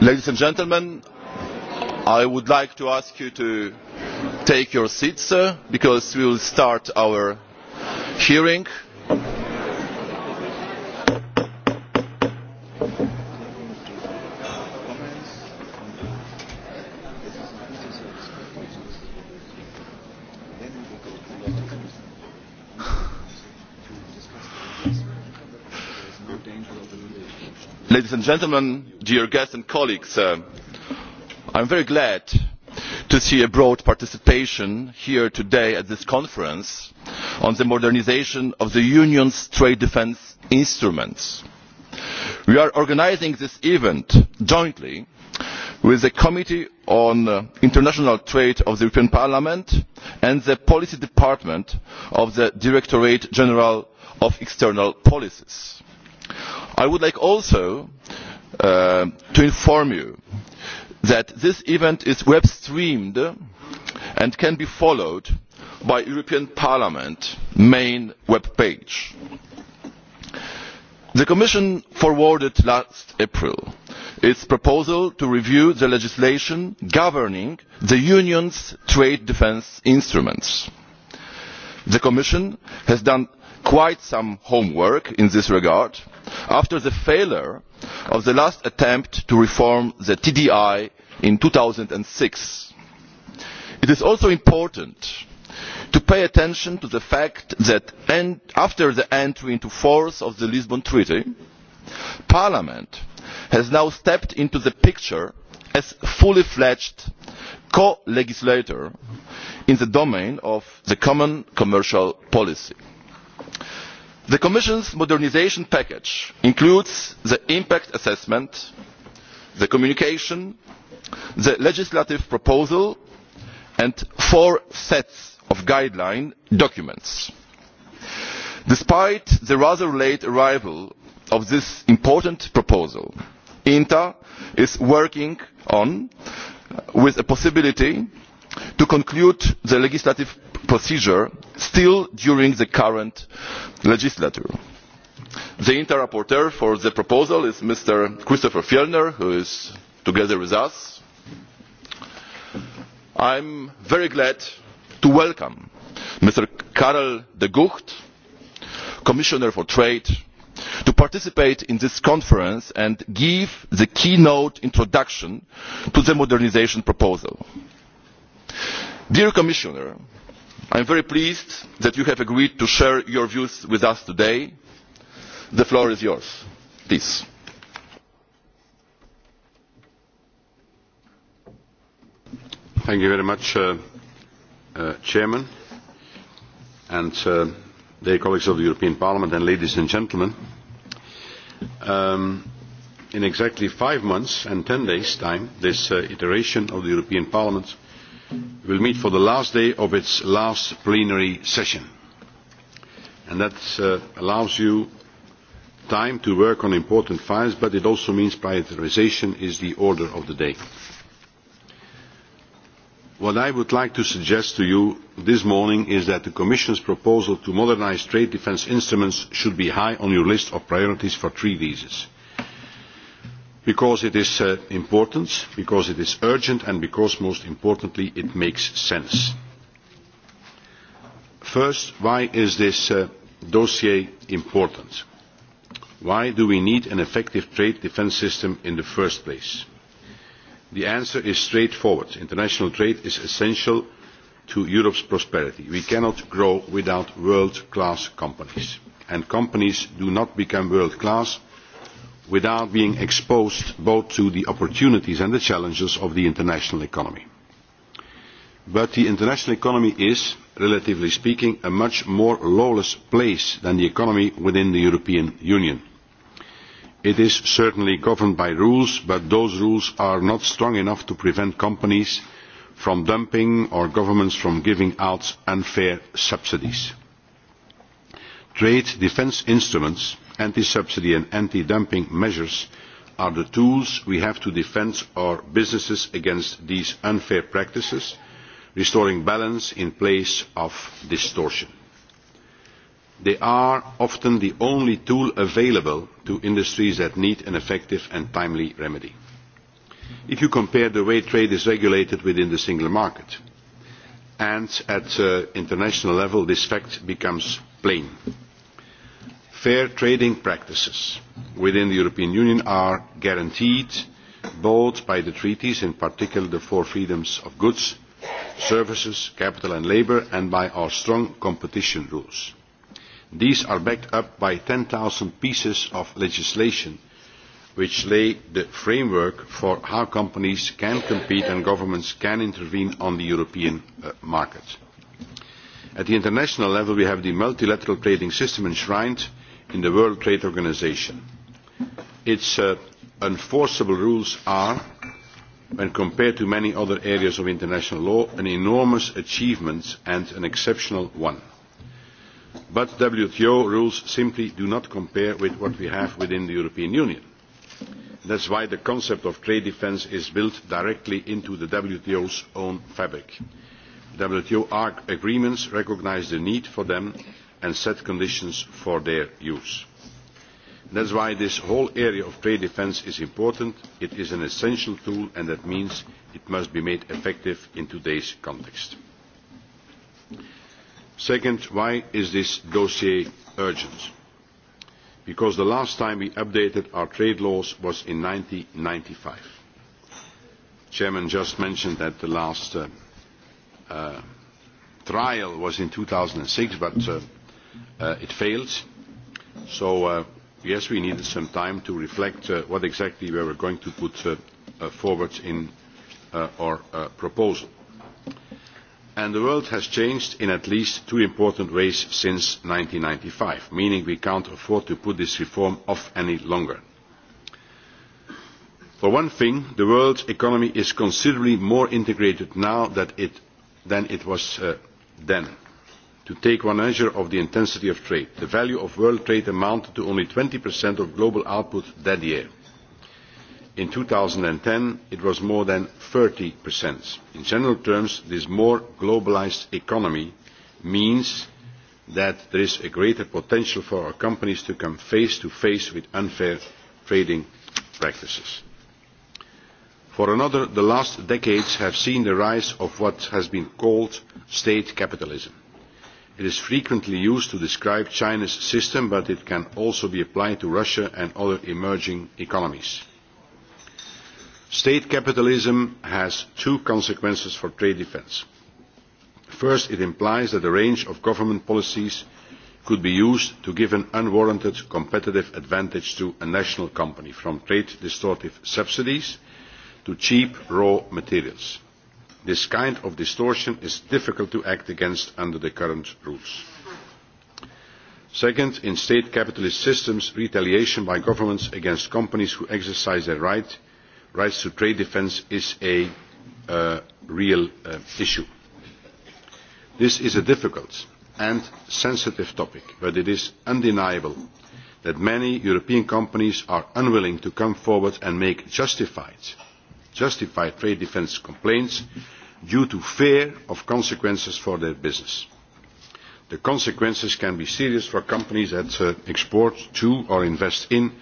Ladies and gentlemen, I would like to ask you to take your seats because we will start our hearing. gentlemen dear guests and colleagues i am very glad to see a broad participation here today at this conference on the modernisation of the union's trade defence instruments. we are organising this event jointly with the committee on international trade of the european parliament and the policy department of the directorate general of external policies i would like also to inform you that this event is web streamed and can be followed by the european parliament's main web page. the commission forwarded last april its proposal to review the legislation governing the union's trade defence instruments. the commission has done quite some homework in this regard after the failure of the last attempt to reform the tdi in. two thousand and six it is also important to pay attention to the fact that after the entry into force of the lisbon treaty parliament has now stepped into the picture as a fully fledged co legislator in the domain of the common commercial policy the commission's modernisation package includes the impact assessment the communication the legislative proposal and four sets of guideline documents. despite the rather late arrival of this important proposal inta is working on with the possibility to conclude the legislative procedure still during the current legislature. The inter rapporteur for the proposal is Mr. Christopher Fjellner, who is together with us. I am very glad to welcome Mr. Karel de Gucht, Commissioner for Trade, to participate in this conference and give the keynote introduction to the modernisation proposal. Dear Commissioner, i am very pleased that you have agreed to share your views with us today. the floor is yours. please. thank you very much, chairman and dear colleagues of the european parliament and ladies and gentlemen. in exactly five months and ten days' time, this iteration of the european parliament will meet for the last day of its last plenary session. And that allows you time to work on important files, but it also means prioritisation is the order of the day. What I would like to suggest to you this morning is that the Commission's proposal to modernise trade defence instruments should be high on your list of priorities for three reasons because it is important because it is urgent and because most importantly it makes sense. first why is this dossier important? why do we need an effective trade defence system in the first place? the answer is straightforward international trade is essential to europe's prosperity. we cannot grow without world class companies and companies do not become world class without being exposed both to the opportunities and the challenges of the international economy. But the international economy is, relatively speaking, a much more lawless place than the economy within the European Union. It is certainly governed by rules, but those rules are not strong enough to prevent companies from dumping or governments from giving out unfair subsidies. Trade defence instruments anti subsidy and anti dumping measures are the tools we have to defend our businesses against these unfair practices restoring balance in place of distortion. they are often the only tool available to industries that need an effective and timely remedy. if you compare the way trade is regulated within the single market and at international level this fact becomes plain fair trading practices within the european union are guaranteed both by the treaties in particular the four freedoms of goods services capital and labour and by our strong competition rules. these are backed up by ten zero pieces of legislation which lay the framework for how companies can compete and governments can intervene on the european market. at the international level we have the multilateral trading system enshrined in the World Trade Organization. Its enforceable rules are, when compared to many other areas of international law, an enormous achievement and an exceptional one. But WTO rules simply do not compare with what we have within the European Union. That is why the concept of trade defence is built directly into the WTO's own fabric. WTO agreements recognise the need for them and set conditions for their use. that is why this whole area of trade defence is important it is an essential tool and that means it must be made effective in today's context. second why is this dossier urgent? because the last time we updated our trade laws was in one thousand nine hundred and ninety five. the chairman just mentioned that the last trial was in two thousand and six but it failed. So, yes, we needed some time to reflect on what exactly we were going to put forward in our proposal. And the world has changed in at least two important ways since ninety five, meaning we cannot afford to put this reform off any longer. For one thing, the world economy is considerably more integrated now than it was then to take one measure of the intensity of trade the value of world trade amounted to only twenty of global output that year. in two thousand and ten it was more than. thirty in general terms this more globalised economy means that there is a greater potential for our companies to come face to face with unfair trading practices. for another the last decades have seen the rise of what has been called state capitalism It is frequently used to describe China's system, but it can also be applied to Russia and other emerging economies. State capitalism has two consequences for trade defence. First, it implies that a range of government policies could be used to give an unwarranted competitive advantage to a national company, from trade distortive subsidies to cheap raw materials This kind of distortion is difficult to act against under the current rules. Second, in state capitalist systems, retaliation by governments against companies who exercise their rights to trade defence is a real issue. This is a difficult and sensitive topic, but it is undeniable that many European companies are unwilling to come forward and make justified justify trade defence complaints due to fear of consequences for their business. The consequences can be serious for companies that export to or invest in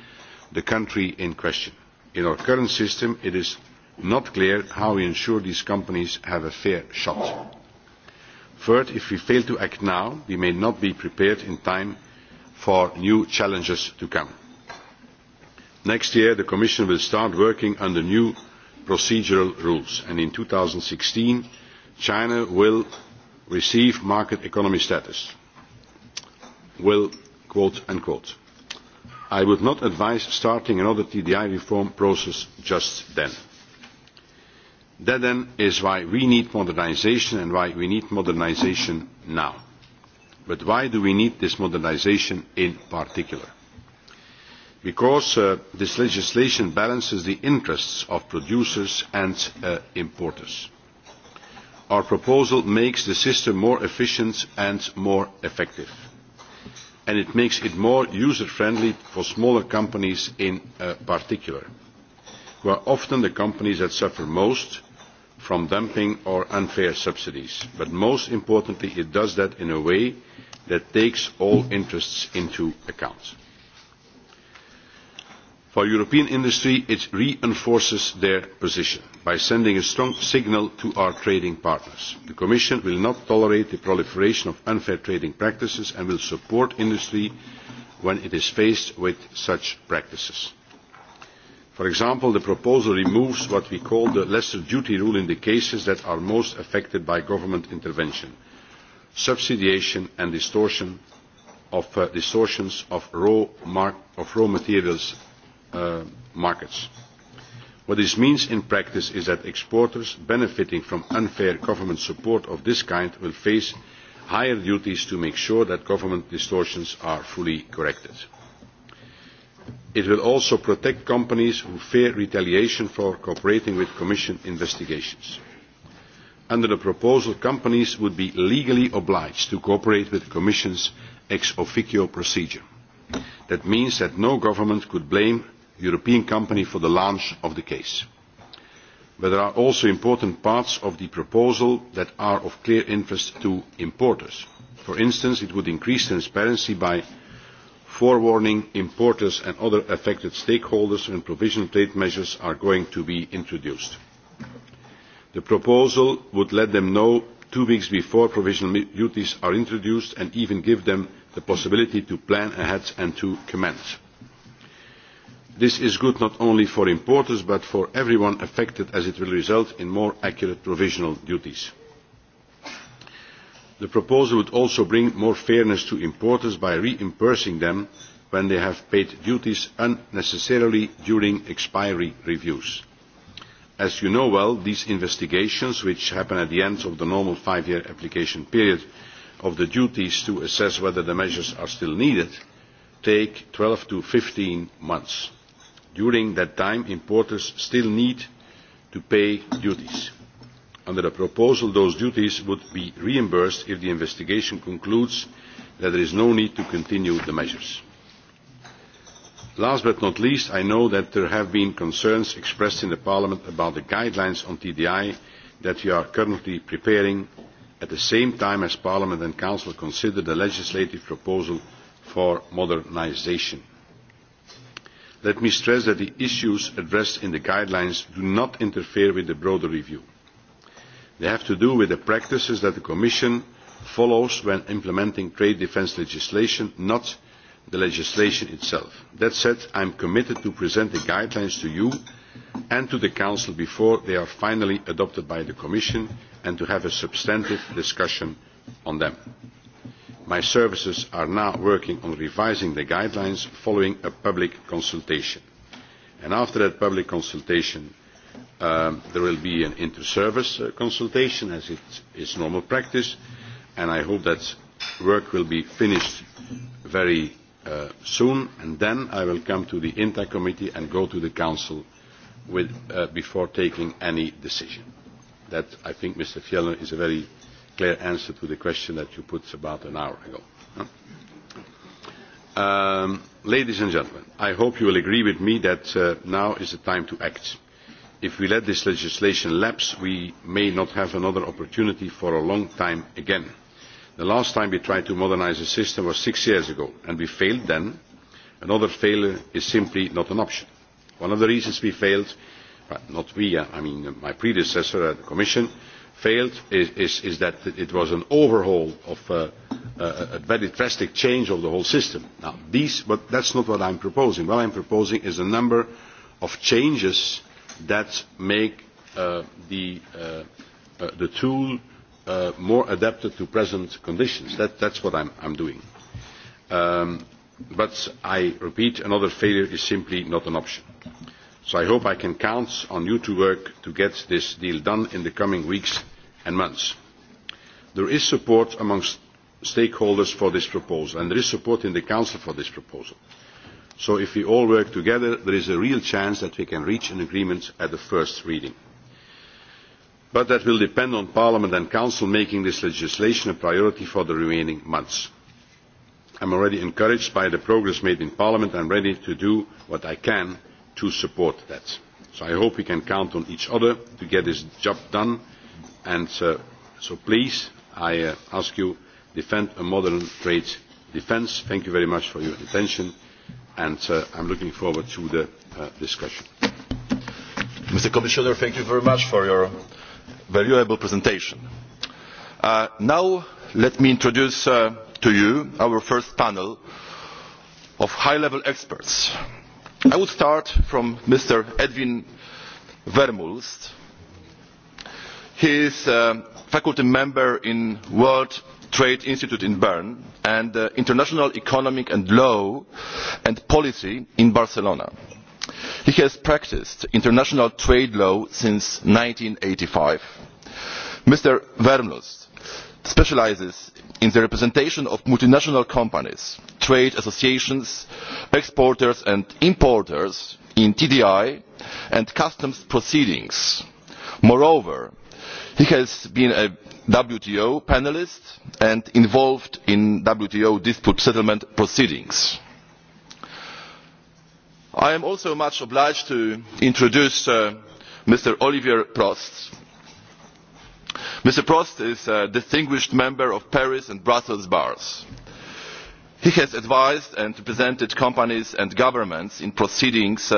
the country in question. In our current system, it is not clear how we ensure these companies have a fair shot. Third, if we fail to act now, we may not be prepared in time for new challenges to come. Next year, the Commission will start working on the new procedural rules and in two thousand and sixteen china will receive market economy status will i would not advise starting another tdi reform process just then. that then is why we need modernisation and why we need modernisation now. but why do we need this modernisation in particular? because this legislation balances the interests of producers and importers. Our proposal makes the system more efficient and more effective, and it makes it more user-friendly for smaller companies in particular, who are often the companies that suffer most from dumping or unfair subsidies. But most importantly, it does that in a way that takes all interests into account For European industry, it reinforces their position by sending a strong signal to our trading partners. The Commission will not tolerate the proliferation of unfair trading practices and will support industry when it is faced with such practices. For example, the proposal removes what we call the lesser duty rule in the cases that are most affected by government intervention, subsidiation and distortions of raw materials markets. What this means in practice is that exporters benefiting from unfair government support of this kind will face higher duties to make sure that government distortions are fully corrected. It will also protect companies who fear retaliation for cooperating with Commission investigations. Under the proposal, companies would be legally obliged to cooperate with the Commission's ex officio procedure. That means that no government could blame European company for the launch of the case. But there are also important parts of the proposal that are of clear interest to importers. For instance, it would increase transparency by forewarning importers and other affected stakeholders when provisional trade measures are going to be introduced. The proposal would let them know two weeks before provisional duties are introduced and even give them the possibility to plan ahead and to commence this is good not only for importers but for everyone affected as it will result in more accurate provisional duties. the proposal would also bring more fairness to importers by reimbursing them when they have paid duties unnecessarily during expiry reviews. as you know well these investigations which happen at the end of the normal five year application period of the duties to assess whether the measures are still needed take twelve to fifteen months during that time importers still need to pay duties. under the proposal those duties would be reimbursed if the investigation concludes that there is no need to continue the measures. last but not least i know that there have been concerns expressed in parliament about the guidelines on tdi that we are currently preparing at the same time as parliament and council consider the legislative proposal for modernisation let me stress that the issues addressed in the guidelines do not interfere with the broader review. they have to do with the practices that the commission follows when implementing trade defence legislation not the legislation itself. that said i am committed to presenting guidelines to you and to the council before they are finally adopted by the commission and to have a substantive discussion on them my services are now working on revising the guidelines following a public consultation and after that public consultation there will be an inter service consultation as is normal practice and i hope that work will be finished very soon and then i will come to the inta committee and go to the council before taking any decision. that i think mr fjellner is a very clear answer to the question that you put about an hour ago. ladies and gentlemen, I hope you will agree with me that now is the time to act. If we let this legislation lapse, we may not have another opportunity for a long time again. The last time we tried to modernise the system was six years ago, and we failed then. Another failure is simply not an option. One of the reasons we failed, not we, I mean my predecessor at the Commission, failed is that it was an overhaul of a very drastic change of the whole system. Now, these, but not what I am proposing. What I am proposing is a number of changes that make the, tool more adapted to present conditions. That, is what I am doing. but I repeat, another failure is simply not an option. So I hope I can count on you to work to get this deal done in the coming weeks and months. There is support amongst stakeholders for this proposal, and there is support in the Council for this proposal. So if we all work together, there is a real chance that we can reach an agreement at the first reading. But that will depend on Parliament and Council making this legislation a priority for the remaining months. I am already encouraged by the progress made in Parliament and ready to do what I can to support that. So I hope we can count on each other to get this job done And so please, I ask you, defend a modern trade defence. Thank you very much for your attention, and I am looking forward to the discussion. Mr. Commissioner, thank you very much for your valuable presentation. now let me introduce to you our first panel of high-level experts. I would start from Mr. Edwin Vermulst, he is a faculty member in the world trade institute in bern and international economic and law and policy in barcelona. he has practised international trade law since. one thousand nine hundred and eighty five mr vermoost specialises in the representation of multinational companies trade associations exporters and importers in tdi and customs proceedings. moreover he has been a wto panellist and involved in wto dispute settlement proceedings. i am also much obliged to introduce mr olivier prost. mr prost is a distinguished member of paris and brussels bars. he has advised and represented companies and governments in proceedings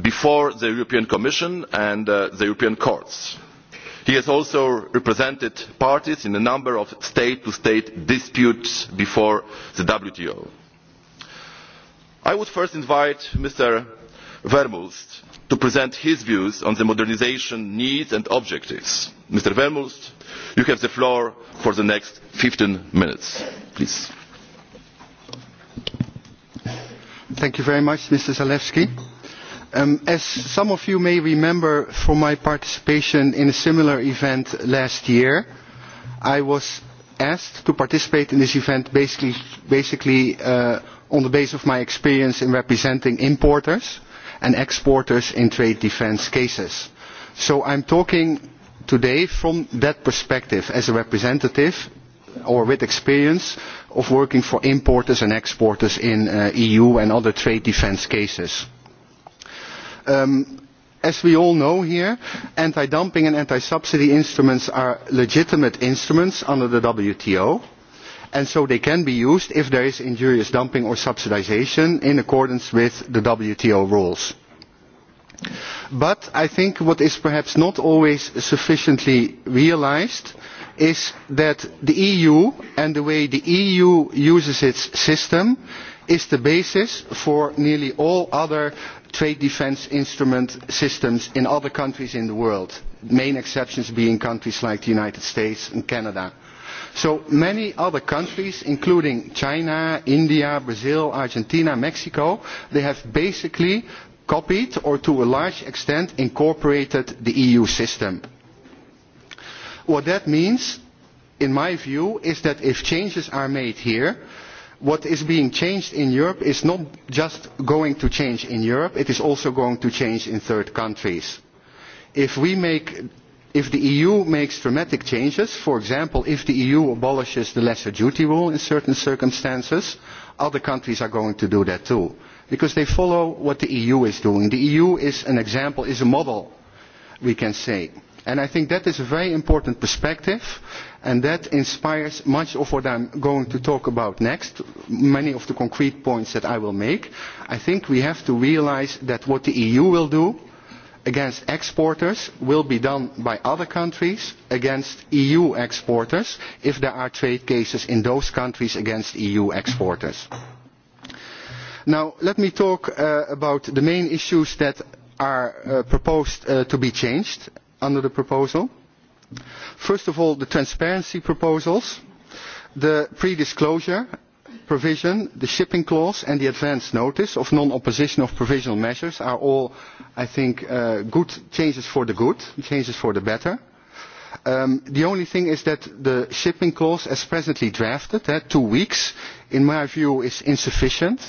before the european commission and the european courts he has also represented parties in a number of state to state disputes before the wto. i would first invite mr vermoost to present his views on the modernisation needs and objectives. mr vermoost you have the floor for the next fifteen minutes please. thank you very much mr zalewski as some of you may remember from my participation in a similar event last year, I was asked to participate in this event basically, on the basis of my experience in representing importers and exporters in trade defence cases. So I am talking today from that perspective as a representative or with experience of working for importers and exporters in EU and other trade defence cases as we all know here anti dumping and anti subsidy instruments are legitimate instruments under the wto and so they can be used if there is injurious dumping or subsidisation in accordance with the wto rules. but i think what is perhaps not always sufficiently realised is that the eu and the way the eu uses its system is the basis for nearly all other trade defence instrument systems in other countries in the world the main exceptions being countries like the united states and canada. so many other countries including china india brazil argentina and mexico have basically copied or to a large extent incorporated the eu system. what that means in my view is that if changes are made here what is being changed in Europe is not just going to change in Europe, it is also going to change in third countries. If, we make, if the EU makes dramatic changes, for example, if the EU abolishes the lesser duty rule in certain circumstances, other countries are going to do that too, because they follow what the EU is doing. The EU is an example, is a model, we can say. And I think that is a very important perspective, and that inspires much of what I am going to talk about next, many of the concrete points that I will make. I think we have to realise that what the EU will do against exporters will be done by other countries against EU exporters if there are trade cases in those countries against EU exporters. Now, let me talk about the main issues that are proposed to be changed under the proposal. First of all, the transparency proposals, the pre-disclosure provision, the shipping clause and the advance notice of non-opposition of provisional measures are all, I think, uh, good changes for the good, changes for the better. Um, the only thing is that the shipping clause as presently drafted, uh, two weeks, in my view is insufficient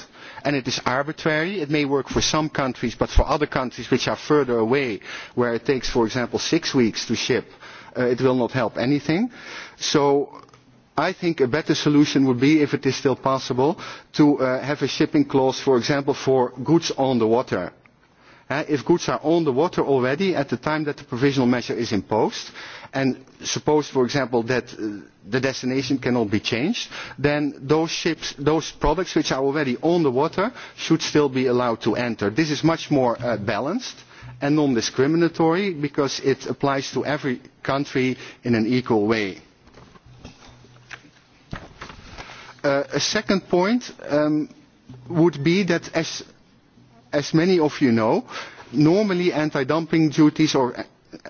and it is arbitrary. It may work for some countries, but for other countries which are further away, where it takes, for example, six weeks to ship, uh, it will not help anything. So I think a better solution would be, if it is still possible, to have a shipping clause, for example, for goods on the water. if goods are on the water already at the time that the provisional measure is imposed, and suppose, for example, that the destination cannot be changed, then those ships, those products which are already on the water should still be allowed to enter. This is much more balanced and non discriminatory because it applies to every country in an equal way. a second point would be that as, as many of you know, normally anti-dumping duties or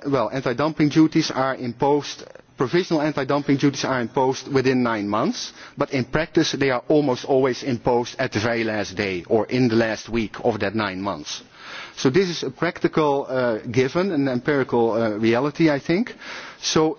well, anti-dumping duties are imposed provisional anti dumping duties are imposed within nine months but in practice they are almost always imposed at the very last day or in the last week of that nine months. so this is a practical given an empirical reality i think. so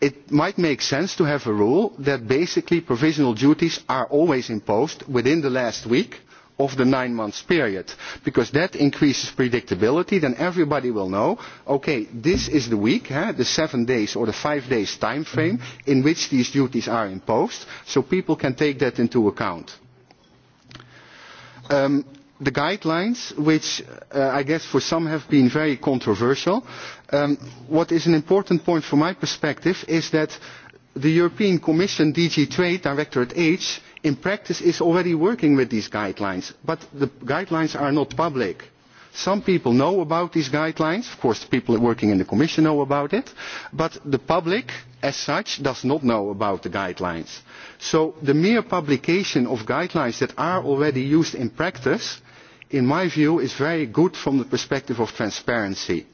it might make sense to have a rule that basically provisional duties are always imposed within the last week of the nine month period because that increases predictability then everybody will know okay this is the week the seven days or the five days time frame in which these duties are imposed so people can take that into account the guidelines, which I guess for some have been very controversial, what is an important point from my perspective is that the European Commission DG Trade Directorate H in practice is already working with these guidelines but the guidelines are not public. some people know about these guidelines of course the people working in the commission know about it but the public as such does not know about the guidelines. so the mere publication of guidelines that are already used in practice in my view is very good from the perspective of transparency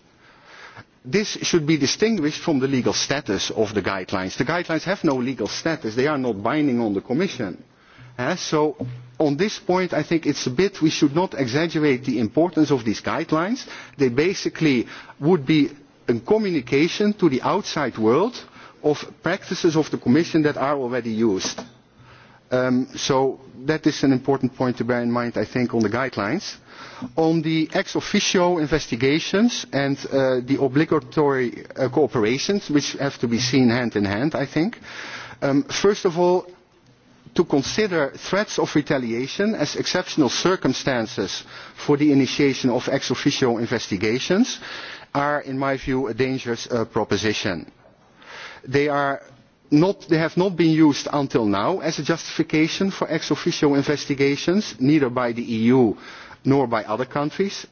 this should be distinguished from the legal status of the guidelines. the guidelines have no legal status they are not binding on the commission so on this point, I think it's a bit, we should not exaggerate the importance of these guidelines. They basically would be a communication to the outside world of practices of the Commission that are already used. so that is an important point to bear in mind, I think, on the guidelines. On the ex officio investigations and the obligatory cooperations, which have to be seen hand in hand, I think. first of all, to consider threats of retaliation as exceptional circumstances for the initiation of ex officio investigations are in my view a dangerous proposition. They, have not been used until now as a justification for ex officio investigations, neither by the EU nor by other countries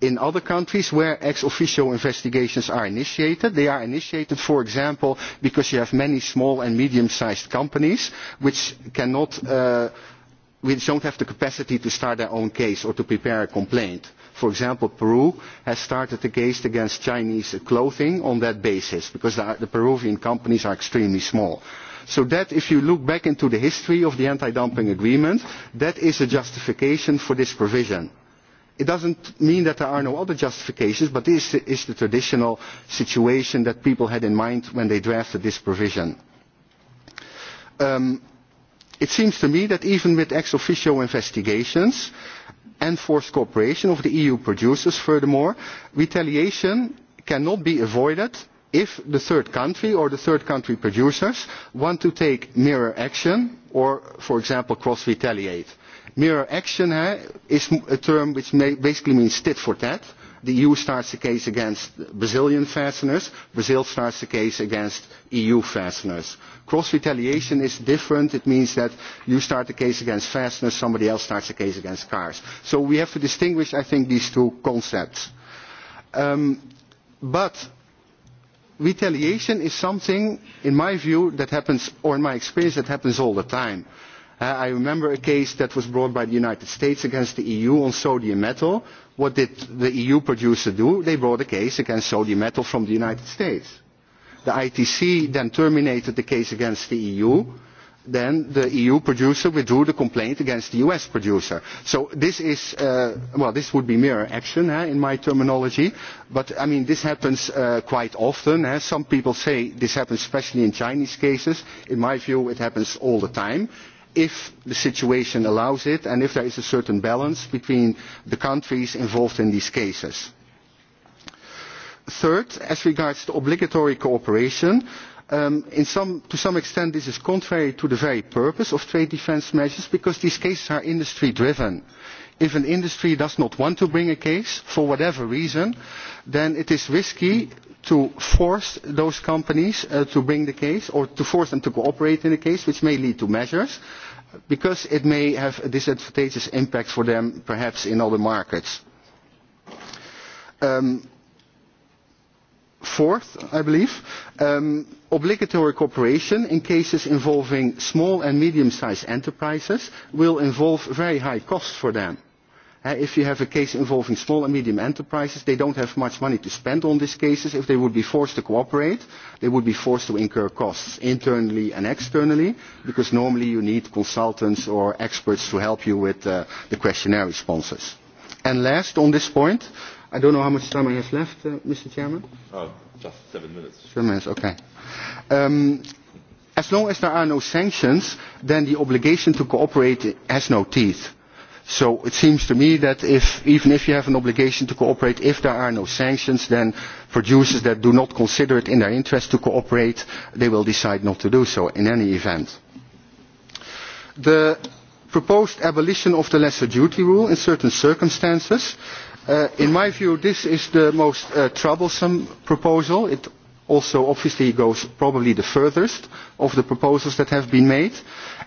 in other countries where ex officio investigations are initiated. They are initiated, for example, because you have many small and medium-sized companies which do not have the capacity to start their own case or to prepare a complaint. For example, Peru has started a case against Chinese clothing on that basis because the, the Peruvian companies are extremely small. So that, if you look back into the history of the anti-dumping agreement, that is a justification for this provision it does not mean that there are no other justifications but this is the traditional situation that people had in mind when they drafted this provision. it seems to me that even with ex officio investigations and forced cooperation of the eu producers furthermore retaliation cannot be avoided if the third country or the third country producers want to take mirror action or for example cross retaliate. Mirror action is a term which basically means tit for tat. The EU starts the case against Brazilian fasteners. Brazil starts the case against EU fasteners. Cross retaliation is different. It means that you start the case against fasteners, somebody else starts the case against cars. So we have to distinguish, I think, these two concepts. but retaliation is something, in my view, that happens, or in my experience, that happens all the time I remember a case that was brought by the United States against the EU on sodium metal. What did the EU producer do? They brought a case against sodium metal from the United States. The ITC then terminated the case against the EU. Then the EU producer withdrew the complaint against the US producer. So this is, uh, well, this would be mirror action in my terminology. But I mean, this happens uh, quite often. Some people say this happens especially in Chinese cases. In my view, it happens all the time if the situation allows it and if there is a certain balance between the countries involved in these cases. Third, as regards the obligatory cooperation, to some extent this is contrary to the very purpose of trade defence measures because these cases are industry driven. If an industry does not want to bring a case for whatever reason, then it is risky to force those companies to bring the case or to force them to cooperate in a case which may lead to measures because it may have a disadvantageous impact for them perhaps in other markets. fourth, I believe, obligatory cooperation in cases involving small and medium-sized enterprises will involve very high costs for them if you have a case involving small and medium enterprises, they don't have much money to spend on these cases. If they would be forced to cooperate, they would be forced to incur costs internally and externally, because normally you need consultants or experts to help you with uh, the questionnaire responses. And last on this point, I don't know how much time I have left, uh, Mr. Chairman. Oh, just seven minutes. Seven minutes, okay. Um, as long as there are no sanctions, then the obligation to cooperate has no teeth so it seems to me that even if you have an obligation to cooperate if there are no sanctions then producers that do not consider it in their interest to cooperate will decide not to do so in any event. the proposed abolition of the lesser duty rule in certain circumstances in my view this is the most troublesome proposal also obviously goes probably the furthest of the proposals that have been made.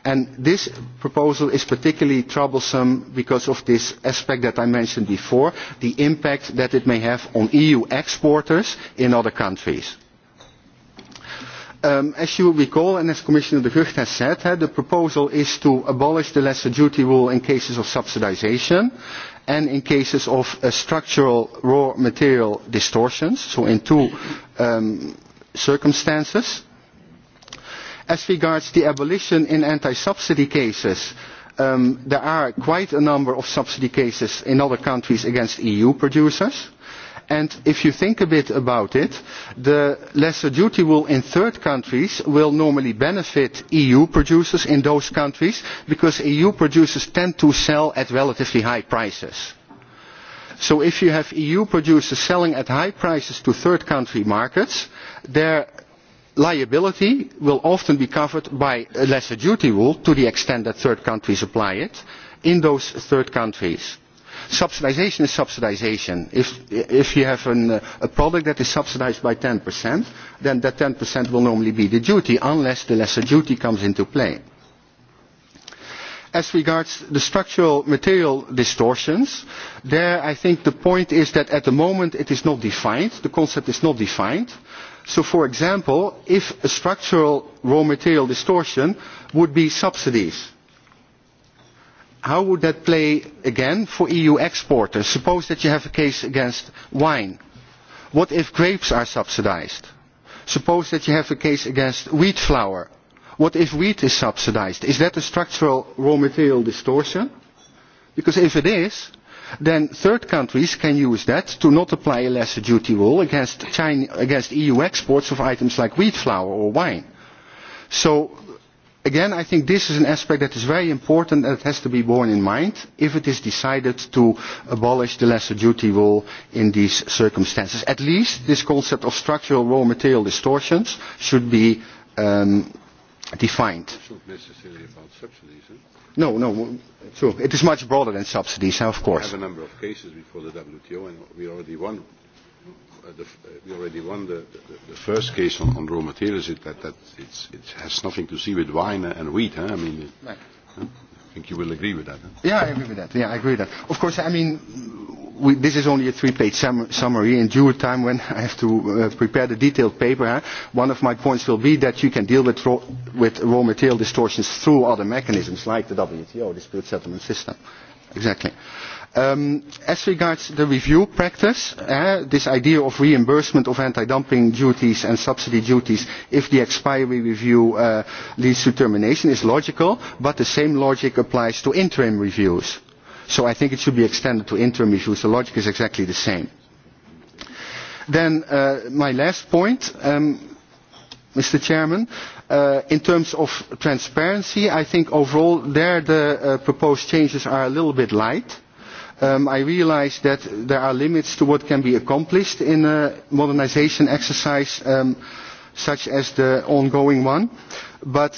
And this proposal is particularly troublesome because of this aspect that I mentioned before, the impact that it may have on EU exporters in other countries. as you recall, and as Commissioner de Gucht has said, the proposal is to abolish the lesser duty rule in cases of subsidisation and in cases of structural raw material distortions, so in two circumstances. As regards the abolition in anti-subsidy cases, there are quite a number of subsidy cases in other countries against EU producers and if you think a bit about it the lesser duty rule in third countries will normally benefit eu producers in those countries because eu producers tend to sell at relatively high prices. so if you have eu producers selling at high prices to third country markets their liability will often be covered by a lesser duty rule to the extent that third countries apply it in those third countries subsidisation is subsidisation. If, if you have a product that is subsidised by ten then that ten will normally be the duty, unless the lesser duty comes into play. As regards the structural material distortions, there I think the point is that at the moment it is not defined, the concept is not defined. So for example, if a structural raw material distortion would be subsidies, how would that play again for eu exporters? suppose that you have a case against wine what if grapes are subsidised? suppose that you have a case against wheat flour what if wheat is subsidised? is that a structural raw material distortion? because if it is then third countries can use that to not apply a lesser duty rule against eu exports of items like wheat flour or wine. so again i think this is an aspect that is very important and has to be borne in mind if it is decided to abolish the lesser duty rule in these circumstances. at least this concept of structural raw material distortions should be defined. is not necessarily about subsidies. No, no, true. It is much broader than subsidies, of course. We have a number of cases before the WTO, and we already won the, we already won the, the, the first case on, on raw materials. It, that, that it's, it has nothing to see with wine and wheat. Huh? I mean, it, right. huh? I think you will agree with that. Huh? Yeah, I agree with that. Yeah, I agree with that. Of course, I mean, we, this is only a three-page sum summary. In due time, when I have to uh, prepare the detailed paper, huh, one of my points will be that you can deal with raw, with raw material distortions through other mechanisms, like the WTO, dispute settlement system. Exactly. Uh, as regards the review practice this idea of reimbursement of anti dumping duties and subsidy duties if the expiry review leads to termination is logical but the same logic applies to interim reviews so i think it should be extended to interim reviews the logic is exactly the same. then my last point Mr. Chairman. in terms of transparency, I think overall there the proposed changes are a little bit light I realise that there are limits to what can be accomplished in a modernisation exercise such as the ongoing one, but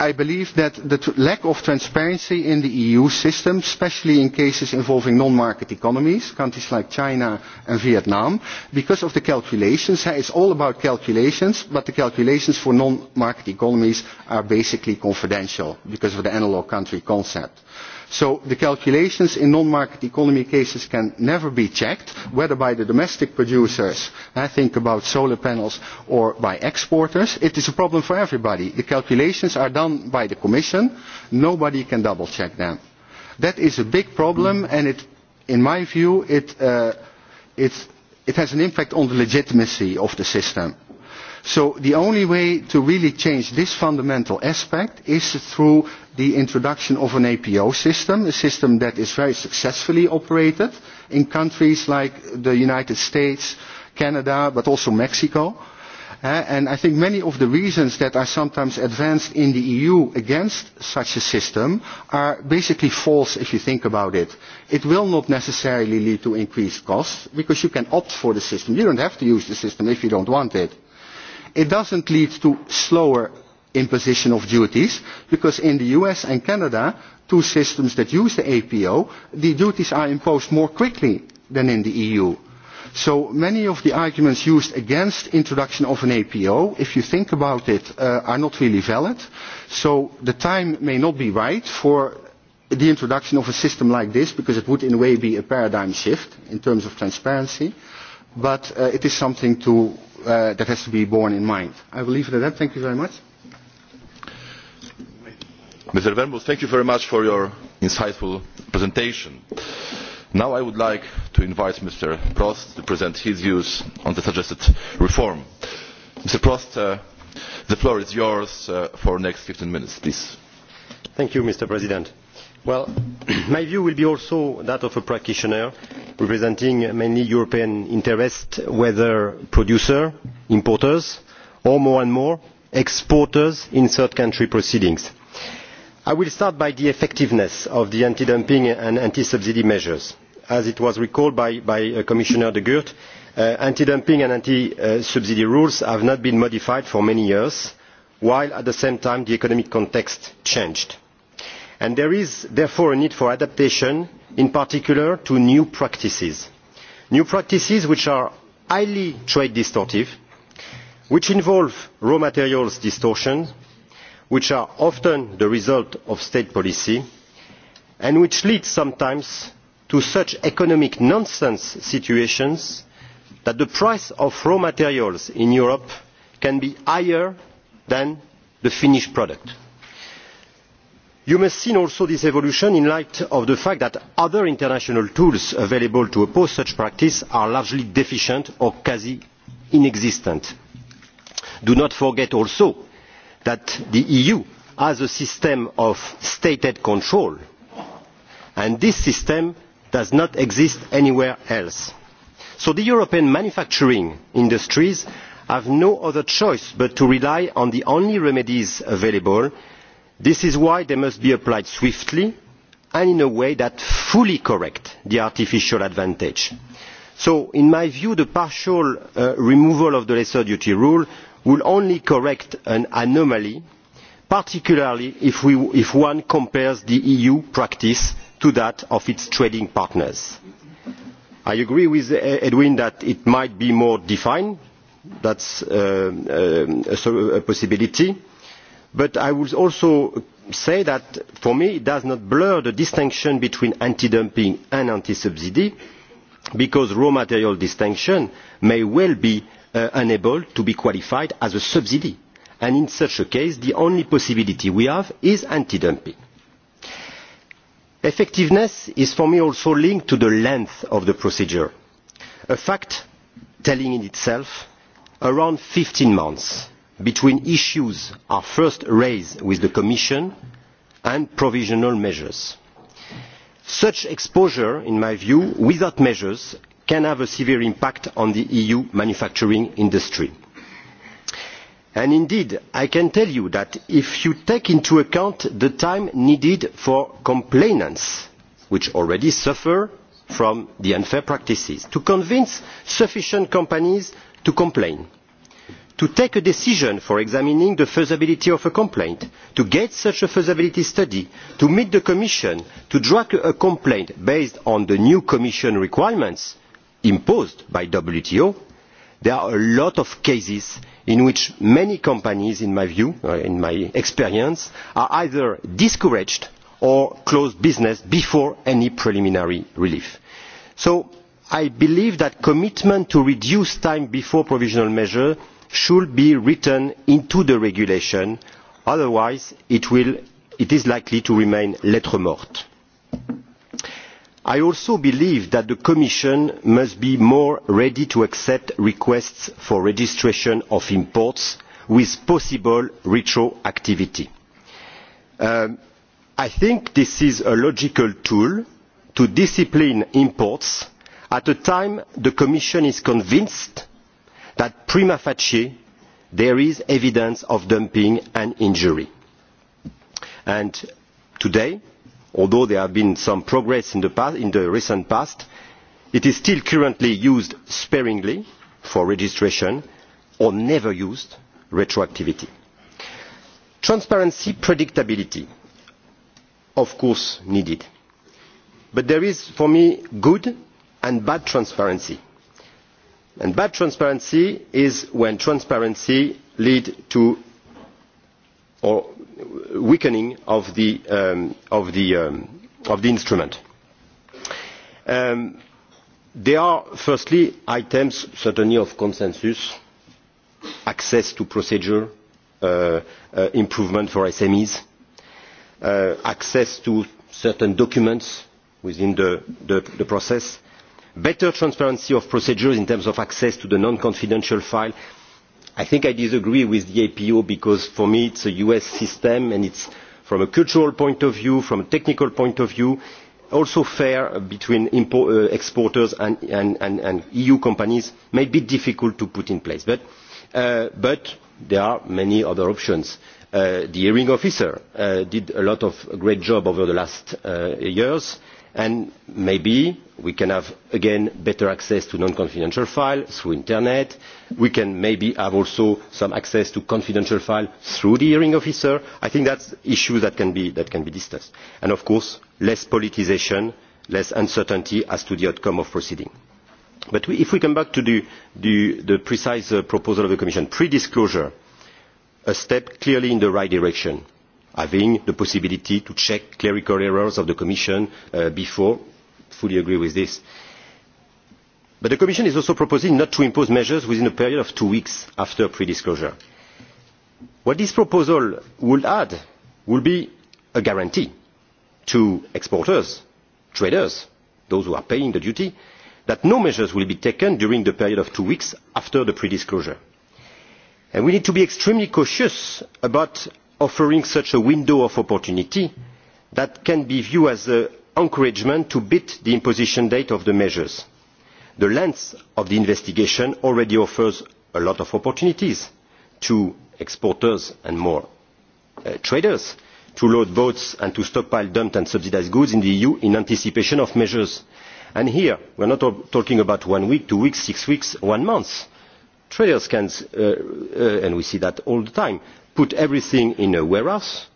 I believe that the lack of transparency in the EU system, especially in cases involving non-market economies, countries like China and Vietnam, because of the calculations, it is all about calculations, but the calculations for non-market economies are basically confidential because of the analogue country concept so the calculations in non market economy cases can never be checked whether by the domestic producers i think about solar panels or by exporters. it is a problem for everybody. the calculations are done by the commission nobody can double check them. that is a big problem and it, in my view it, uh, it, it has an impact on the legitimacy of the system. So the only way to really change this fundamental aspect is through the introduction of an APO system, a system that is very successfully operated in countries like the United States, Canada, but also Mexico. and I think many of the reasons that are sometimes advanced in the EU against such a system are basically false if you think about it. It will not necessarily lead to increased costs because you can opt for the system. You do not have to use the system if you don't want it. It does not lead to slower imposition of duties because in the US and Canada, two systems that use the APO, the duties are imposed more quickly than in the EU. So many of the arguments used against introduction of an APO, if you think about it, are not really valid. So the time may not be right for the introduction of a system like this because it would in a way be a paradigm shift in terms of transparency. But it is something that has to be borne in mind. I will leave it at that. Thank you very much mr wermuth thank you very much for your insightful presentation. now i would like to invite mr prost to present his views on the suggested reform. mr prost the floor is yours for the next fifteen minutes please. mr president my view will be also that of a practitioner representing mainly european interests whether producers importers or more and more exporters in third country proceedings i will start by the effectiveness of the anti dumping and anti subsidy measures. as was recalled by commissioner de gucht anti dumping and anti subsidy rules have not been modified for many years while at the same time the economic context changed. there is therefore a need for adaptation in particular to new practices new practices which are highly trade distortive which involve raw materials distortions which are often the result of state policy and which lead sometimes to such economic nonsense situations that the price of raw materials in europe can be higher than the finished product. you must also see this evolution in light of the fact that other international tools available to oppose such practice are largely deficient or quasi non existent. do not forget also that the eu has a system of state aid control and this system does not exist anywhere else. so the european manufacturing industries have no other choice but to rely on the only remedies available. this is why they must be applied swiftly and in a way that fully corrects the artificial advantage. so in my view the partial removal of the lesser duty rule will only correct an anomaly particularly if one compares the eu practice to that of its trading partners. i agree with edwin that it might be more defined that is a possibility but i would also say that for me it does not blur the distinction between anti dumping and anti subsidy because raw material distinction may well be unable to be qualified as a subsidy and in such a case the only possibility we have is anti dumping. effectiveness is for me also linked to the length of the procedure a fact telling in itself around fifteen months between issues are first raised with the commission and provisional measures. such exposure in my view without measures can have a severe impact on the eu manufacturing industry. indeed i can tell you that if you take into account the time needed for complainants which already suffer from the unfair practices to convince sufficient companies to complain to take a decision for examining the feasibility of a complaint to get such a feasibility study to meet the commission to draft a complaint based on the new commission requirements imposed by the wto there are a lot of cases in which many companies in my view in my experience are either discouraged or close business before any preliminary relief. so i believe that commitment to reduce time before provisional measures should be written into the regulation otherwise it is likely to remain lettre morte i also believe that the commission must be more ready to accept requests for registration of imports with possible retroactivity. i think this is a logical tool to discipline imports at a time when the commission is convinced that prima facie there is evidence of dumping and injury. today although there has been some progress in the recent past it is still currently used sparingly for registration or never used retroactively. transparency and predictability are of course needed but there is for me good and bad transparency and bad transparency is when transparency leads to or weakening of the instrument. there are firstly items certainly of consensus access to procedure improvement for smes access to certain documents within the process better transparency of procedures in terms of access to the non confidential file i think i disagree with the apo because for me it is a us system and it is from a cultural point of view from a technical point of view also fair between exporters and eu companies may be difficult to put in place but there are many other options. the hearing officer did a lot of great job over the last years and maybe we can have again better access to non confidential files through the internet we can maybe have also some access to confidential files through the hearing officer i think that is an issue that can be discussed and of course less politicisation less uncertainty as to the outcome of proceedings. but if we come back to the precise proposal of the commission pre disclosure a step clearly in the right direction having the possibility to check clerical errors of the Commission before. I fully agree with this. But the Commission is also proposing not to impose measures within a period of two weeks after pre-disclosure. What this proposal would add would be a guarantee to exporters, traders, those who are paying the duty, that no measures will be taken during the period of two weeks after the pre-disclosure. And we need to be extremely cautious about offering such a window of opportunity that can be viewed as an encouragement to beat the imposition date of the measures. the length of the investigation already offers a lot of opportunities to exporters and more traders to load boats and to stockpile dumped and subsidised goods in the eu in anticipation of measures. and here we are not talking about one week two weeks six weeks one month. traders can and we see that all the time put everything in a warehouse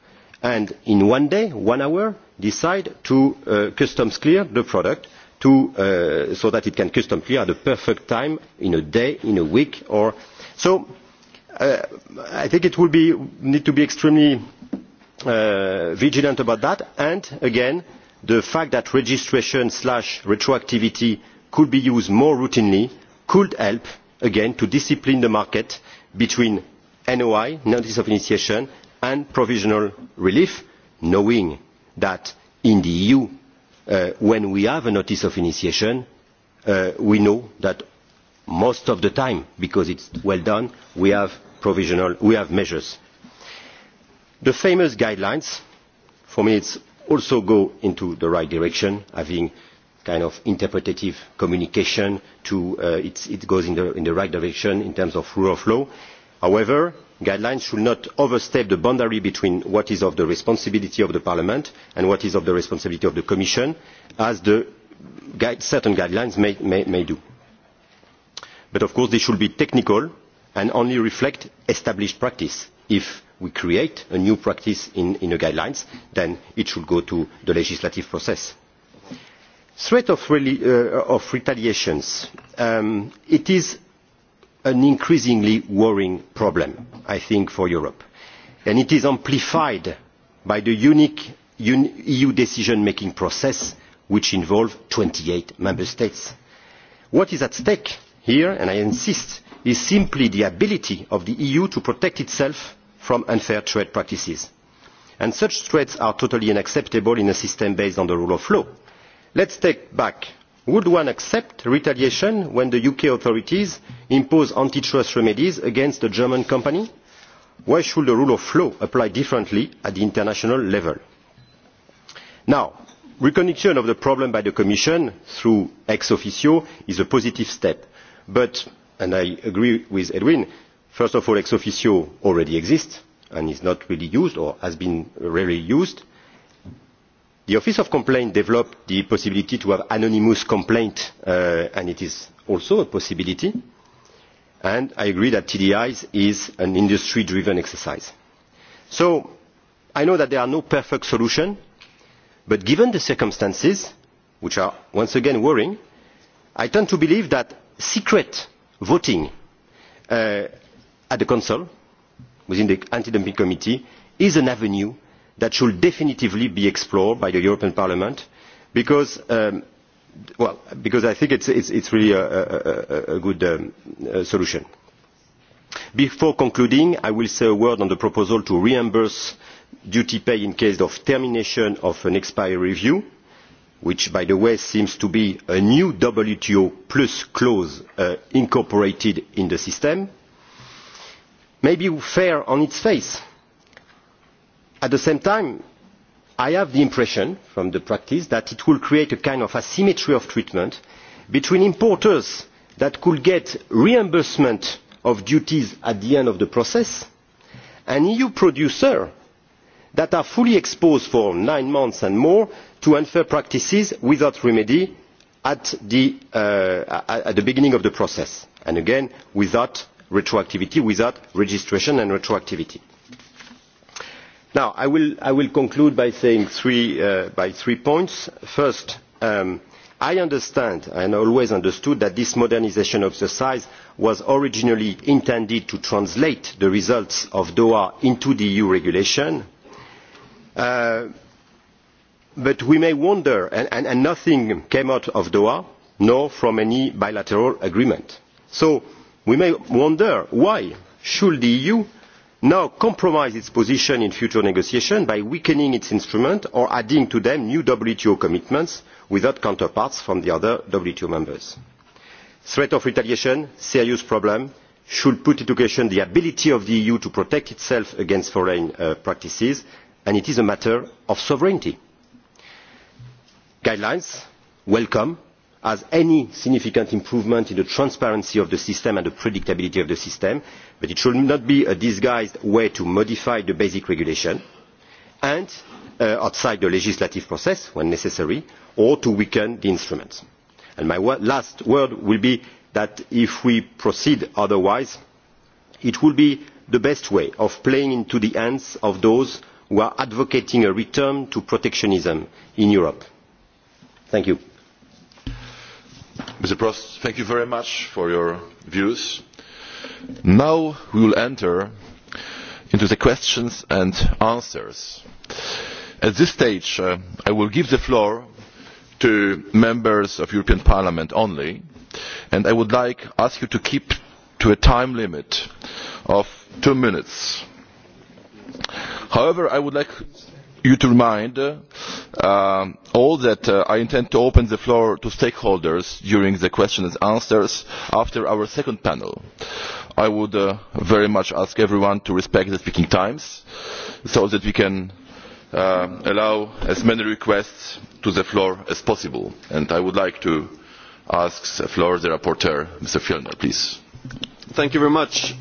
and in one day one hour decide to customs clear the product so that it can custom clear at the perfect time in a day in a week or so i think it will be need to be extremely vigilant about that and again the fact that registration slash retroactivity could be used more routinely could help again to discipline the market between NOI, notice of initiation, and provisional relief, knowing that in the EU, when we have a notice of initiation, we know that most of the time, because it is well done, we have provisional, we have measures. The famous guidelines, for me, it also go in the right direction, having kind of interpretative communication to, it, goes in the, right direction in terms of rule of law however guidelines should not overstep the boundary between what is of the responsibility of parliament and what is of the responsibility of the commission as certain guidelines may do. but of course they should be technical and only reflect established practice. if we create a new practice in the guidelines then it should go to the legislative process. threat of retaliation it an increasingly worrying problem i think for europe and it is amplified by the unique eu decision making process which involves twenty eight member states. what is at stake here and i insist is simply the ability of the eu to protect itself from unfair trade practices and such threats are totally unacceptable in a system based on the rule of law. let us take back would one accept retaliation when the uk authorities impose anti trust remedies against a german company? why should the rule of law apply differently at the international level? now recognition of the problem by the commission through ex officio is a positive step but and i agree with edwin first of all ex officio already exists and is not really used or has been rarely used the office of complaint developed the possibility to have anonymous complaints and it is also a possibility and i agree that tdis is an industry driven exercise. so i know that there are no perfect solutions but given the circumstances which are once again worrying i tend to believe that secret voting at the council within the anti dumping committee is an avenue that should definitively be explored by the european parliament because i think it is really a good solution. before concluding i will say a word on the proposal to reimburse duty paid in case of termination of an expiry review which by the way seems to be a new wto plus clause incorporated in the system may be fair on its face at the same time i have the impression from the practice that it will create a kind of asymmetry of treatment between importers that could get reimbursement of duties at the end of the process and eu producers that are fully exposed for nine months and more to unfair practices without remedy at the beginning of the process and again without retroactivity without registration and retroactivity i will conclude by saying three points. first i understand and always understood that this modernisation exercise was originally intended to translate the results of doha into the eu regulation but we may wonder and nothing came out of doha nor from any bilateral agreement so we may wonder why should the eu now compromise its position in future negotiations by weakening its instruments or adding to them new wto commitments without counterparts from the other wto members. the threat of retaliation a serious problem should put into question the ability of the eu to protect itself against foreign practices and it is a matter of sovereignty. guidelines welcome as any significant improvement in the transparency of the system and the predictability of the system but it should not be a disguised way to modify the basic regulation and outside the legislative process when necessary or to weaken the instruments. my last word will be that if we proceed otherwise it will be the best way of playing into the hands of those who are advocating a return to protectionism in europe. thank you. Mr. Prost, thank you very much for your views. Now we will enter into the questions and answers. At this stage, I will give the floor to members of the European Parliament only, and I would like to ask you to keep to a time limit of two minutes. However, I would like you to remind all that I intend to open the floor to stakeholders during the questions and answers after our second panel. I would very much ask everyone to respect the speaking times so that we can allow as many requests to the floor as possible. And I would like to ask the floor the rapporteur, Mr. Fjellner, please. Thank you very much,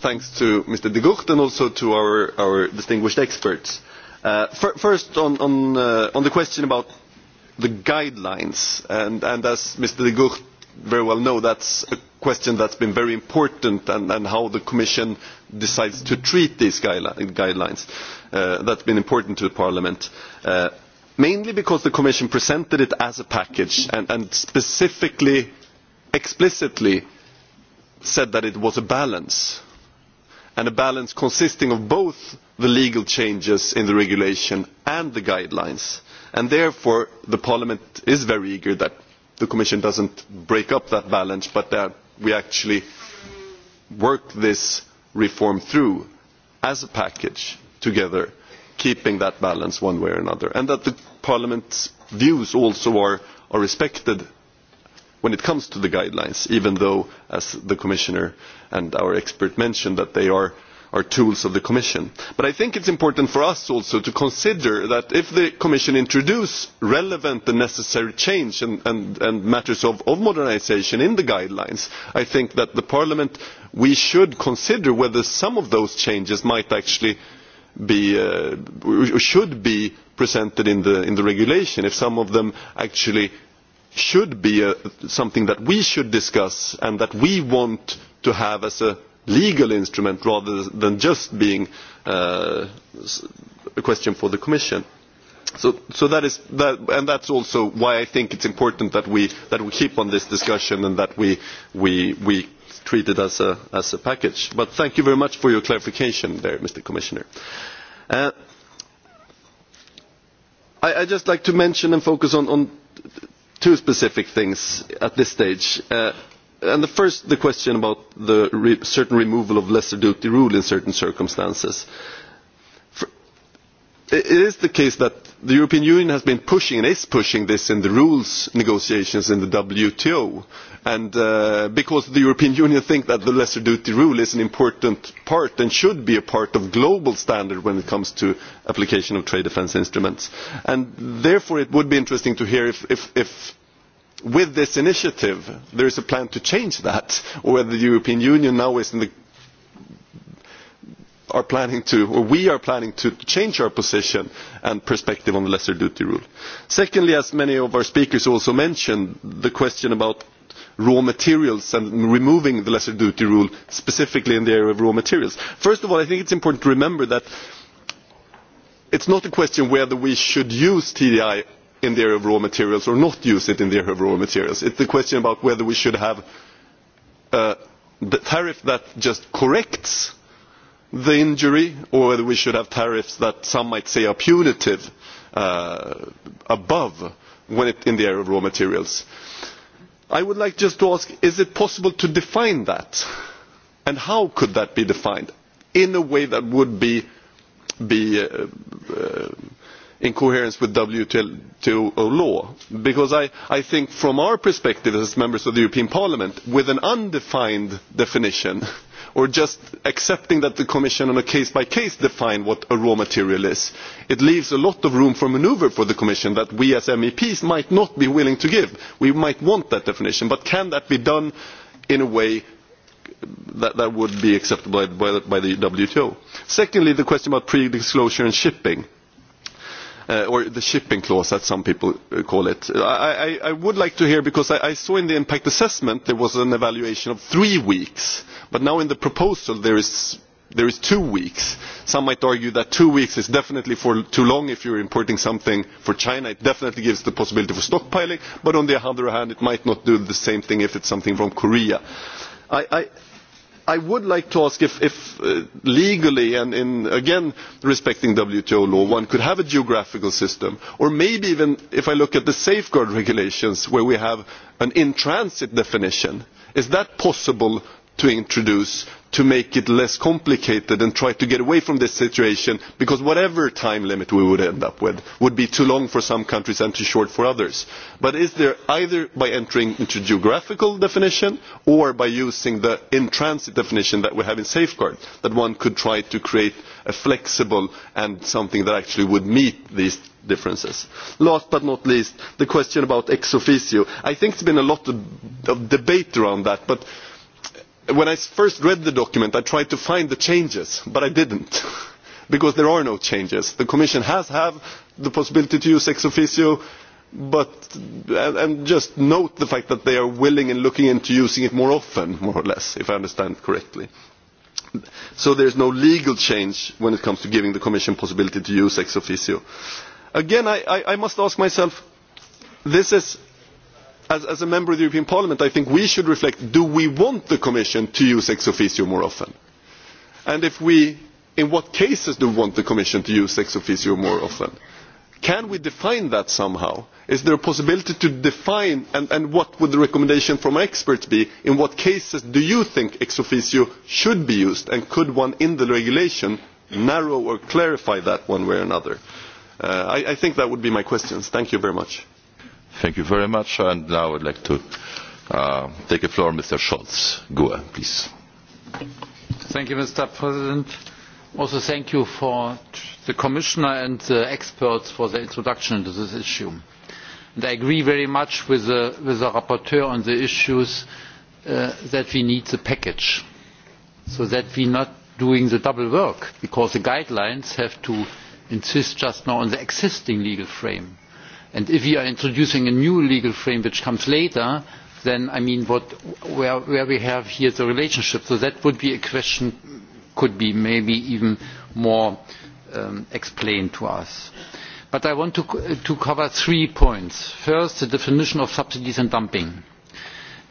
thanks to Mr. de Gucht and also to our, our distinguished experts. Uh, first, on, on, uh, on the question about the guidelines, and, and as Mr. de Gucht very well that that's a question that's been very important and, and how the Commission decides to treat these guidelines. Uh, that's been important to the Parliament. Uh, mainly because the Commission presented it as a package and, and specifically, explicitly said that it was a balance and a balance consisting of both the legal changes in the regulation and the guidelines. And therefore, Parliament is very eager that the Commission does not break up that balance, but that we actually work this reform through as a package together, keeping that balance one way or another, and that Parliament's views also are, respected when it comes to the guidelines, even though, as the Commissioner and our expert mentioned, that they are, are tools of the Commission. But I think it is important for us also to consider that if the Commission introduces relevant and necessary change and, matters of, modernisation in the guidelines, I think that the Parliament, we should consider whether some of those changes might actually be uh, should be presented in the, in the regulation if some of them actually should be something that we should discuss and that we want to have as a legal instrument rather than just being a question for the Commission. So, so that is that, and that's also why I think it's important that we that we keep on this discussion and that we we we treat it as a as a package. But thank you very much for your clarification there, Mr. Commissioner. Uh, I would just like to mention and focus on, on two specific things at this stage. the first, the question about the re certain removal of lesser duty rule in certain circumstances. it is the case that the european union has been pushing and is pushing this in the rules negotiations in the wto because the european union thinks that the lesser duty rule is an important part and should be a part of global standard when it comes to application of trade defence instruments therefore it would be interesting to hear if with this initiative there is a plan to change that or whether the european union now is in the are planning to, or we are planning to change our position and perspective on the lesser duty rule. Secondly, as many of our speakers also mentioned, the question about raw materials and removing the lesser duty rule specifically in the area of raw materials. First of all, I think it is important to remember that it is not a question whether we should use TDI in the area of raw materials or not use it in the area of raw materials. It is a question about whether we should have a tariff that just corrects the injury or whether we should have tariffs that some might say are punitive above when it, in the area of raw materials. I would like just to ask, is it possible to define that? And how could that be defined in a way that would be, in coherence with WTO law? Because I think from our perspective as members of the European Parliament, with an undefined definition, or just accepting that the commission on a case by case defines what a raw material is. it leaves a lot of room for manoeuvre for the commission that we as meps might not be willing to give. we might want that definition but can that be done in a way that would be acceptable by the wto? secondly the question about pre disclosure and shipping or the shipping clause as some people call it. I, I, I would like to hear, because I, I saw in the impact assessment there was an evaluation of three weeks, but now in the proposal there is there is two weeks. Some might argue that two weeks is definitely for too long if you are importing something for China. It definitely gives the possibility for stockpiling, but on the other hand, it might not do the same thing if it is something from Korea. I, i would like to ask if legally and again respecting wto law one could have a geographical system or maybe even if i look at the safeguard regulations where we have an in transit definition is that possible to introduce? to make it less complicated and try to get away from this situation because whatever time limit we would end up with would be too long for some countries and too short for others. But is there either by entering into geographical definition or by using the in-transit definition that we have in safeguard that one could try to create a flexible and something that actually would meet these differences. Last but not least, the question about ex officio. I think there has been a lot of debate around that, but when i first read the document i tried to find the changes but i did not because there are no changes. the commission has had the possibility to use ex officio and just note the fact that they are willing and looking into using it more often more or less if i understand correctly. so there is no legal change when it comes to giving the commission the possibility to use ex officio. again I I i must ask myself this is as a member of the european parliament i think we should reflect do we want the commission to use ex officio more often and if we in what cases do we want the commission to use ex officio more often? can we define that somehow? is there a possibility to define and what would the recommendation from experts be in what cases do you think ex officio should be used and could one in the regulation narrow or clarify that one way or another? i think that would be my questions. thank you very much. Thank you very much. And now I'd like to uh, take the floor, Mr. Scholz. Goa, please. Thank you, Mr. President. Also, thank you for the Commissioner and the experts for the introduction to this issue. And I agree very much with the, with the rapporteur on the issues uh, that we need the package so that we are not doing the double work because the guidelines have to insist just now on the existing legal frame and if we are introducing a new legal frame which comes later then i mean where where we have here the relationship so that would be a question could be maybe even more explained to us but i want to cover three points first the definition of subsidies and dumping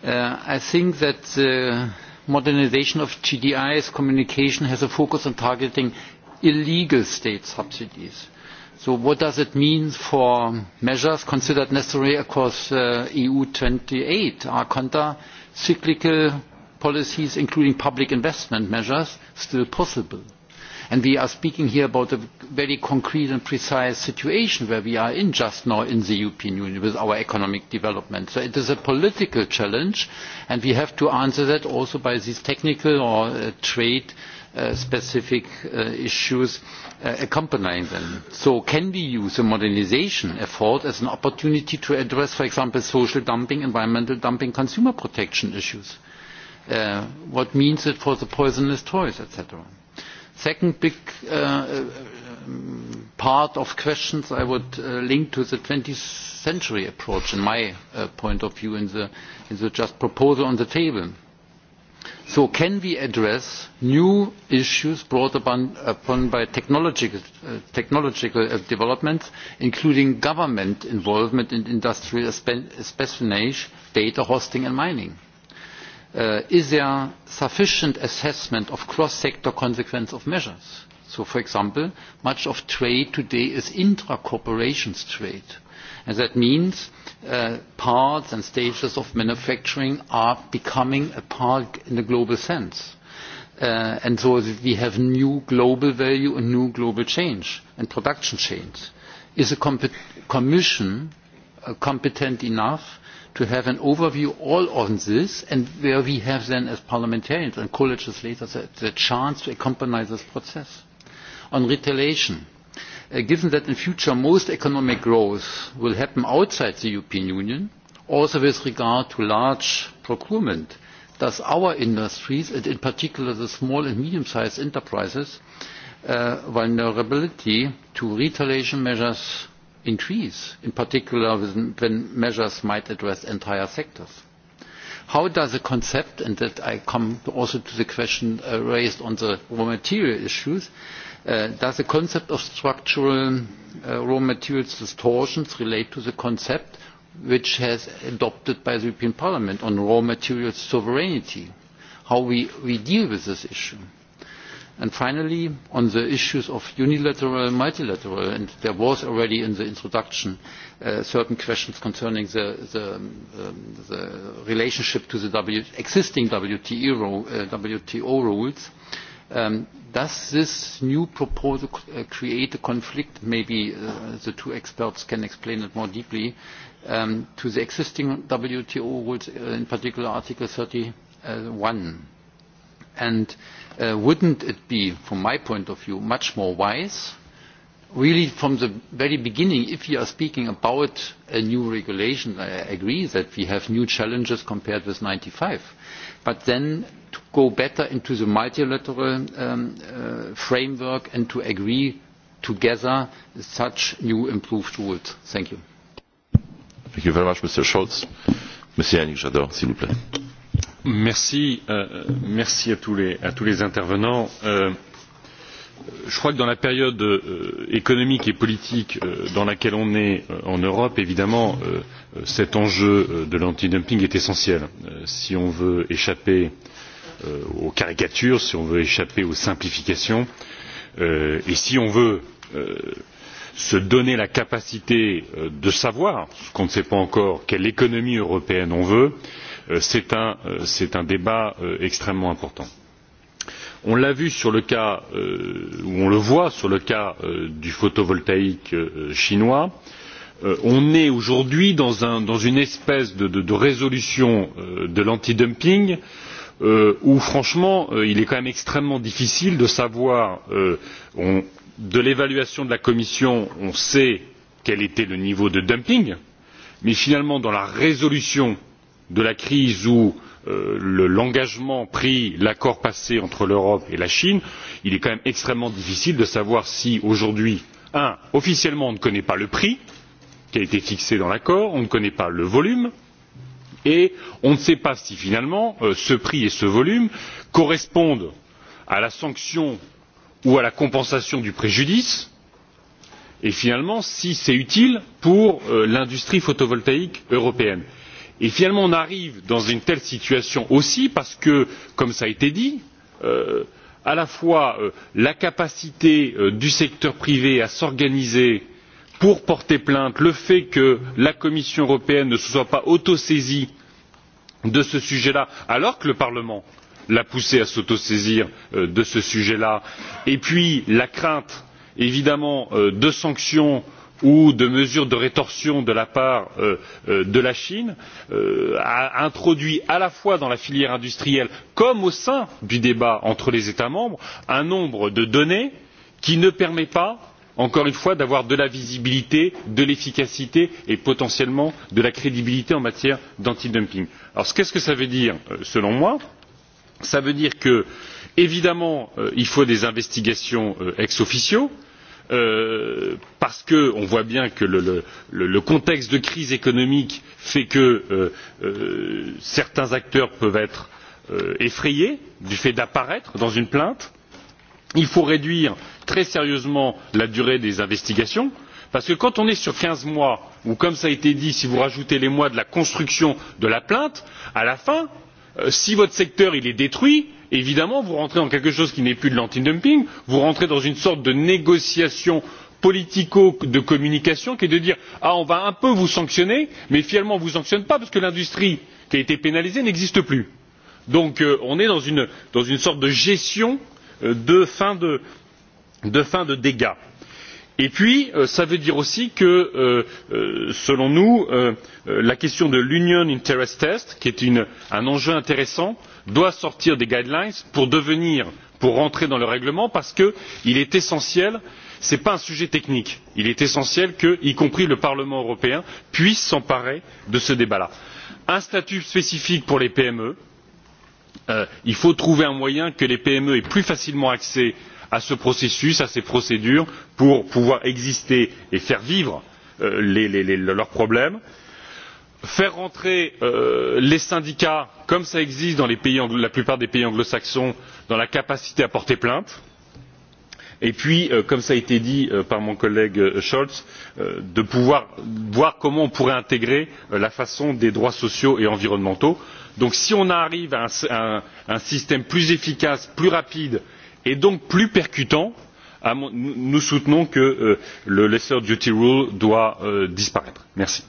i think that the modernisation of gdi's communication has a focus on targeting illegal state subsidies So what does it mean for measures considered necessary across EU twenty eight? Are counter-cyclical policies, including public investment measures, still possible? And we are speaking here about a very concrete and precise situation where we are in just now in the European Union with our economic development. So it is a political challenge, and we have to answer that also by these technical or trade specific issues accompanying them. so can we use the modernisation effort as an opportunity to address for example social dumping environmental dumping consumer protection issues? what means it for the poisonous toys etc. the second big part of questions i would link to the twentieth century approach in my point of view in the just proposal on the table so can we address new issues brought upon by technological developments including government involvement in industrial espionage data hosting and mining? is there sufficient assessment of cross sector consequences of measures? so for example much of trade today is intra corporations trade and that means parts and stages of manufacturing are becoming a part in a global sense. and so we have new global value and new global change and production change. Is the Commission competent enough to have an overview all on this and where we have then as parliamentarians and co-legislators the chance to accompany this process? On retaliation, given that in future most economic growth will happen outside the european union also with regard to large procurement does our industries and in particular the small and medium sized enterprises vulnerability to retaliation measures increase in particular when measures might address entire sectors? how does the concept and i come also to the question raised on the raw material issues does the concept of structural raw materials distortions relate to the concept which was adopted by the european parliament on raw materials sovereignty how we deal with this issue? and finally on the issues of unilateral and multilateral and there was already in the introduction certain questions concerning the relationship to the existing wto rules does this new proposal create a conflict maybe the two experts can explain it more deeply to the existing wto rules in particular article thirty one and wouldn't it be from my point of view much more wise really from the very beginning if you are speaking about a new regulation i agree that we have new challenges compared with ninety five but then go better into the multilateral framework and to agree together such new improved rules. Thank you. Thank you very much, Mr. Scholz. Monsieur Yannick Jadot, s'il vous plait. Merci, euh, merci à, tous les, à tous les intervenants. Euh, je crois que dans la période économique et politique dans laquelle on est en europe évidemment cet enjeu de l'antidumping est essentiel si on veut échapper à aux caricatures, si on veut échapper aux simplifications, et si on veut se donner la capacité de savoir ce qu'on ne sait pas encore quelle économie européenne on veut, c'est un débat extrêmement important. On l'a vu sur le cas ou on le voit sur le cas du photovoltaïque chinois. on est aujourd'hui dans, une espèce de, résolution de l'antidumping dumping où franchement il est quand même extrêmement difficile de savoir de l'évaluation de la commission on sait quel était le niveau de dumping mais finalement dans la résolution de la crise ou l'engagement pris l'accord passé entre l'europe et la chine il est quand même extrêmement difficile de savoir si aujourd'hui officiellement on ne connaît pas le prix qui a été fixé dans l'accord on ne connaît pas le volume et on ne sait pas si finalement ce prix et ce volume correspondent à la sanction ou à la compensation du préjudice et finalement si c'est utile pour l'industrie photovoltaïque européenne. et finalement on arrive dans une telle situation aussi parce que comme cela a été dit à la fois la capacité du secteur privé à s'organiser pour porter plainte le fait que la commission européenne ne se soit pas autosaisie de ce sujet là alors que le parlement l'a poussée à s'autosaisir de ce sujet là et puis la crainte évidemment de sanctions ou de mesures de rétorsion de la part de la chine a introduit à la fois dans la filière industrielle comme au sein du débat entre les états membres un nombre de données qui ne permet pas encore une fois d'avoir de la visibilité de l'efficacité et potentiellement de la crédibilité en matière Alors, qu'est ce que cela veut dire selon moi? cela veut dire que évidemment il faut des investigations ex officio parce que qu'on voit bien que le contexte de crise économique fait que certains acteurs peuvent être effrayés du fait d'apparaître dans une plainte il faut réduire très sérieusement la durée des investigations parce que quand on est sur quinze mois ou comme cela a été dit si vous rajoutez les mois de la construction de la plainte à la fin si votre secteur est détruit évidemment vous rentrez dans quelque chose qui n'est plus de l'antidumping vous rentrez dans une sorte de négociation politico de communication qui est de dire ah on va un peu vous sanctionner mais finalement on ne vous sanctionne pas parce que l'industrie qui a été pénalisée n'existe plus. donc on est dans une sorte de gestion de fin de dégâts. et puis cela veut dire aussi que selon nous la question de l'union interest test qui est un enjeu intéressant doit sortir des guidelines pour devenir pour entrer dans le règlement parce qu'il est essentiel ce n'est pas un sujet technique il est essentiel que y compris le parlement européen puisse s'emparer de ce débat là. un statut spécifique pour les pme il faut trouver un moyen que les pme aient plus facilement accès à ce processus à ces procédures pour pouvoir exister et faire vivre leurs problèmes faire entrer les syndicats comme cela existe dans la plupart des pays anglo saxons dans la capacité à porter plainte et puis comme cela a été dit par mon collègue scholz de pouvoir voir comment on pourrait intégrer la question des droits sociaux et environnementaux donc si on arrive à un système plus efficace plus rapide et donc plus percutant nous soutenons que le lesser duty rule doit disparaître. merci.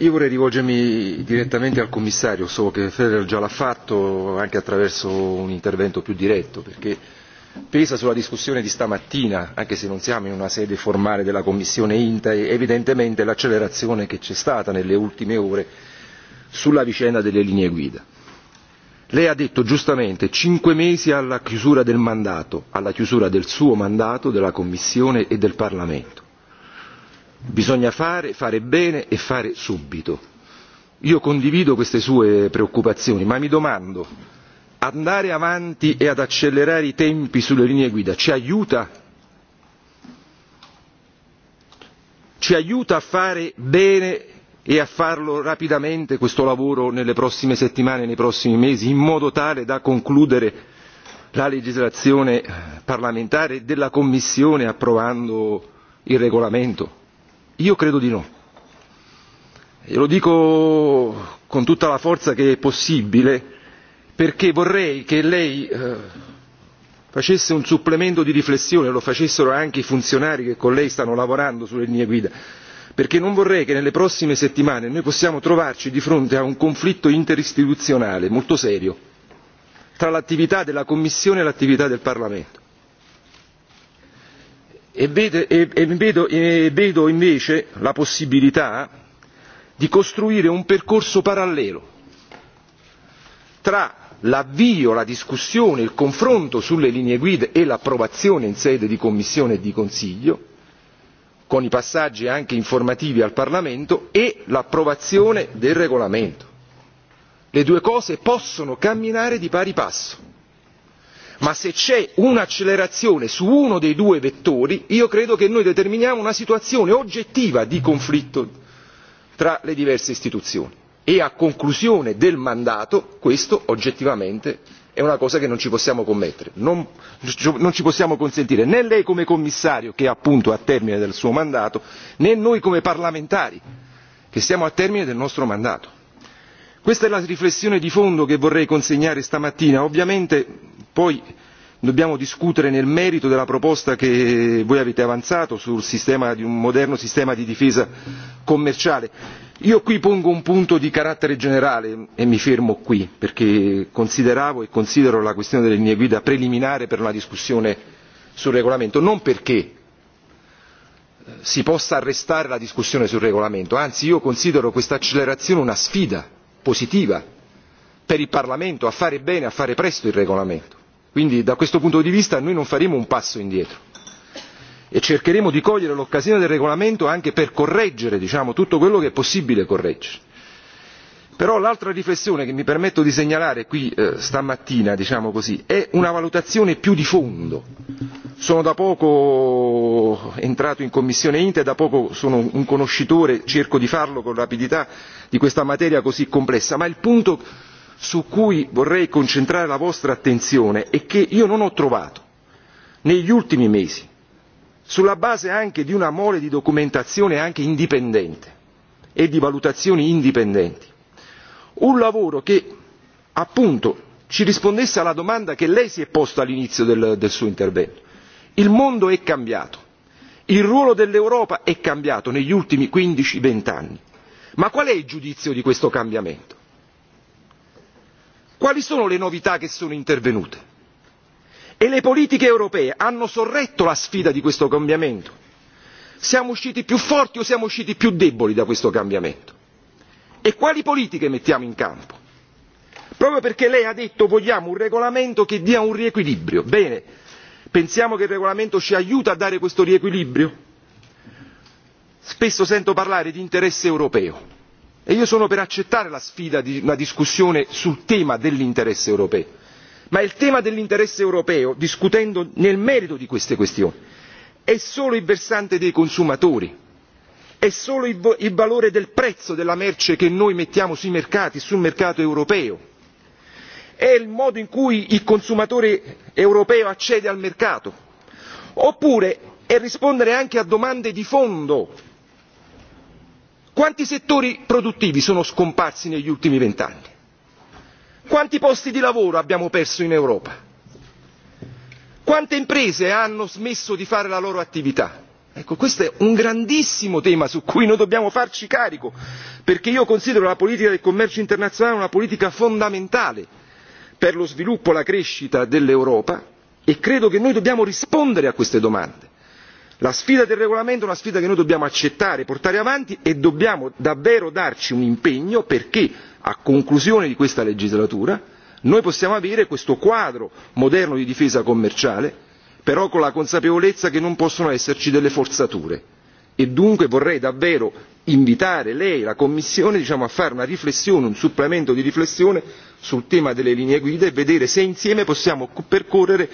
Io vorrei rivolgermi direttamente al commissario, so che Federer già l'ha fatto anche attraverso un intervento più diretto, perché pesa sulla discussione di stamattina, anche se non siamo in una sede formale della Commissione INTA, evidentemente l'accelerazione che c'è stata nelle ultime ore sulla vicenda delle linee guida. Lei ha detto giustamente cinque mesi alla chiusura del mandato, alla chiusura del suo mandato, della Commissione e del Parlamento bisogna fare fare bene e fare subito. io condivido queste sue preoccupazioni ma mi domando andare avanti e ad accelerare i tempi sulle linee guida ci aiuta? ci aiuta a fare bene e a farlo rapidamente questo lavoro nelle prossime settimane e nei prossimi mesi in modo tale da concludere la legislazione parlamentare e della commissione approvando il regolamento? Io credo di no. E lo dico con tutta la forza che è possibile, perché vorrei che lei facesse un supplemento di riflessione, lo facessero anche i funzionari che con lei stanno lavorando sulle linee guida, perché non vorrei che nelle prossime settimane noi possiamo trovarci di fronte a un conflitto interistituzionale molto serio tra l'attività della Commissione e l'attività del Parlamento e vedo invece la possibilità di costruire un percorso parallelo tra l'avvio la discussione il confronto sulle linee guida e l'approvazione in sede di commissione e di consiglio con i passaggi anche informativi al parlamento e l'approvazione del regolamento. le due cose possono camminare di pari passo ma se c'è un'accelerazione su uno dei due vettori io credo che noi determiniamo una situazione oggettiva di conflitto tra le diverse istituzioni e a conclusione del mandato questo oggettivamente è una cosa che non ci possiamo permettere non ci possiamo consentire né lei come commissario che è appunto al termine del suo mandato né noi come parlamentari che siamo al termine del nostro mandato. questa è la riflessione di fondo che vorrei consegnare stamattina ovviamente poi dobbiamo discutere nel merito della proposta che voi avete avanzato sul sistema di un moderno sistema di difesa commerciale. io qui pongo un punto di carattere generale e mi fermo qui perché consideravo e considero la questione delle linee guida preliminare per una discussione sul regolamento non perché si possa arrestare la discussione sul regolamento anzi io considero questa accelerazione una sfida positiva per il parlamento a fare bene a fare presto il regolamento quindi da questo punto di vista noi non faremo un passo indietro e cercheremo di cogliere l'occasione del regolamento anche per correggere diciamo tutto quello che è possibile correggere. però l'altra riflessione che mi permetto di segnalare qui stamattina diciamo così è una valutazione più di fondo. sono da poco entrato in commissione inte e da poco sono un conoscitore cerco di farlo con rapidità di questa materia così complessa ma il punto su cui vorrei concentrare la vostra attenzione e che io non ho trovato negli ultimi mesi sulla base anche di una mole di documentazione anche indipendente e di valutazioni indipendenti un lavoro che appunto ci rispondesse alla domanda che lei si è posto all'inizio del, del suo intervento il mondo è cambiato il ruolo dell'europa è cambiato negli ultimi quindici vent'anni ma qual è il giudizio di questo cambiamento? quali sono le novità che sono intervenute? e le politiche europee hanno sorretto la sfida di questo cambiamento? siamo usciti più forti o siamo usciti più deboli da questo cambiamento? e quali politiche mettiamo in campo? proprio perché lei ha detto vogliamo un regolamento che dia un riequilibrio. bene pensiamo che il regolamento ci aiuta a dare questo riequilibrio? spesso sento parlare di interesse europeo e io sono per accettare la sfida di una discussione sul tema dell'interesse europeo ma il tema dell'interesse europeo discutendo nel merito di queste questioni è solo il versante dei consumatori è solo il valore del prezzo della merce che noi mettiamo sui mercati sul mercato europeo è il modo in cui il consumatore europeo accede al mercato oppure è rispondere anche a domande di fondo quanti settori produttivi sono scomparsi negli ultimi vent'anni? quanti posti di lavoro abbiamo perso in europa? quante imprese hanno smesso di fare la loro attività? ecco questo è un grandissimo tema su cui noi dobbiamo farci carico perché io considero la politica del commercio internazionale una politica fondamentale per lo sviluppo e la crescita dell'europa e credo che noi dobbiamo rispondere a queste domande la sfida del regolamento è una sfida che noi dobbiamo accettare portare avanti e dobbiamo davvero darci un impegno perché a conclusione di questa legislatura noi possiamo avere questo quadro moderno di difesa commerciale però con la consapevolezza che non possono esserci delle forzature e dunque vorrei davvero invitare lei e la commissione a fare una riflessione un supplemento di riflessione sul tema delle linee guida e vedere se insieme possiamo percorrere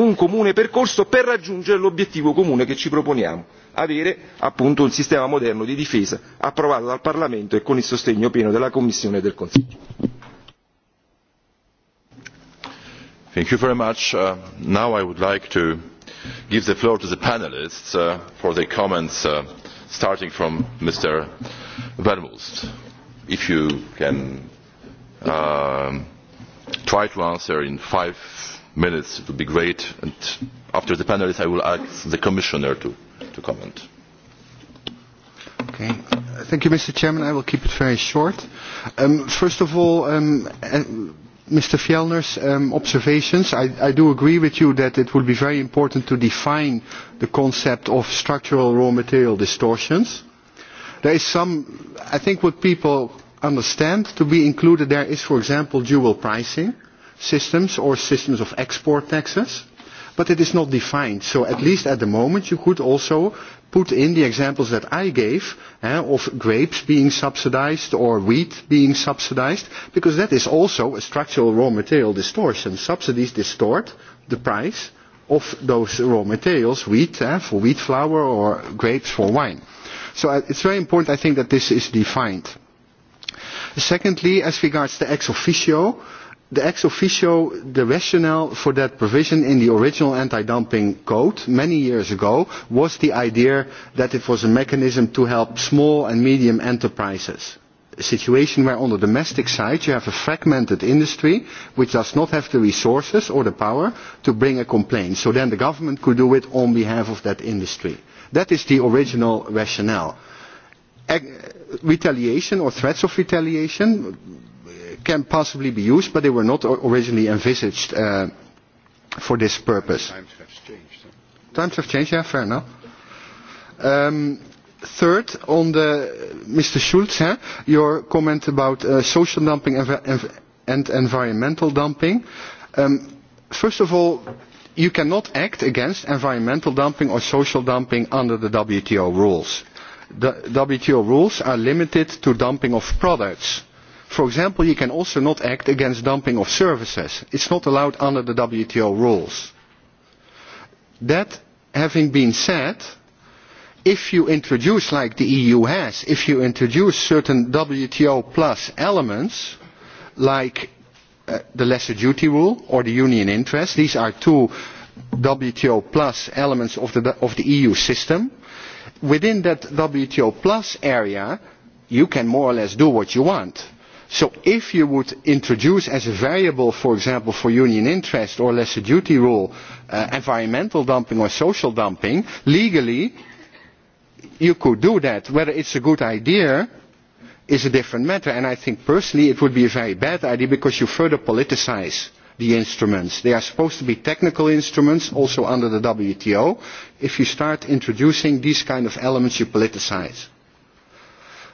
un comune percorso per raggiungere l'obiettivo comune che ci proponiamo avere appunto un sistema moderno di difesa approvato dal parlamento e con il sostegno pieno della commissione e del consiglio. thank you very much. now i would like to give the floor to the panelists for their comments starting from mr if you can try to answer in five minutes. It would be great. And after the panelists, I will ask the Commissioner to, to comment. Okay. Thank you, Mr. Chairman. I will keep it very short. Um, first of all, um, Mr. Fjellner's um, observations. I, I do agree with you that it would be very important to define the concept of structural raw material distortions. There is some, I think what people understand to be included there is, for example, dual pricing. Uh, systems or systems of export taxes, but it is not defined. So at least at the moment you could also put in the examples that I gave eh, of grapes being subsidized or wheat being subsidized, because that is also a structural raw material distortion. Subsidies distort the price of those raw materials, wheat eh, for wheat flour or grapes for wine. So it's very important, I think, that this is defined. Secondly, as regards the ex officio, the ex officio, the rationale for that provision in the original anti-dumping code many years ago was the idea that it was a mechanism to help small and medium enterprises. A situation where on the domestic side you have a fragmented industry which does not have the resources or the power to bring a complaint. So then the government could do it on behalf of that industry. That is the original rationale retaliation or threats of retaliation can possibly be used, but they were not originally envisaged uh, for this purpose. Times have changed. Times have changed, yeah, fair enough. Um, Third, on the, Mr. Schulz, huh, your comment about uh, social dumping and, and environmental dumping. Um, first of all, you cannot act against environmental dumping or social dumping under the WTO rules. The WTO rules are limited to dumping of products For example, you can also not act against dumping of services. It is not allowed under the WTO rules. That having been said, if you introduce, like the EU has, if you introduce certain WTO plus elements, like the lesser duty rule or the union interest, these are two WTO plus elements of the, of the EU system. Within that WTO plus area, you can more or less do what you want So if you would introduce as a variable, for example, for union interest or lesser duty rule, environmental dumping or social dumping, legally you could do that. Whether it is a good idea is a different matter. And I think personally it would be a very bad idea because you further politicise the instruments. They are supposed to be technical instruments, also under the WTO. If you start introducing these kinds of elements, you politicise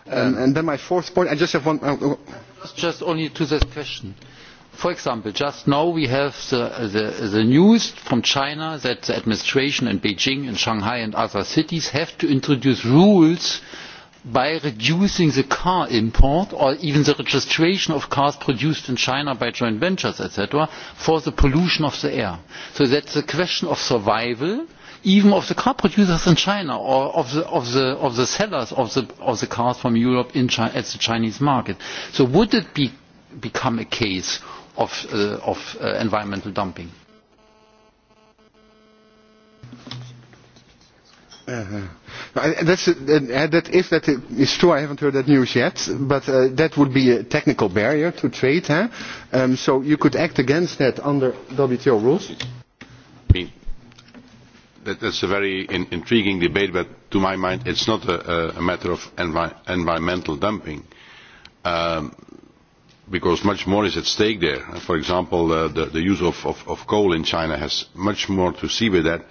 Um, and then my fourth point, I just have one. just only to this question. For example, just now we have the, news from China that the administration in Beijing and Shanghai and other cities have to introduce rules by reducing the car import or even the registration of cars produced in China by joint ventures, etc., for the pollution of the air. So that is a question of survival even of the car producers in China or of the, of the, of the sellers of the, of the cars from Europe in China, at the Chinese market. So would it be, become a case of, uh, of uh, environmental dumping? Uh, that's, uh, that if that is true, I haven't heard that news yet, but uh, that would be a technical barrier to trade. Huh? Um, so you could act against that under WTO rules that is a very intriguing debate, but to my mind, it is not a, matter of environmental dumping, because much more is at stake there. For example, the, use of, coal in China has much more to see with that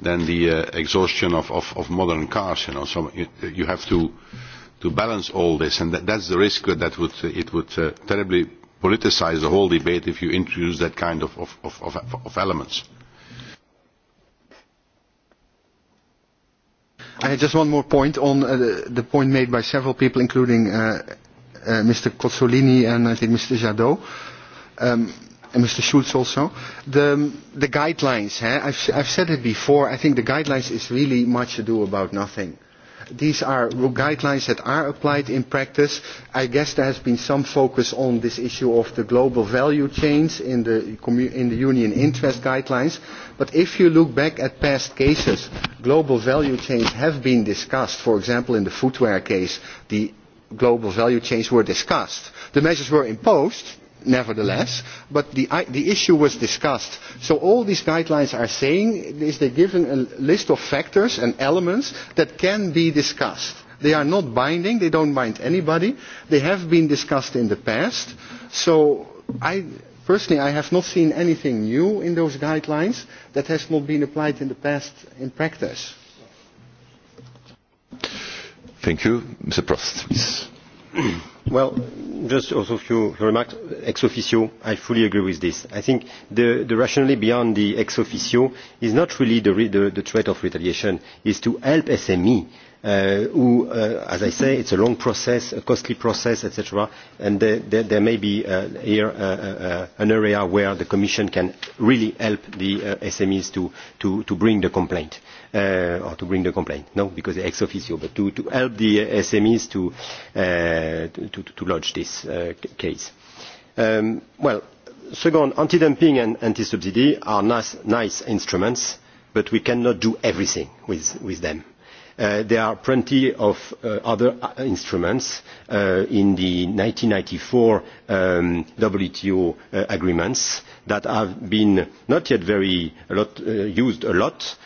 than the exhaustion of, modern cars. You know, so you, have to to balance all this, and that, that's the risk that would it would terribly politicise the whole debate if you introduce that kind of, of, of, of elements I just one more point on uh the point made by several people, including uh uh Mr. Cozzolini and I think Mr. Jadot. um and Mr. Schulz also. The, the guidelines, eh? I've, I've said it before, I think the guidelines is really much ado about nothing these are guidelines that are applied in practice. I guess there has been some focus on this issue of the global value chains in the, in the Union interest guidelines. But if you look back at past cases, global value chains have been discussed. For example, in the footwear case, the global value chains were discussed. The measures were imposed, nevertheless, but the, the issue was discussed. So all these guidelines are saying is they give a list of factors and elements that can be discussed. They are not binding, they don't bind anybody. They have been discussed in the past. So I, personally, I have not seen anything new in those guidelines that has not been applied in the past in practice. Thank you. Mr. Prost, please well, just also a few remarks. Ex officio, I fully agree with this. I think the, rationale beyond the ex officio is not really the, threat of retaliation, it is to help SMEs, which who, as I say, is a long process, a costly process, etc. And there, may be here an area where the Commission can really help the SMEs to bring the complaint uh, or to bring the complaint, no, because ex officio, but to, to help the SMEs to, uh, to, to lodge this uh, case. Um, well, second, anti-dumping and anti-subsidy are nice, nice instruments, but we cannot do everything with, with them. Uh, there are plenty of uh, other instruments uh, in the 1994 um, WTO uh, agreements that have been not yet very used a lot,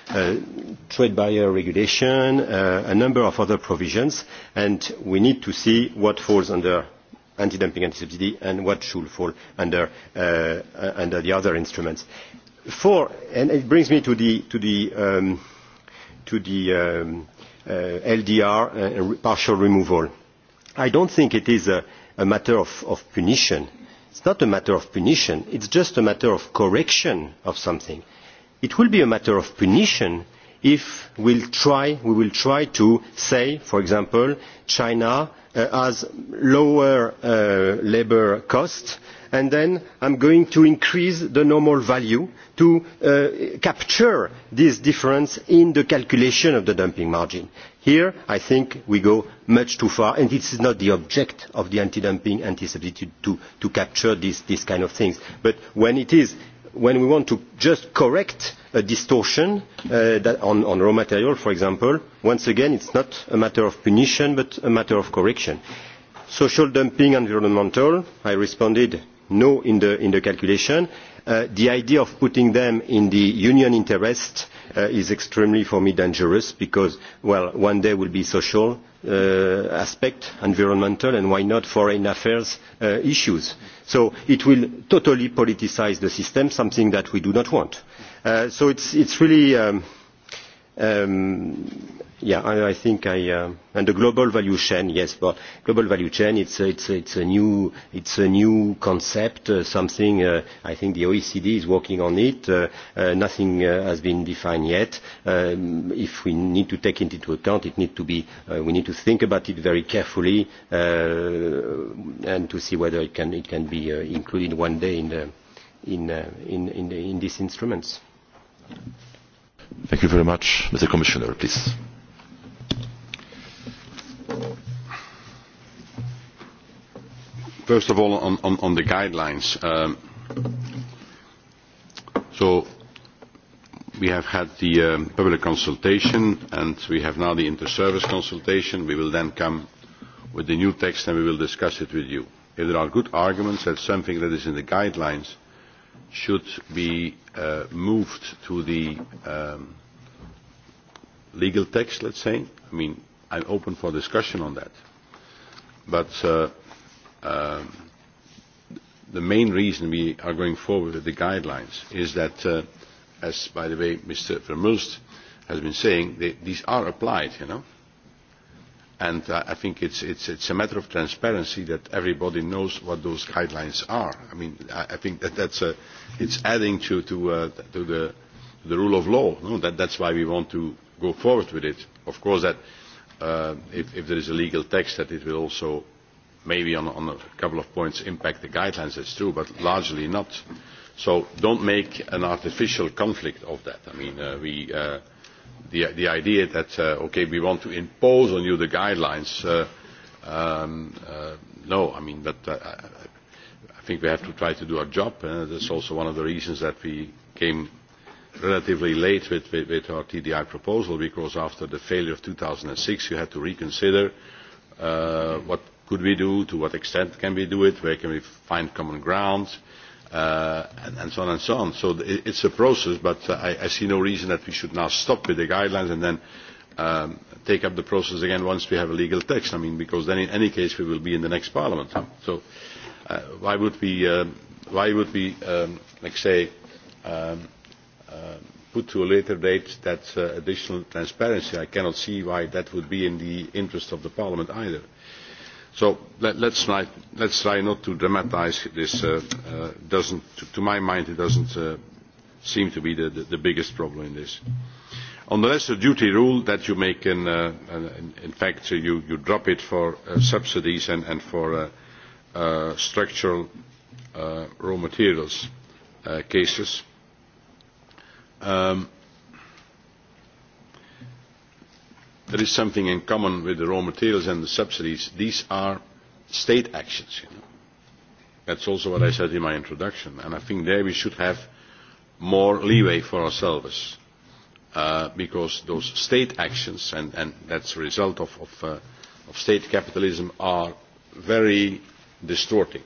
trade barrier regulation, a number of other provisions, and we need to see what falls under anti-dumping and subsidy and what should fall under, the other instruments. Four, and it brings me to the, to the, to the LDR, partial removal. I don't think it is a, a matter of, of punition it is not a matter of punition it is just a matter of correction of something. it will be a matter of punition if we will try to say for example china has lower labour costs and then i am going to increase the normal value to capture this difference in the calculation of the dumping margin here i think we go much too far and it is not the object of the anti dumping anti substitute to capture these kinds of things but when we want to just correct a distortion on raw material for example once again it is not a matter of punition but a matter of correction. social dumping environmental i responded no in the calculation. the idea of putting them in the union interest is extremely for me dangerous because one day will be social aspect environmental and why not foreign affairs issues. so it will totally politicise the system something that we do not want. so it is really Yeah, I, I think I um, and the global value chain. Yes, but global value chain. It's a, it's a, it's a new it's a new concept. Uh, something uh, I think the OECD is working on it. Uh, uh, nothing uh, has been defined yet. Um, if we need to take it into account, it need to be uh, we need to think about it very carefully uh, and to see whether it can it can be uh, included one day in the in uh, in in, the, in these instruments. Thank you very much, Mr. Commissioner. Please. First of all, on the guidelines. So we have had the public consultation, and we have now the inter-service consultation. We will then come with the new text, and we will discuss it with you. If there are good arguments that something that is in the guidelines should be moved to the legal text, let's say, I mean, I am open for discussion on that. But the main reason we are going forward with the guidelines is that, as by the way Mr. Vermulst has been saying, they, these are applied, you know. And uh, I think it's, it's, it's a matter of transparency that everybody knows what those guidelines are. I mean, I, I think that that's a, it's adding to, to, uh, to the, the rule of law. No? That, that's why we want to go forward with it. Of course, that if there is a legal text that it will also maybe on on a couple of points impact the guidelines that's true but largely not so don't make an artificial conflict of that i mean uh, we uh, the the idea that uh, okay we want to impose on you the guidelines uh, um, uh, no i mean but uh, i think we have to try to do our job uh, that's also one of the reasons that we came relatively late with, with, with our TDI proposal because after the failure of 2006 you had to reconsider uh, what could we do, to what extent can we do it, where can we find common ground, uh, and, and so on and so on. So it, it's a process, but I, I see no reason that we should now stop with the guidelines and then um, take up the process again once we have a legal text. I mean, because then in any case we will be in the next parliament. So uh, why would we, um, why would we um, like say, um, put to a later date that additional transparency. I cannot see why that would be in the interest of Parliament either. So let, us try, try not to dramatise this. doesn't, to, my mind, it doesn't not seem to be the, the, the biggest problem in this. On the lesser duty rule that you make, in, in, fact, you, you drop it for subsidies and, and for structural raw materials cases there is something in common with the raw materials and the subsidies. These are state actions. You know. That's also what I said in my introduction. And I think there we should have more leeway for ourselves uh, because those state actions, and, and that's a result of, of, uh, of state capitalism, are very distorting.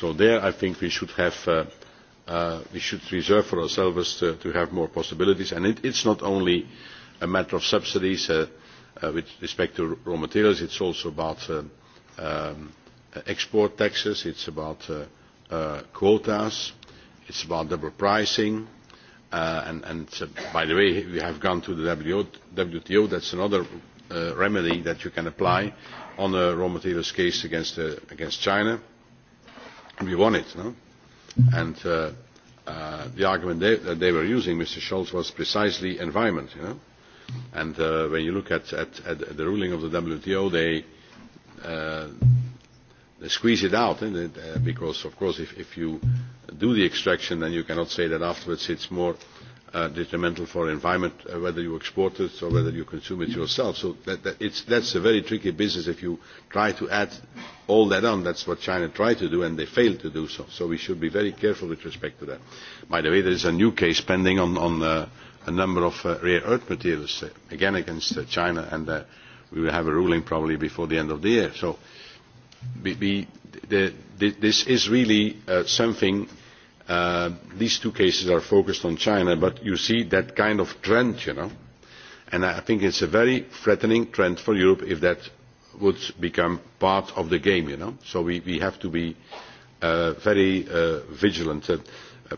So there I think we should have uh, we should reserve for ourselves to have more possibilities. And it is not only a matter of subsidies with respect to raw materials, it is also about export taxes, it is about quotas, it is about double pricing. and, by the way, we have gone to the WTO. that is another remedy that you can apply on a raw materials case against, China. We won it. No? And uh, uh, the argument they, that they were using, Mr. Scholz, was precisely environment. You know? And uh, when you look at, at, at the ruling of the WTO, they, uh, they squeeze it out, and it, uh, because, of course, if, if you do the extraction, then you cannot say that afterwards it's more uh, detrimental for environment, uh, whether you export it or whether you consume it yourself. So that, that it's, that's a very tricky business if you try to add all that on. that is what China tried to do, and they failed to do so. So we should be very careful with respect to that. By the way, there is a new case pending on, on uh, a number of uh, rare earth materials, uh, again against uh, China, and uh, we will have a ruling probably before the end of the year. So we, we, the, this is really uh, something. Uh, these two cases are focused on China, but you see that kind of trend, you know, and I think it's a very threatening trend for Europe if that would become part of the game. You know? So we, we have to be uh, very uh, vigilant. Uh,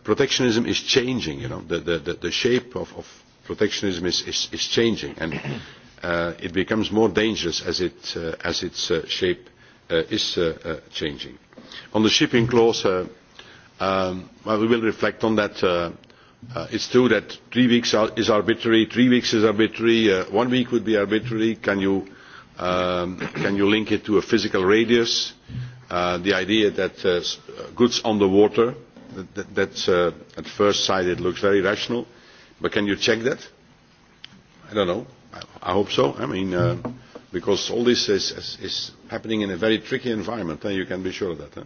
protectionism is changing. You know? the, the, the shape of, of protectionism is, is, is changing, and uh, it becomes more dangerous as, it, uh, as its uh, shape uh, is uh, uh, changing. On the shipping clause, uh, um, well, we will reflect on that. Uh, uh, it's true that three weeks are, is arbitrary, three weeks is arbitrary, uh, one week would be arbitrary. Can you can you link it to a physical radius? the idea that goods on the water, that, at first sight it looks very rational, but can you check that? I don't know. I, I hope so. I mean, uh, because all this is, is, happening in a very tricky environment, you can be sure of that.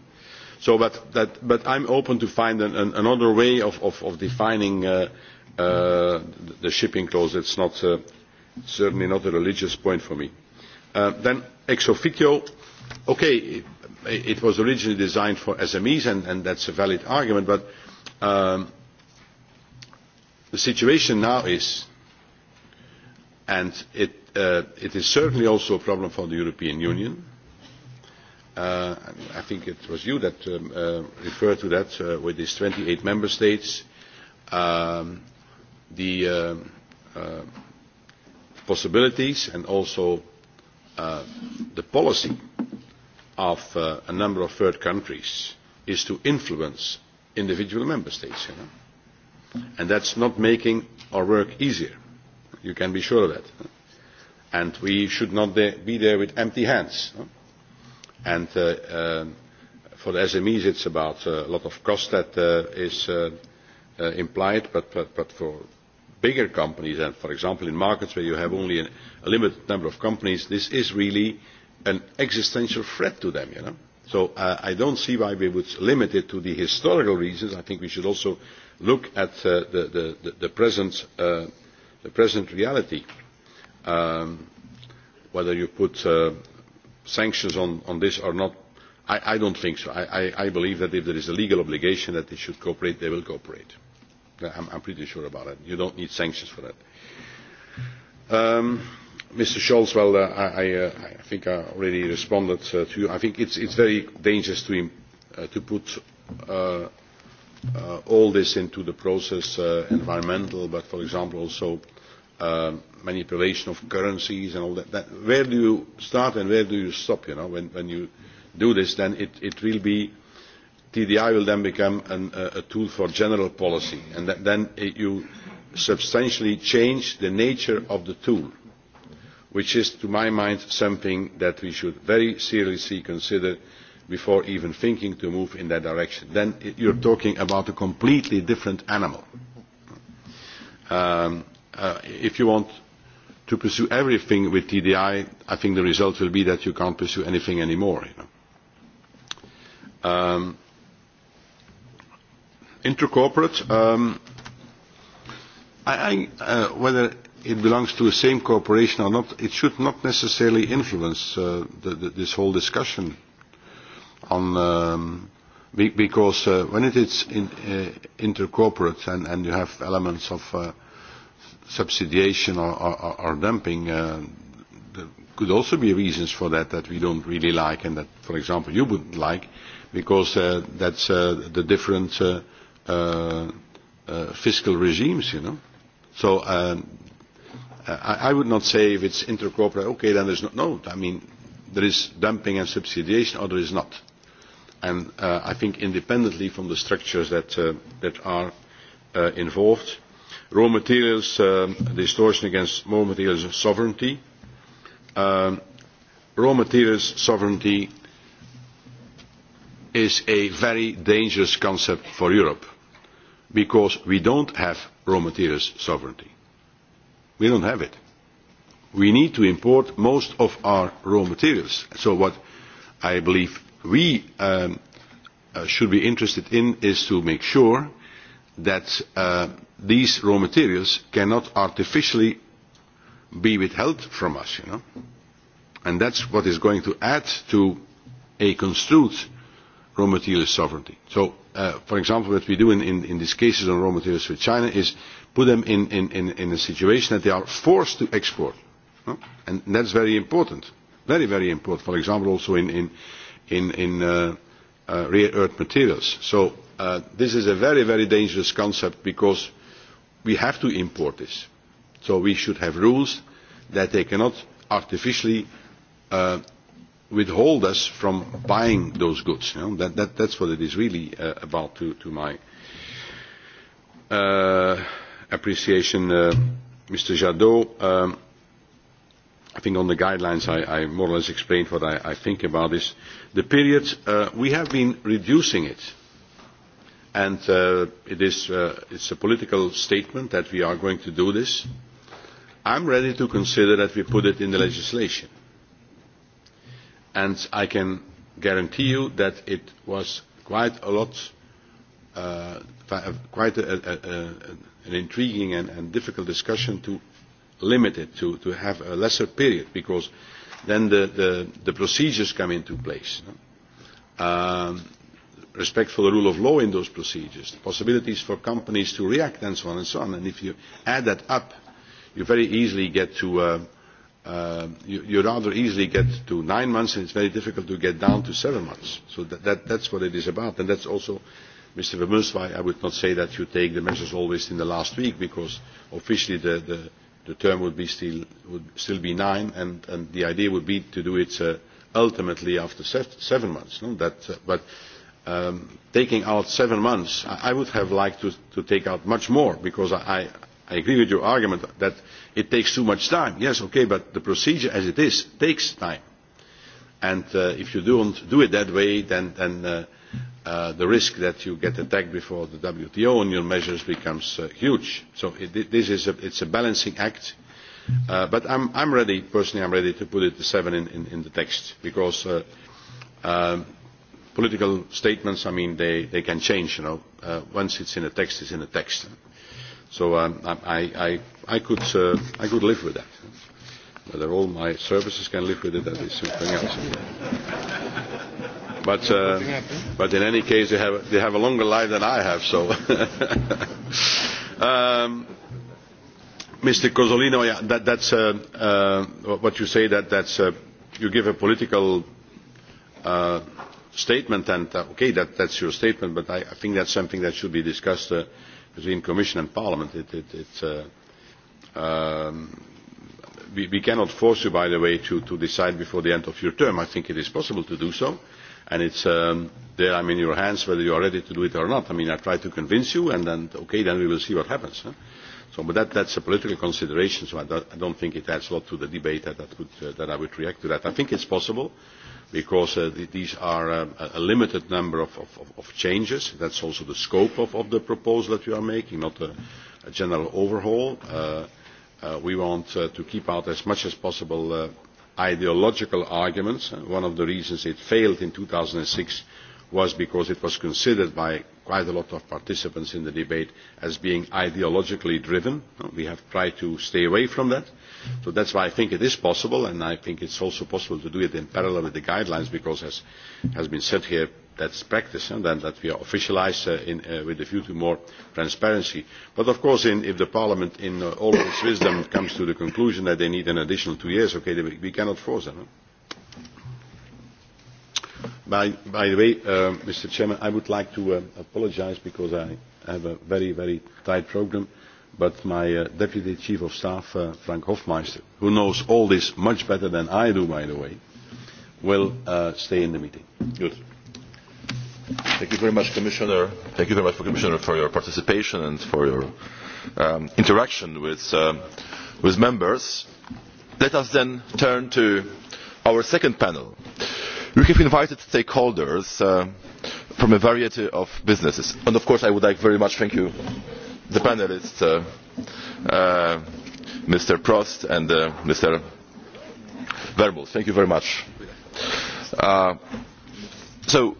So, but, that, but I'm open to find an, an, another way of, of, of defining uh, the shipping clause. It's not, uh, certainly not a religious point for me then ex officio okay it was originally designed for smes and, and that's a valid argument but the situation now is and it, it is certainly also a problem for the european union i think it was you that referred to that with these twenty eight member states the possibilities and also the policy of a number of third countries is to influence individual member states. You know? And that's not making our work easier. You can be sure of that. And we should not be there with empty hands. And for the SMEs, it's about a lot of cost that is implied, but, but, but for bigger companies and for example in markets where you have only a limited number of companies this is really an existential threat to them you know so i do not see why we would limit it to the historical reasons i think we should also look at the present reality whether you put sanctions on this or not i do not think so. i believe that if there is a legal obligation that they should cooperate they will cooperate. I'm, I'm pretty sure about it. You don't need sanctions for that. Um, Mr. Scholz, well, uh, I, uh, I think I already responded uh, to you. I think it's, it's very dangerous to, uh, to put uh, uh, all this into the process, uh, environmental, but for example also uh, manipulation of currencies and all that, that. Where do you start and where do you stop, you know, when, when you do this, then it, it will be tdi will then become a tool for general policy and then you substantially change the nature of the tool which is to my mind something that we should very seriously consider before even thinking to move in that direction. then you are talking about a completely different animal. if you want to pursue everything with tdi, i think the result will be that you cannot pursue anything anymore. more intercorporate, um, I, I, uh, whether it belongs to the same corporation or not, it should not necessarily influence uh, the, the, this whole discussion on um, be, because uh, when it is in, uh, intercorporate and, and you have elements of uh, subsidiation or, or, or dumping, uh, there could also be reasons for that that we don't really like and that, for example, you wouldn't like because uh, that's uh, the different uh, uh, uh, fiscal regimes, you know. So um, I, I would not say if it's intercorporate, okay, then there's no, no, I mean, there is dumping and subsidiation or there is not. And uh, I think independently from the structures that, uh, that are uh, involved, raw materials, um, distortion against raw materials sovereignty, um, raw materials sovereignty is a very dangerous concept for Europe because we do not have raw materials sovereignty. We don't have it. We need to import most of our raw materials. So what I believe we should be interested in is to make sure that these raw materials cannot artificially be withheld from us, That is what is going to add to a construed raw material sovereignty. So, uh, for example, what we do in, in, in these cases on raw materials with China is put them in, in, in, in a situation that they are forced to export. No? And that's very important. Very, very important. For example, also in, in, in, in uh, uh, rare earth materials. So uh, this is a very, very dangerous concept because we have to import this. So we should have rules that they cannot artificially uh, withhold us from buying those goods. You know? that, that, that's what it is really uh, about to, to my uh, appreciation, uh, Mr. Jadot. Um, I think on the guidelines I, I more or less explained what I, I think about this. The period, uh, we have been reducing it. And uh, it is, uh, it's a political statement that we are going to do this. I'm ready to consider that we put it in the legislation and I can guarantee you that it was quite a lot, uh, quite a, an intriguing and, and difficult discussion to limit it, to, to have a lesser period, because then the, the, the procedures come into place. respect for the rule of law in those procedures, the possibilities for companies to react, and so on and so on. And if you add that up, you very easily get to uh, uh, you, you rather easily get to nine months, and it is very difficult to get down to seven months. So that, that, what it is about. And is also, Mr. Vermeulen, why I would not say that you take the measures always in the last week, because officially the, the, the term would, be still, would still be nine, and, the idea would be to do it ultimately after seven months. but taking out seven months, I, I would have liked to, to take out much more, because I, I, I agree with your argument that – it takes too much time. Yes, okay, but the procedure as it is takes time. And if you don't do it that way, then, then the risk that you get attacked before the WTO on your measures becomes uh, huge. So it, this is a, it's a balancing act. Uh, but I'm, I'm ready, personally, I'm ready to put it the seven in, in, in the text because uh, political statements, I mean, they, they can change, you know. Uh, once it's in a text, it's in the text. So I, I I could, uh, I could live with that. Whether all my services can live with it, that is something else. But, uh, but in any case, they have, they have a longer life than I have, so. um, Mr. Cozzolino, yeah, that, that's uh, uh, what you say. That that's uh, you give a political uh, statement, and uh, okay, that, that's your statement. But I, I think that's something that should be discussed uh, between Commission and Parliament. It, it, it, uh, we, we cannot force you, by the way, to, to decide before the end of your term. I think it is possible to do so. And it um, there, in your hands whether you are ready to do it or not. I mean, I try to convince you, and then, okay, then we will see what happens. So, but that, is a political consideration, so I do I don't think it adds a lot to the debate that, I would react to that. I think it is possible because uh, these are a limited number of, of, of changes. is also the scope of, of the proposal that you are making, not a, a general overhaul. Uh, we want to keep out as much as possible ideological arguments. one of the reasons it failed in two thousand and six was because it was considered by quite a lot of participants in the debate as being ideologically driven. we have tried to stay away from that. so that is why i think it is possible and i think it is also possible to do it in parallel with the guidelines because as has been said here that is practice and that we are officialised with a view to more transparency. but of course if parliament in all of its wisdom comes to the conclusion that they need an additional two years we cannot force them. by the way mr chairman i would like to apologise because i have a very very tight programme but my deputy chief of staff frank hofmeister who knows all this much better than i do by the way will stay in the meeting. Thank you very much, Commissioner. Thank you very much, Commissioner, for your participation and for your um, interaction with, uh, with members. Let us then turn to our second panel. We have invited stakeholders uh, from a variety of businesses. And of course, I would like very much thank you, the panelists, uh, uh, Mr. Prost and uh, Mr. Verbal. Thank you very much. Uh, so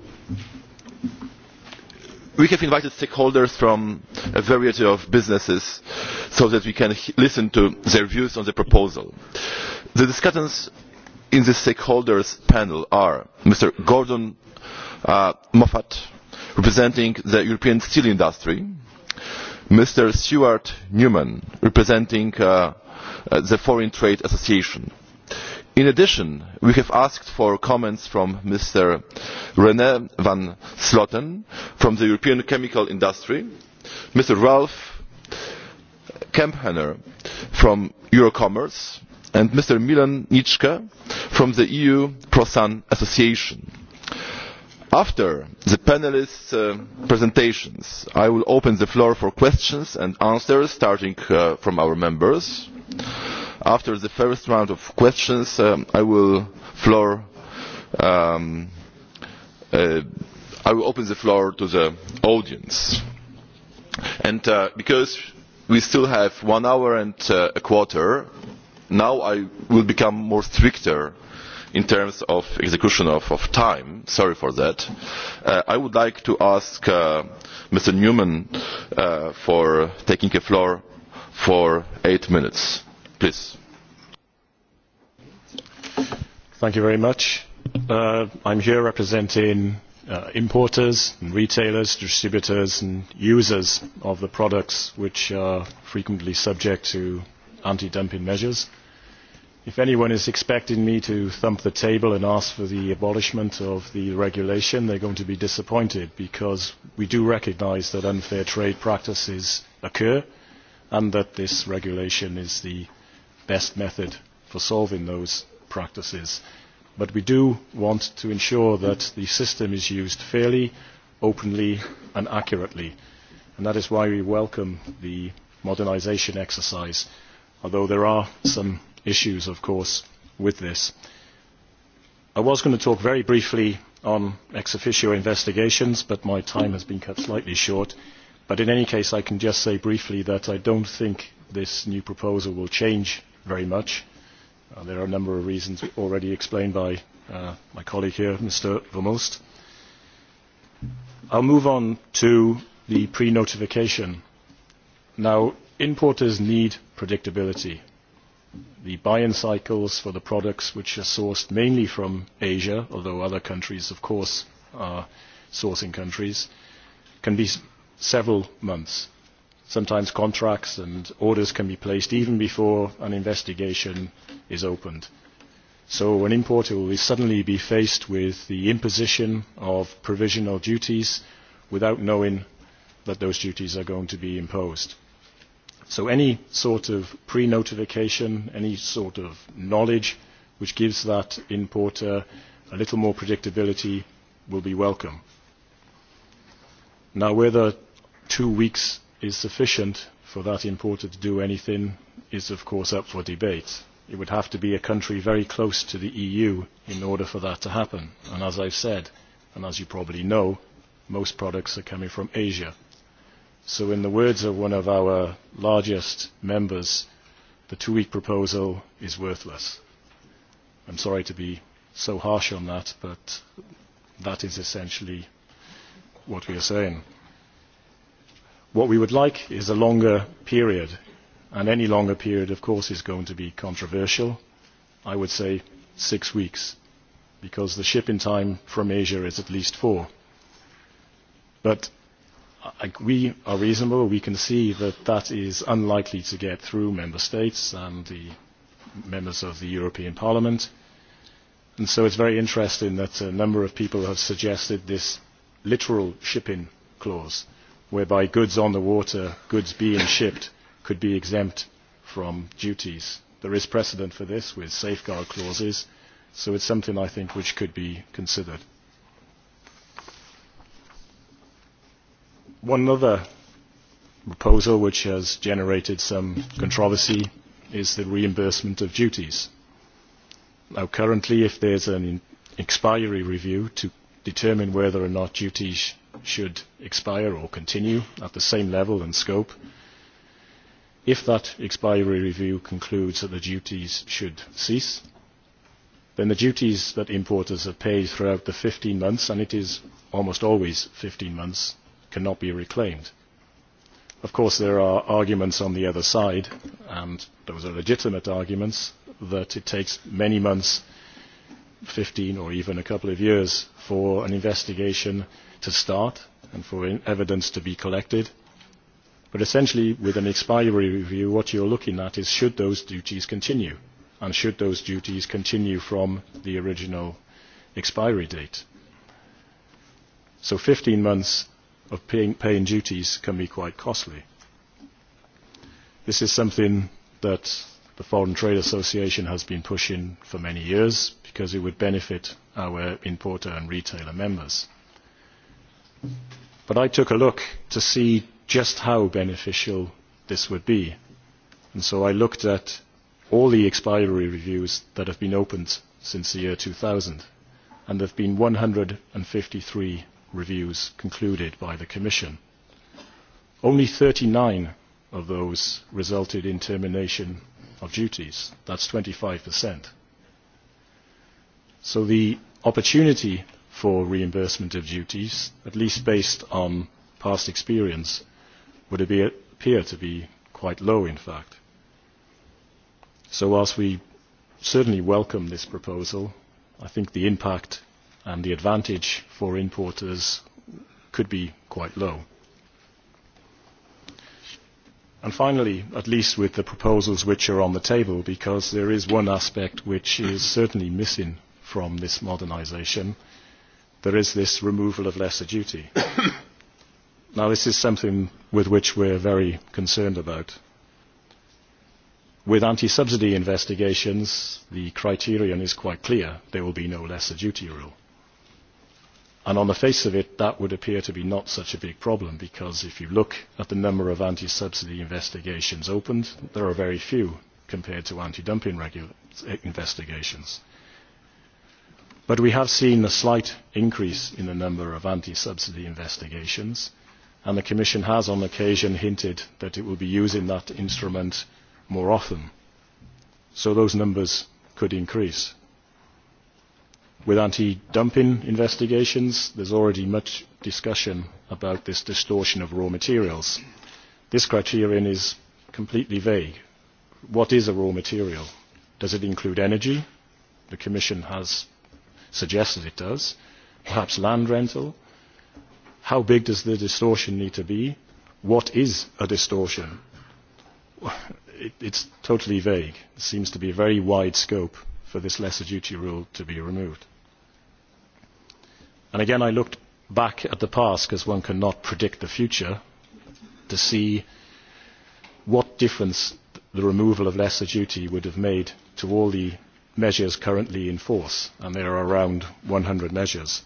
we have invited stakeholders from a variety of businesses so that we can listen to their views on the proposal. The discussants in the stakeholders panel are Mr. Gordon Moffat, representing the European steel industry, Mr. Stuart Newman, representing the Foreign Trade Association, in addition we have asked for comments from mr ren van slotten from the european chemical industry mr ralph kempfenner from eurocommerce and mr milan nitschke from the eu prosan association. after the panellists' presentations i will open the floor for questions and answers starting from our members after the first round of questions, um, I will floor. Um, uh, I will open the floor to the audience, and uh, because we still have one hour and uh, a quarter, now I will become more stricter in terms of execution of, of time. Sorry for that. Uh, I would like to ask uh, Mr. Newman uh, for taking the floor for eight minutes. I am here representing importers and retailers, distributors and users of the products which are frequently subject to anti-dumping measures. If anyone is expecting me to thump the table and ask for the abolishment of the regulation, they are going to be disappointed because we do recognise that unfair trade practices occur and that this regulation is the best method for solving those practices. But we do want to ensure that the system is used fairly, openly and accurately. And that is why we welcome the modernisation exercise, although there are some issues, of course, with this. I was going to talk very briefly on ex officio investigations, but my time has been cut slightly short. But in any case, I can just say briefly that I don't think this new proposal will change very much. Uh, there are a number of reasons already explained by uh, my colleague here, Mr. Vermost. I'll move on to the pre-notification. Now, importers need predictability. The buy-in cycles for the products which are sourced mainly from Asia, although other countries, of course, are sourcing countries, can be several months sometimes contracts and orders can be placed even before an investigation is opened. So an importer will suddenly be faced with the imposition of provisional duties without knowing that those duties are going to be imposed. So any sort of pre-notification, any sort of knowledge which gives that importer a little more predictability will be welcome. Now whether two weeks is sufficient for that importer to do anything is of course up for debate. It would have to be a country very close to the EU in order for that to happen. And as I've said, and as you probably know, most products are coming from Asia. So in the words of one of our largest members, the two-week proposal is worthless. I'm sorry to be so harsh on that, but that is essentially what we are saying. What we would like is a longer period, and any longer period, of course, is going to be controversial. I would say six weeks, because the shipping time from Asia is at least four. But we are reasonable. We can see that that is unlikely to get through member states and the members of the European Parliament. And so it's very interesting that a number of people have suggested this literal shipping clause – whereby goods on the water, goods being shipped, could be exempt from duties. There is precedent for this with safeguard clauses, so it's something I think which could be considered. One other proposal which has generated some controversy is the reimbursement of duties. Now currently if there's an expiry review to determine whether or not duties should expire or continue at the same level and scope if that expiry review concludes that the duties should cease then the duties that importers have paid throughout the fifteen months and it is almost always fifteen months cannot be reclaimed. Of course there are arguments on the other side and those are legitimate arguments that it takes many months 15 or even a couple of years for an investigation to start and for evidence to be collected. But essentially, with an expiry review, what you're looking at is should those duties continue, and should those duties continue from the original expiry date. So 15 months of paying, paying duties can be quite costly. This is something that the Foreign Trade Association has been pushing for many years because it would benefit our importer and retailer members. But I took a look to see just how beneficial this would be. And so I looked at all the expiry reviews that have been opened since the year 2000. And there have been 153 reviews concluded by the Commission. Only 39 of those resulted in termination of duties. That's 25%. So the opportunity for reimbursement of duties, at least based on past experience, would appear to be quite low, in fact. So whilst we certainly welcome this proposal, I think the impact and the advantage for importers could be quite low. And finally, at least with the proposals which are on the table, because there is one aspect which is certainly missing from this modernisation, there is this removal of lesser duty. now, this is something with which we are very concerned about. With anti-subsidy investigations, the criterion is quite clear. There will be no lesser duty rule. And on the face of it, that would appear to be not such a big problem because if you look at the number of anti-subsidy investigations opened, there are very few compared to anti-dumping investigations. But we have seen a slight increase in the number of anti-subsidy investigations, and the Commission has on occasion hinted that it will be using that instrument more often. So those numbers could increase. With anti-dumping investigations, there is already much discussion about this distortion of raw materials. This criterion is completely vague. What is a raw material? Does it include energy? The Commission has suggested it does. Perhaps land rental? How big does the distortion need to be? What is a distortion? It, it's totally vague. It seems to be a very wide scope for this lesser duty rule to be removed. And again, I looked back at the past because one cannot predict the future to see what difference the removal of lesser duty would have made to all the measures currently in force, and there are around 100 measures.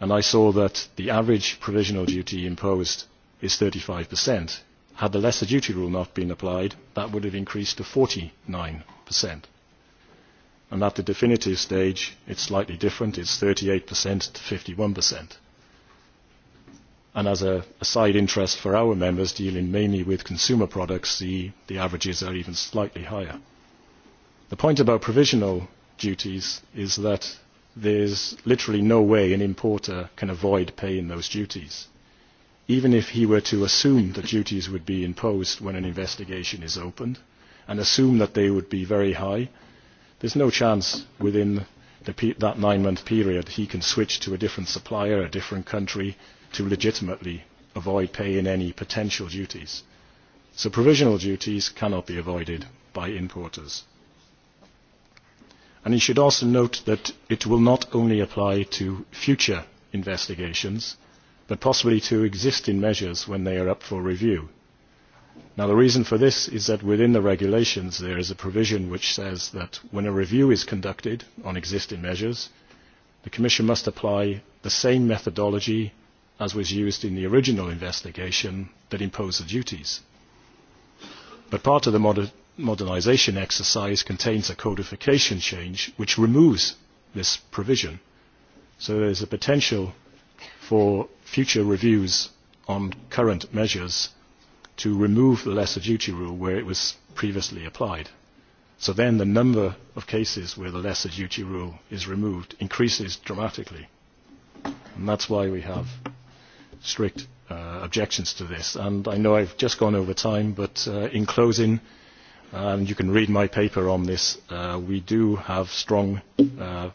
And I saw that the average provisional duty imposed is 35%. Had the lesser duty rule not been applied, that would have increased to 49% and at the definitive stage it's slightly different, it's 38% to 51%. And as a, a side interest for our members dealing mainly with consumer products, the, the averages are even slightly higher. The point about provisional duties is that there's literally no way an importer can avoid paying those duties, even if he were to assume that duties would be imposed when an investigation is opened, and assume that they would be very high, There is no chance within the, that nine-month period he can switch to a different supplier, a different country, to legitimately avoid paying any potential duties. So provisional duties cannot be avoided by importers. And you should also note that it will not only apply to future investigations, but possibly to existing measures when they are up for review Now, the reason for this is that within the regulations there is a provision which says that when a review is conducted on existing measures, the Commission must apply the same methodology as was used in the original investigation that imposed the duties. But part of the modernisation exercise contains a codification change which removes this provision. So there is a potential for future reviews on current measures to remove the lesser duty rule where it was previously applied. So then the number of cases where the lesser duty rule is removed increases dramatically. And that's why we have strict uh, objections to this. And I know I've just gone over time, but uh, in closing, and you can read my paper on this, uh, we do have strong uh,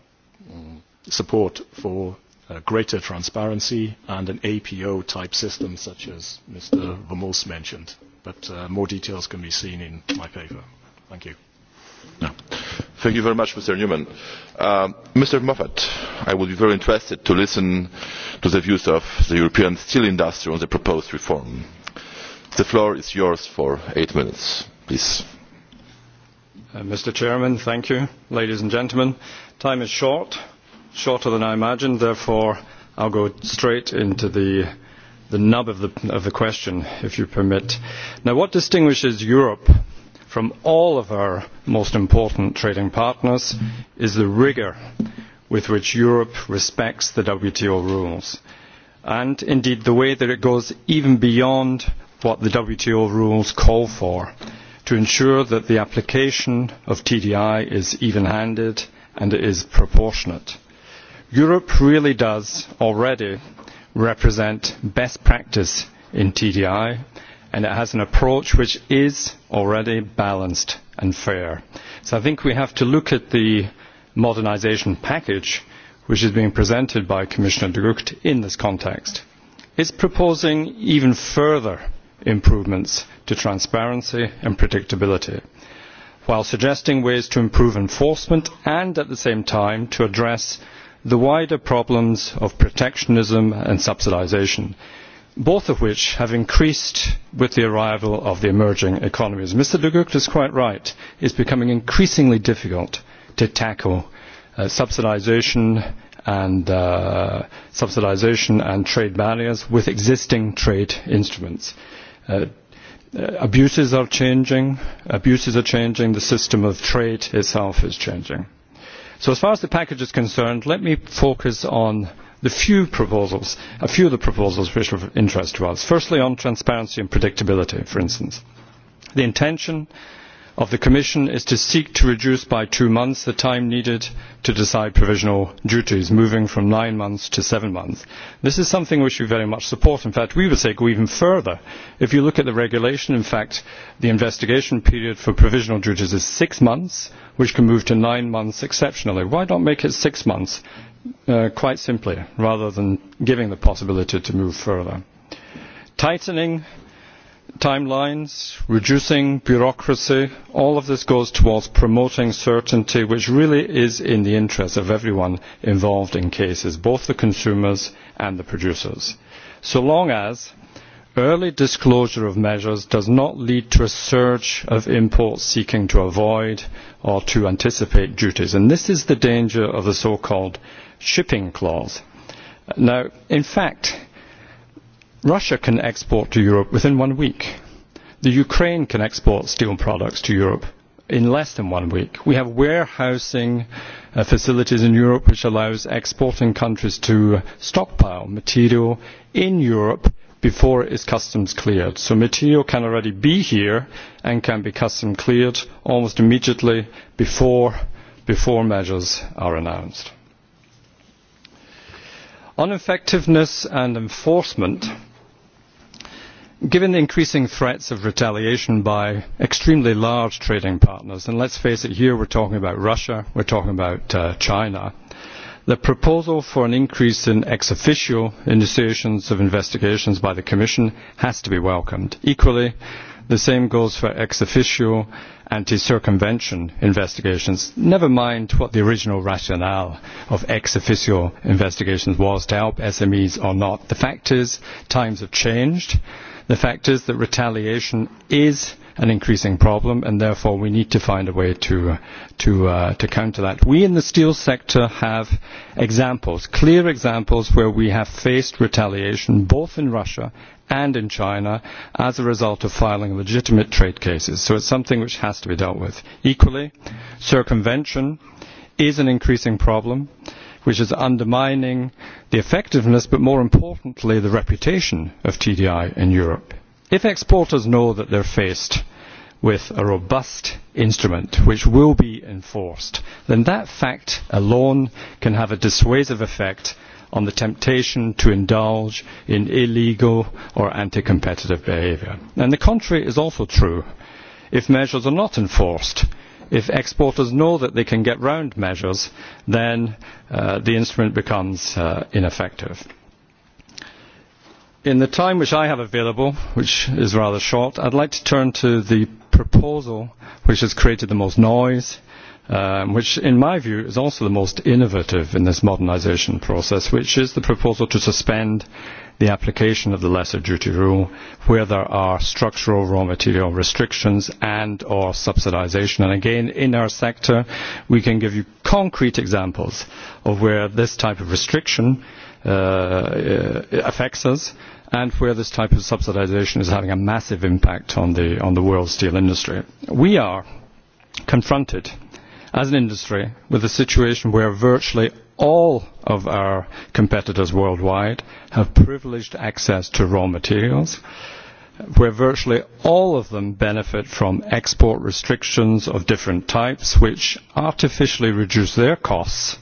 support for greater transparency and an APO type system such as Mr. Vermos mentioned. But uh, more details can be seen in my paper. Thank you. No. Thank you very much, Mr. Newman. Uh, Mr. Moffat, I would be very interested to listen to the views of the European steel industry on the proposed reform. The floor is yours for eight minutes, please. Uh, Mr. Chairman, thank you. Ladies and gentlemen, time is short shorter than I imagined. Therefore, I'll go straight into the the nub of the, of the question, if you permit. Now, what distinguishes Europe from all of our most important trading partners is the rigour with which Europe respects the WTO rules, and indeed the way that it goes even beyond what the WTO rules call for to ensure that the application of TDI is even-handed and is proportionate. Europe really does already represent best practice in TDI, and it has an approach which is already balanced and fair. So I think we have to look at the modernisation package which is being presented by Commissioner de Gucht in this context. It is proposing even further improvements to transparency and predictability, while suggesting ways to improve enforcement and at the same time to address the wider problems of protectionism and subsidisation, both of which have increased with the arrival of the emerging economies. Mr de Gucht is quite right. It is becoming increasingly difficult to tackle subsidisation and uh, and trade barriers with existing trade instruments. Uh, abuses are changing. Abuses are changing. The system of trade itself is changing so as far as the package is concerned let me focus on the few proposals a few of the proposals which are of interest to us firstly on transparency and predictability for instance the intention is of the Commission is to seek to reduce by two months the time needed to decide provisional duties, moving from nine months to seven months. This is something which we very much support. In fact, we would say go even further. If you look at the regulation, in fact, the investigation period for provisional duties is six months, which can move to nine months exceptionally. Why not make it six months, uh, quite simply, rather than giving the possibility to move further? Tightening timelines, reducing bureaucracy, all of this goes towards promoting certainty, which really is in the interest of everyone involved in cases, both the consumers and the producers. So long as early disclosure of measures does not lead to a surge of imports seeking to avoid or to anticipate duties. And this is the danger of the so-called shipping clause. Now, in fact, Russia can export to Europe within one week. The Ukraine can export steel products to Europe in less than one week. We have warehousing uh, facilities in Europe which allows exporting countries to stockpile material in Europe before it is customs cleared. So material can already be here and can be custom cleared almost immediately before, before measures are announced. On effectiveness and enforcement, Given the increasing threats of retaliation by extremely large trading partners, and let's face it, here we're talking about Russia, we're talking about uh, China, the proposal for an increase in ex officio initiations of investigations by the Commission has to be welcomed. Equally, the same goes for ex officio anti circumvention investigations, never mind what the original rationale of ex officio investigations was to help SMEs or not. The fact is, times have changed The fact is that retaliation is an increasing problem, and therefore we need to find a way to, to, uh, to counter that. We in the steel sector have examples, clear examples where we have faced retaliation both in Russia and in China as a result of filing legitimate trade cases. So it's something which has to be dealt with. Equally, circumvention is an increasing problem which is undermining the effectiveness but more importantly the reputation of TDI in Europe. If exporters know that they're faced with a robust instrument which will be enforced, then that fact alone can have a dissuasive effect on the temptation to indulge in illegal or anti-competitive behaviour. And the contrary is also true if measures are not enforced If exporters know that they can get round measures, then uh, the instrument becomes uh, ineffective. In the time which I have available, which is rather short, I'd like to turn to the proposal which has created the most noise, um, which in my view is also the most innovative in this modernisation process, which is the proposal to suspend the application of the lesser duty rule where there are structural raw material restrictions and or subsidisation. And again, in our sector, we can give you concrete examples of where this type of restriction uh, affects us and where this type of subsidisation is having a massive impact on the, on the world steel industry. We are confronted as an industry with a situation where virtually all of our competitors worldwide have privileged access to raw materials, where virtually all of them benefit from export restrictions of different types, which artificially reduce their costs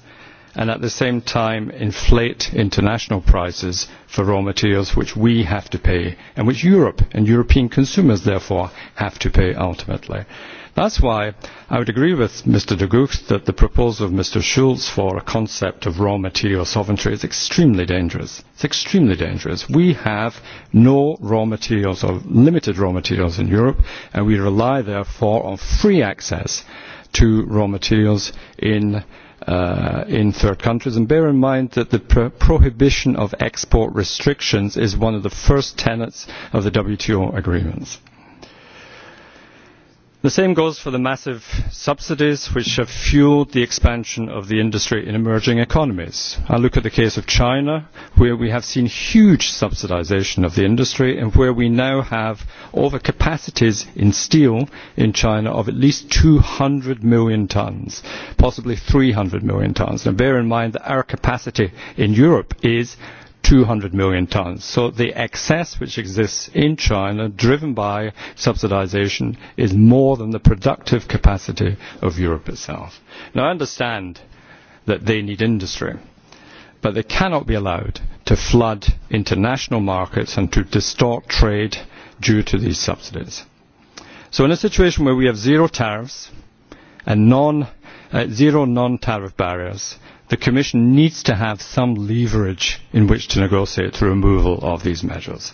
and at the same time inflate international prices for raw materials which we have to pay and which Europe and European consumers therefore have to pay ultimately. That is why I would agree with Mr de Gucht that the proposal of Mr Schulz for a concept of raw material sovereignty is extremely dangerous. It is extremely dangerous. We have no raw materials or limited raw materials in Europe and we rely therefore on free access to raw materials in uh, in third countries. And bear in mind that the pro prohibition of export restrictions is one of the first tenets of the WTO agreements the same goes for the massive subsidies which have fuelled the expansion of the industry in emerging economies. i look at the case of china where we have seen huge subsidisation of the industry and where we now have overcapacities in steel in china of at least two hundred million tonnes possibly three hundred million tonnes. bear in mind that our capacity in europe is 200 million tons. So the excess which exists in China, driven by subsidization, is more than the productive capacity of Europe itself. Now, I understand that they need industry, but they cannot be allowed to flood international markets and to distort trade due to these subsidies. So in a situation where we have zero tariffs and non, uh, zero non-tariff barriers the Commission needs to have some leverage in which to negotiate the removal of these measures.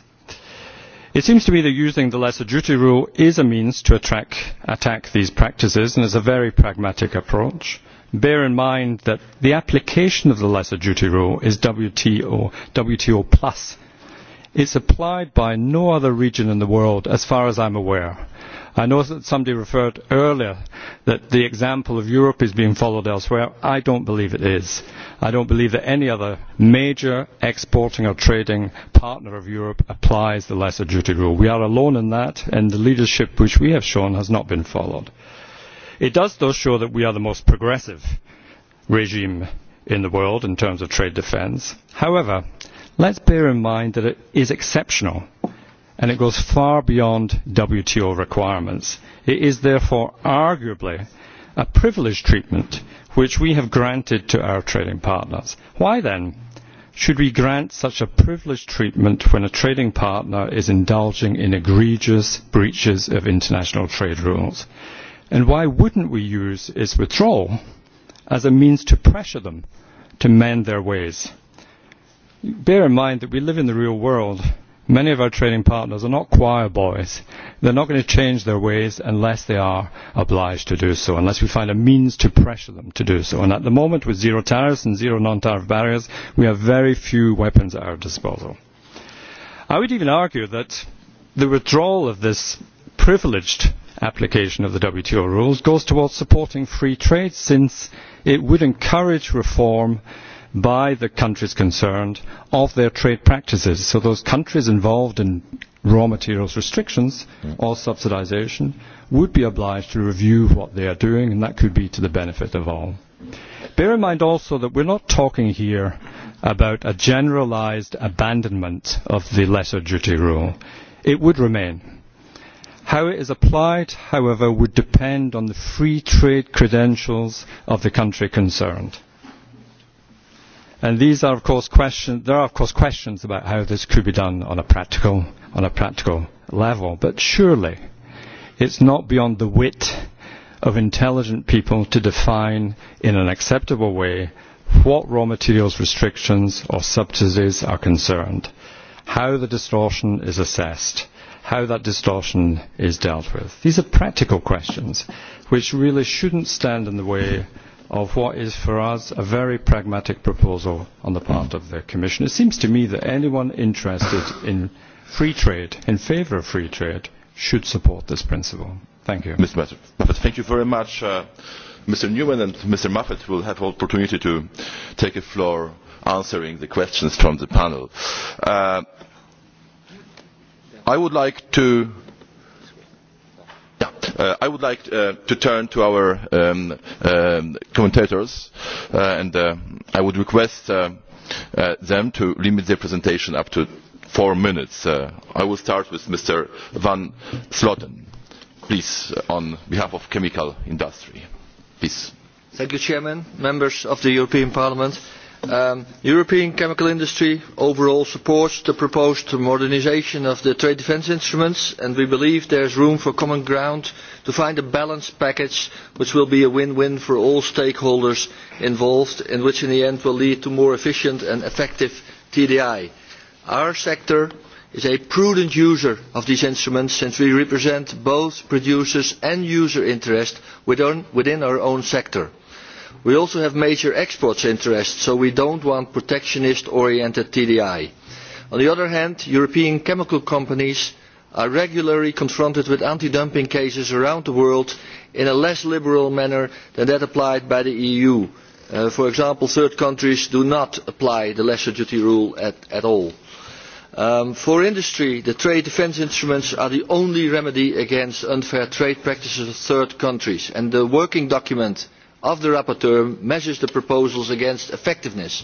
It seems to me that using the lesser duty rule is a means to attract, attack these practices and is a very pragmatic approach. Bear in mind that the application of the lesser duty rule is WTO, WTO plus. It's applied by no other region in the world as far as I'm aware I know that somebody referred earlier that the example of Europe is being followed elsewhere. I don't believe it is. I don't believe that any other major exporting or trading partner of Europe applies the lesser duty rule. We are alone in that, and the leadership which we have shown has not been followed. It does, though, show that we are the most progressive regime in the world in terms of trade defence. However, let's bear in mind that it is exceptional and it goes far beyond WTO requirements. It is therefore arguably a privileged treatment which we have granted to our trading partners. Why then should we grant such a privileged treatment when a trading partner is indulging in egregious breaches of international trade rules? And why wouldn't we use its withdrawal as a means to pressure them to mend their ways? Bear in mind that we live in the real world Many of our trading partners are not choir boys. They're not going to change their ways unless they are obliged to do so, unless we find a means to pressure them to do so. And at the moment, with zero tariffs and zero non-tariff barriers, we have very few weapons at our disposal. I would even argue that the withdrawal of this privileged application of the WTO rules goes towards supporting free trade since it would encourage reform by the countries concerned of their trade practices. So those countries involved in raw materials restrictions or subsidisation would be obliged to review what they are doing, and that could be to the benefit of all. Bear in mind also that we're not talking here about a generalised abandonment of the lesser duty rule. It would remain. How it is applied, however, would depend on the free trade credentials of the country concerned. And these are, of course, questions. There are, of course, questions about how this could be done on a practical on a practical level. But surely, it's not beyond the wit of intelligent people to define in an acceptable way what raw materials restrictions or subsidies are concerned, how the distortion is assessed, how that distortion is dealt with. These are practical questions which really shouldn't stand in the way of what is for us a very pragmatic proposal on the part of the Commission. It seems to me that anyone interested in free trade, in favour of free trade, should support this principle. Thank you. Mr. Muffet, thank you very much. Uh, Mr. Newman and Mr. Muffet will have the opportunity to take the floor answering the questions from the panel. Uh, I would like to i would like to turn to our commentators and i would request them to limit their presentation up to four minutes. i will start with mr van slotten please on behalf of the chemical industry. members of the european parliament The European chemical industry overall supports the proposed modernisation of the trade defence instruments and we believe there is room for common ground to find a balanced package which will be a win-win for all stakeholders involved and which in the end will lead to more efficient and effective TDI. Our sector is a prudent user of these instruments since we represent both producers and user interests within our own sector we also have major export interests so we do not want protectionist oriented tdi. on the other hand european chemical companies are regularly confronted with anti dumping cases around the world in a less liberal manner than that applied by the eu. for example third countries do not apply the lesser duty rule at all. for industry the trade defence instruments are the only remedy against unfair trade practices of third countries and the working document of the rapporteur measures the proposals against effectiveness.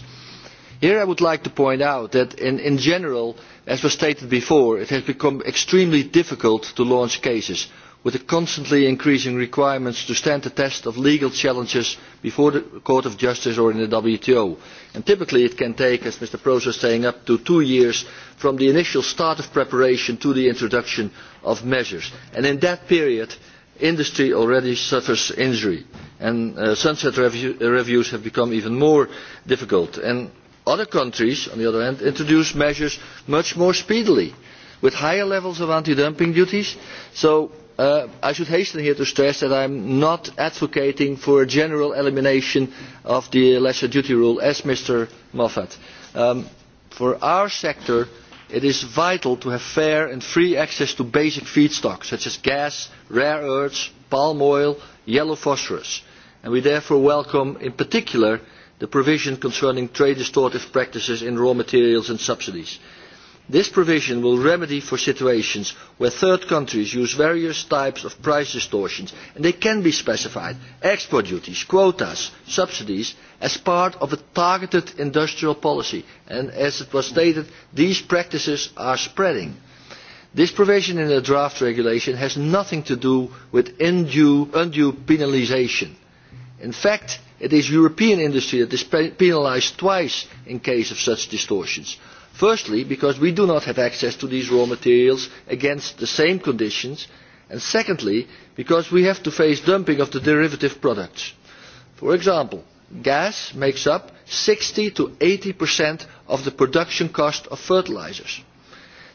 here i would like to point out that in general as was stated before it has become extremely difficult to launch cases with the constantly increasing requirements to stand the test of legal challenges before the court of justice or in the wto and typically it can take as mr proes was saying up to two years from the initial start of preparation to the introduction of measures and in that period industry already suffers injury and sunset reviews have become even more difficult. other countries on the other hand introduce measures much more speedily with higher levels of anti dumping duties so i should hasten here to stress that i am not advocating a general elimination of the lesser duty rule as mr moffat. for our sector it is vital to have fair and free access to basic feedstocks such as gas rare earths palm oil and yellow phosphorus and we therefore welcome in particular the provision concerning trade distortive practices in raw materials and subsidies. This provision will remedy for situations where third countries use various types of price distortions, and they can be specified, export duties, quotas, subsidies, as part of a targeted industrial policy. And as it was stated, these practices are spreading. This provision in the draft regulation has nothing to do with undue, penalisation. In fact, it is European industry that is penalised twice in case of such distortions. Firstly, because we do not have access to these raw materials against the same conditions, and secondly, because we have to face dumping of the derivative products. For example, gas makes up 60 to 80% of the production cost of fertilisers.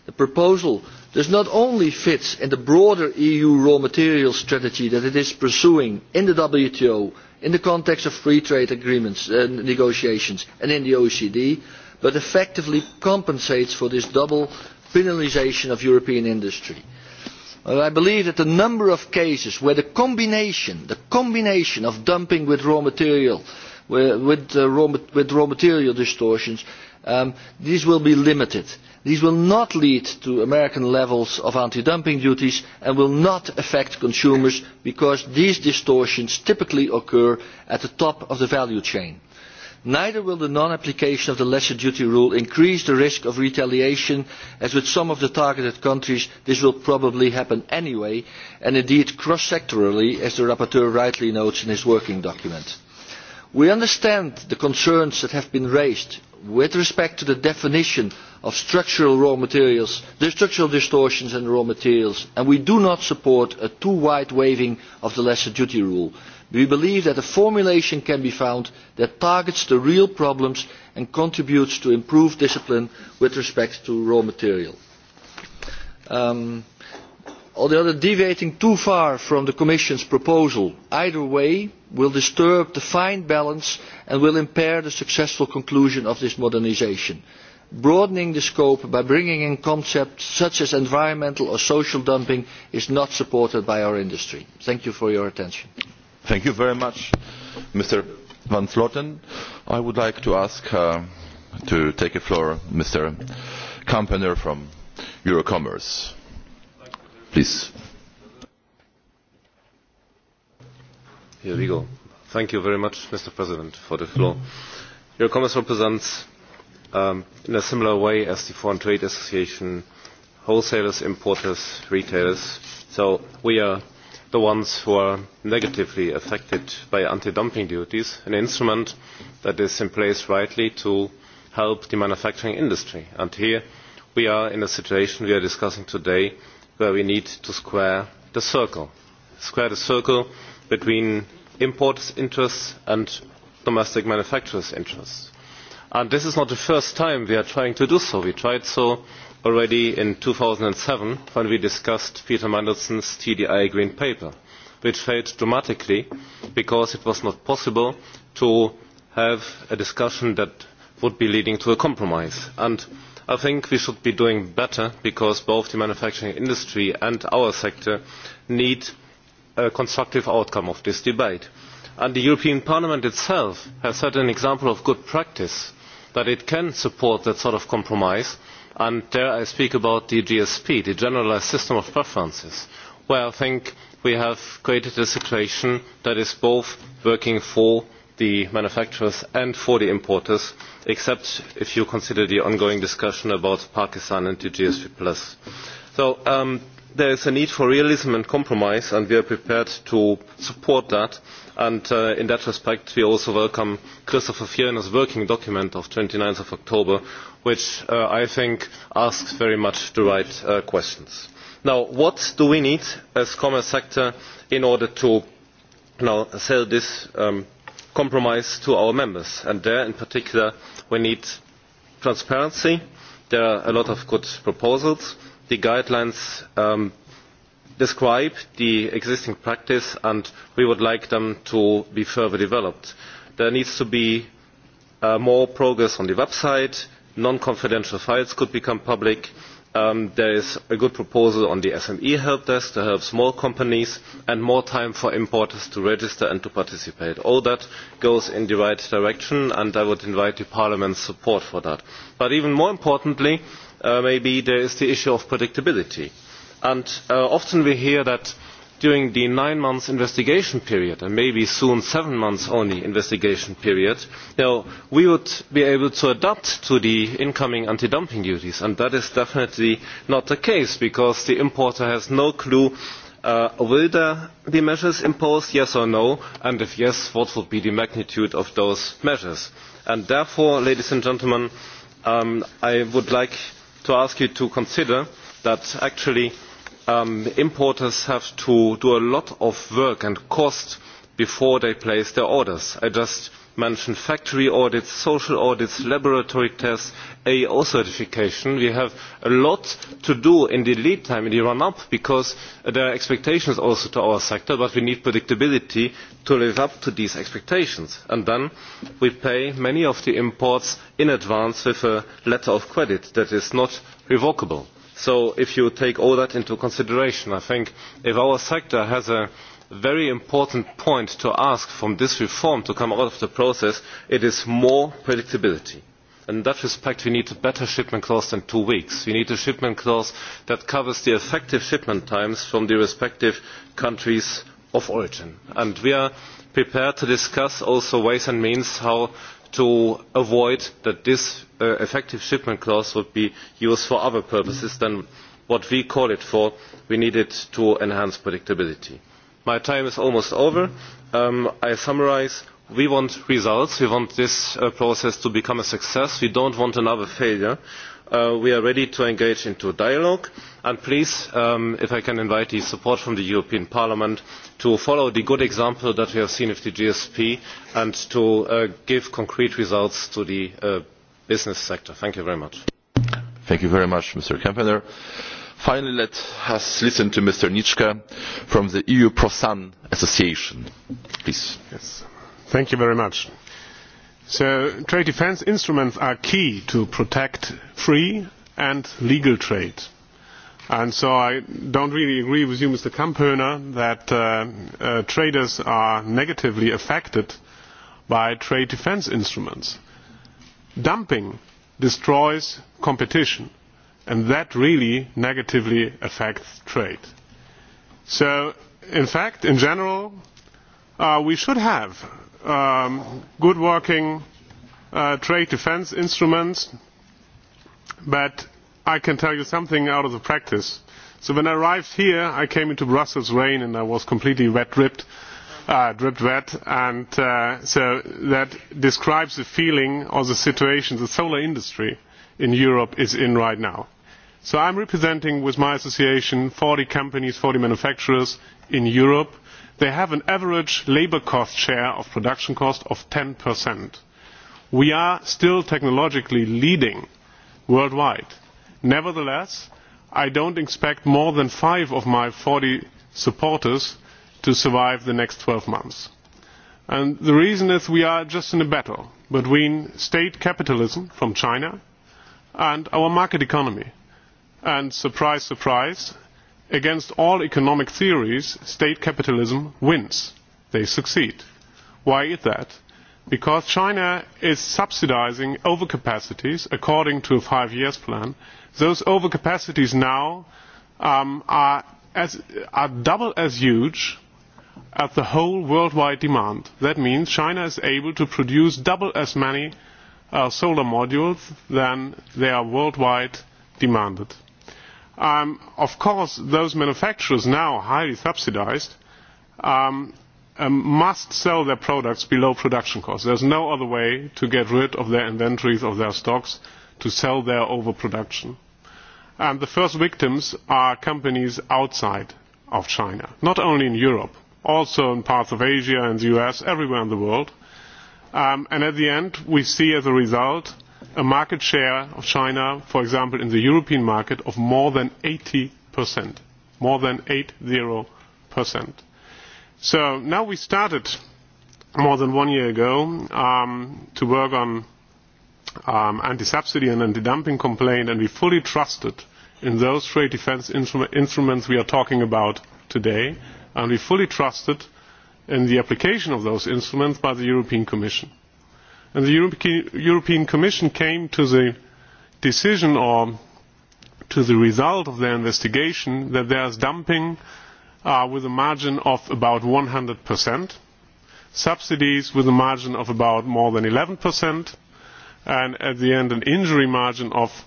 The proposal does not only fit in the broader EU raw materials strategy that it is pursuing in the WTO in the context of free trade agreements and negotiations and in the OECD, but effectively compensates for this double penalisation of European industry. I believe that the number of cases where the combination, the combination of dumping with raw material, with, raw, material distortions, these will be limited these will not lead to american levels of anti dumping duties and will not affect consumers because these distortions typically occur at the top of the value chain. neither will the non application of the lesser duty rule increase the risk of retaliation as with some of the targeted countries this will probably happen anyway and indeed cross sectorally as the rapporteur rightly notes in his working document. we understand the concerns that have been raised with respect to the definition of structural raw materials, the structural distortions in raw materials, and we do not support a too wide waiving of the lesser duty rule. We believe that a formulation can be found that targets the real problems and contributes to improved discipline with respect to raw material on the other deviating too far from the commission's proposal either way will disturb the fine balance and will impair the successful conclusion of this modernisation. broadening the scope by bringing in concepts such as environmental or social dumping is not supported by our industry. thank you for your attention. thank you very much mr van slotten. i would like to ask to take the floor mr kampener from eurocommerce please. Here we go. Thank you very much, Mr. President, for the floor. Your Commerce represents, um, in a similar way as the Foreign Trade Association, wholesalers, importers, retailers. So we are the ones who are negatively affected by anti-dumping duties, an instrument that is in place rightly to help the manufacturing industry. And here we are in a situation we are discussing today where we need to square the circle square the circle between importers' interests and domestic manufacturers' interests. this is not the first time we are trying to do so. we tried so already in two thousand and seven when we discussed peter mandelson's tdi green paper which failed dramatically because it was not possible to have a discussion that would lead to a compromise i think we should be doing better because both the manufacturing industry and our sector need a constructive outcome of this debate. the european parliament itself has set an example of good practice that it can support that sort of compromise and there i speak about the gsp the generalised system of preferences where i think we have created a situation that is both working for the manufacturers and for the importers, except if you consider the ongoing discussion about Pakistan and the GSP+. So there is a need for realism and compromise, and we are prepared to support that. And in that respect, we also welcome Christopher Fiona's working document of 29th of October, which I think asks very much the right questions. Now, what do we need as the commerce sector in order to sell this compromise to our members and there in particular we need transparency there are a lot of good proposals the guidelines describe the existing practice and we would like them to be further developed. there needs to be more progress on the website non confidential files could become public there is a good proposal on the sme help desk to help small companies and more time for importers to register and to participate. all that goes in the right direction and i would invite parliament's support for that. but even more importantly maybe there is the issue of predictability. often we hear that during the nine month investigation period and maybe soon seven months only investigation period we would be able to adapt to the incoming anti dumping duties and that is definitely not the case because the importer has no clue whether there be measures imposed yes or no and if yes what would be the magnitude of those measures? therefore ladies and gentlemen i would like to ask you to consider that actually importers have to do a lot of work and cost before they place their orders. i just mentioned factory audits social audits laboratory tests ao certification. we have a lot to do in the lead time in the run up because there are expectations also to our sector but we need predictability to live up to these expectations and then we pay many of the imports in advance with a letter of credit that is not revocable so if you take all that into consideration i think if our sector has a very important point to ask from this reform to come out of the process it is more predictability. in that respect we need a better shipment clause than two weeks. we need a shipment clause that covers the effective shipment times from the respective countries of origin. we are prepared to discuss also ways and means how to avoid that this effective shipment clause would be used for other purposes than what we call it for. We need it to enhance predictability. My time is almost over. I summarise We want results. We want this process to become a success. We do not want another failure we are ready to engage in dialogue and please if i can invite the support from the european parliament to follow the good example that we have seen with the gsp and to give concrete results to the business sector. thank you very much. thank you very much mr kempner. finally let us listen to mr nitschke from the eu prosan association. please. thank you very much So trade defence instruments are key to protect free and legal trade. And so I don't really agree with you, Mr. Kamperner, that uh, uh, traders are negatively affected by trade defence instruments. Dumping destroys competition, and that really negatively affects trade. So, in fact, in general, uh, we should have good working trade defence instruments, but I can tell you something out of the practice. So when I arrived here, I came into Brussels rain and I was completely wet dripped, uh, dripped wet, and uh, so that describes the feeling or the situation the solar industry in Europe is in right now. So I'm representing with my association 40 companies, 40 manufacturers in Europe They have an average labour cost share of production cost of 10%. We are still technologically leading worldwide. Nevertheless, I don't expect more than five of my 40 supporters to survive the next 12 months. And the reason is we are just in a battle between state capitalism from China and our market economy. And surprise, surprise, against all economic theories state capitalism wins they succeed. why is that? because china is subsidising overcapacities according to a five year plan. those overcapacities now are, as, are double as huge as the whole worldwide demand. that means china is able to produce double as many solar modules than they are worldwide demanded um, of course those manufacturers now highly subsidized um, um, must sell their products below production costs. There's no other way to get rid of their inventories of their stocks to sell their overproduction. And the first victims are companies outside of China, not only in Europe, also in parts of Asia and the US, everywhere in the world. Um, and at the end, we see as a result a market share of China, for example, in the European market of more than 80%. More than 80%. So now we started more than one year ago um, to work on um, anti-subsidy and anti-dumping complaint, and we fully trusted in those trade defence instruments we are talking about today, and we fully trusted in the application of those instruments by the European Commission and the european commission came to the decision or to the result of their investigation that there is dumping with a margin of about one hundred subsidies with a margin of about more than eleven and at the end an injury margin of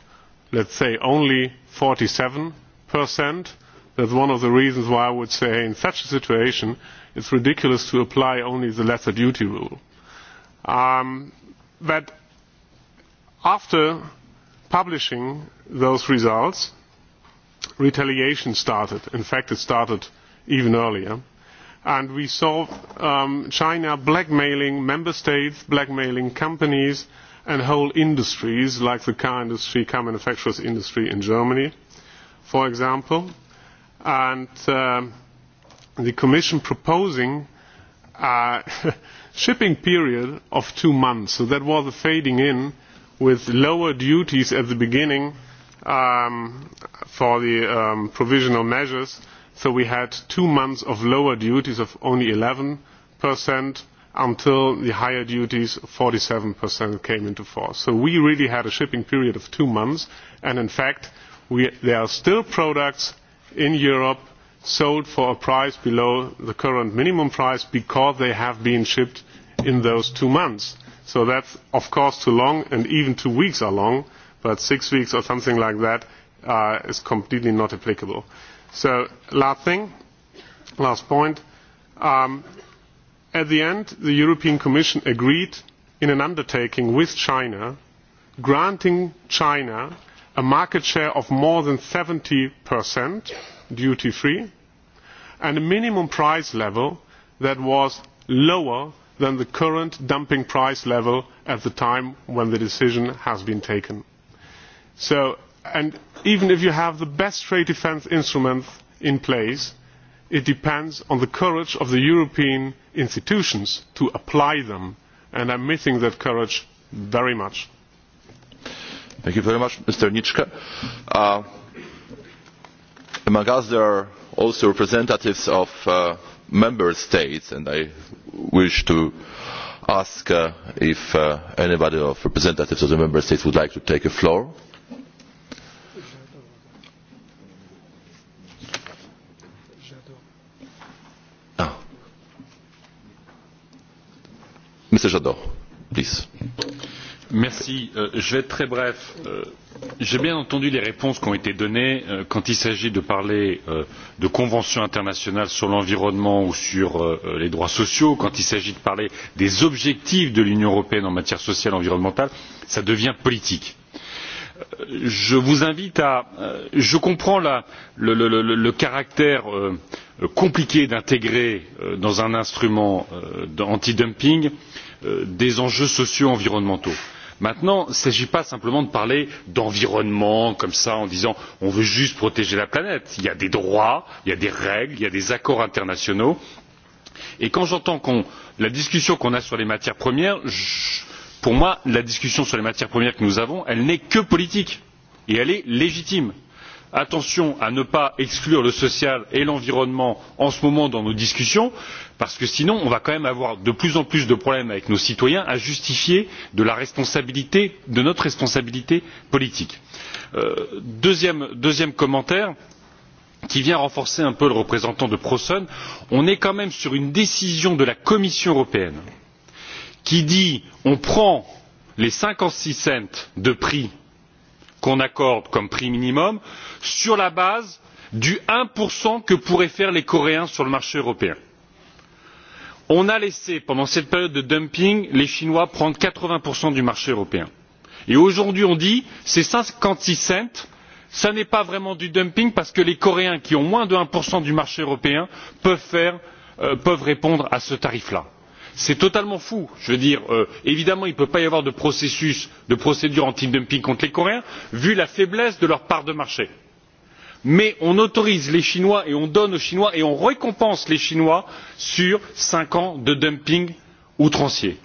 let us say only forty seven that is one of the reasons why i would say in such a situation it is ridiculous to apply only the lesser duty rule um, that after publishing those results, retaliation started. In fact, it started even earlier. And we saw um, China blackmailing member states, blackmailing companies, and whole industries like the car industry, car manufacturers industry in Germany, for example. And um, the Commission proposing uh, shipping period of two months. So that was a fading in with lower duties at the beginning um, for the um, provisional measures. So we had two months of lower duties of only 11% until the higher duties, 47%, came into force. So we really had a shipping period of two months. And in fact, we, there are still products in Europe sold for a price below the current minimum price because they have been shipped in those two months. So that's, of course, too long, and even two weeks are long, but six weeks or something like that uh, is completely not applicable. So last thing, last point. Um, at the end, the European Commission agreed in an undertaking with China, granting China a market share of more than 70 percent duty free and a minimum price level that was lower than the current dumping price level at the time when the decision has been taken. even if you have the best trade defence instruments in place it depends on the courage of the european institutions to apply them and i am missing that courage very much among us there are also representatives of uh, member states and i wish to ask uh, if uh, anybody of representatives of the member states would like to take a floor. Mr. Jadot, please je vais être très bref. j'ai bien entendu les réponses qui ont été données quand il s'agit de parler de conventions internationales sur l'environnement ou sur les droits sociaux quand il s'agit de parler des objectifs de l'union européenne en matière sociale et environnementale cela devient politique. je vous invite à je comprends le caractère compliqué d'intégrer dans un instrument antidumping des enjeux sociaux et environnementaux maintenant il ne s'agit pas simplement de parler d'environnement comme cela, en disant on veut juste protéger la planète il y a des droits il y a des règles il y a des accords internationaux et quand j'entends la discussion qu'on a sur les matières premières pour moi la discussion sur les matières premières que nous avons n'est que politique et elle est légitime. attention à ne pas exclure le social et l'environnement en ce moment dans nos discussions parce que sinon on va quand même avoir de plus en plus de problèmes avec nos citoyens à justifier de notre responsabilité politique. deuxième commentaire qui vient renforcer un peu le représentant de Prosson on est quand même sur une décision de la Commission européenne qui dit on prend les cinquante six cents de prix qu'on accorde comme prix minimum sur la base du un que pourraient faire les Coréens sur le marché européen on a laissé pendant cette période de dumping les chinois prendre quatre vingts du marché européen et aujourd'hui on dit ces cinquante six cents ce n'est pas vraiment du dumping parce que les coréens qui ont moins de un du marché européen peuvent répondre à ce tarif là. c'est totalement fou. je veux dire évidemment il ne peut pas y avoir de processus de procédure antidumping contre les coréens vu la faiblesse de leur part de marché mais on autorise les chinois et on donne aux chinois et on récompense les chinois sur cinq ans de dumping outrancier.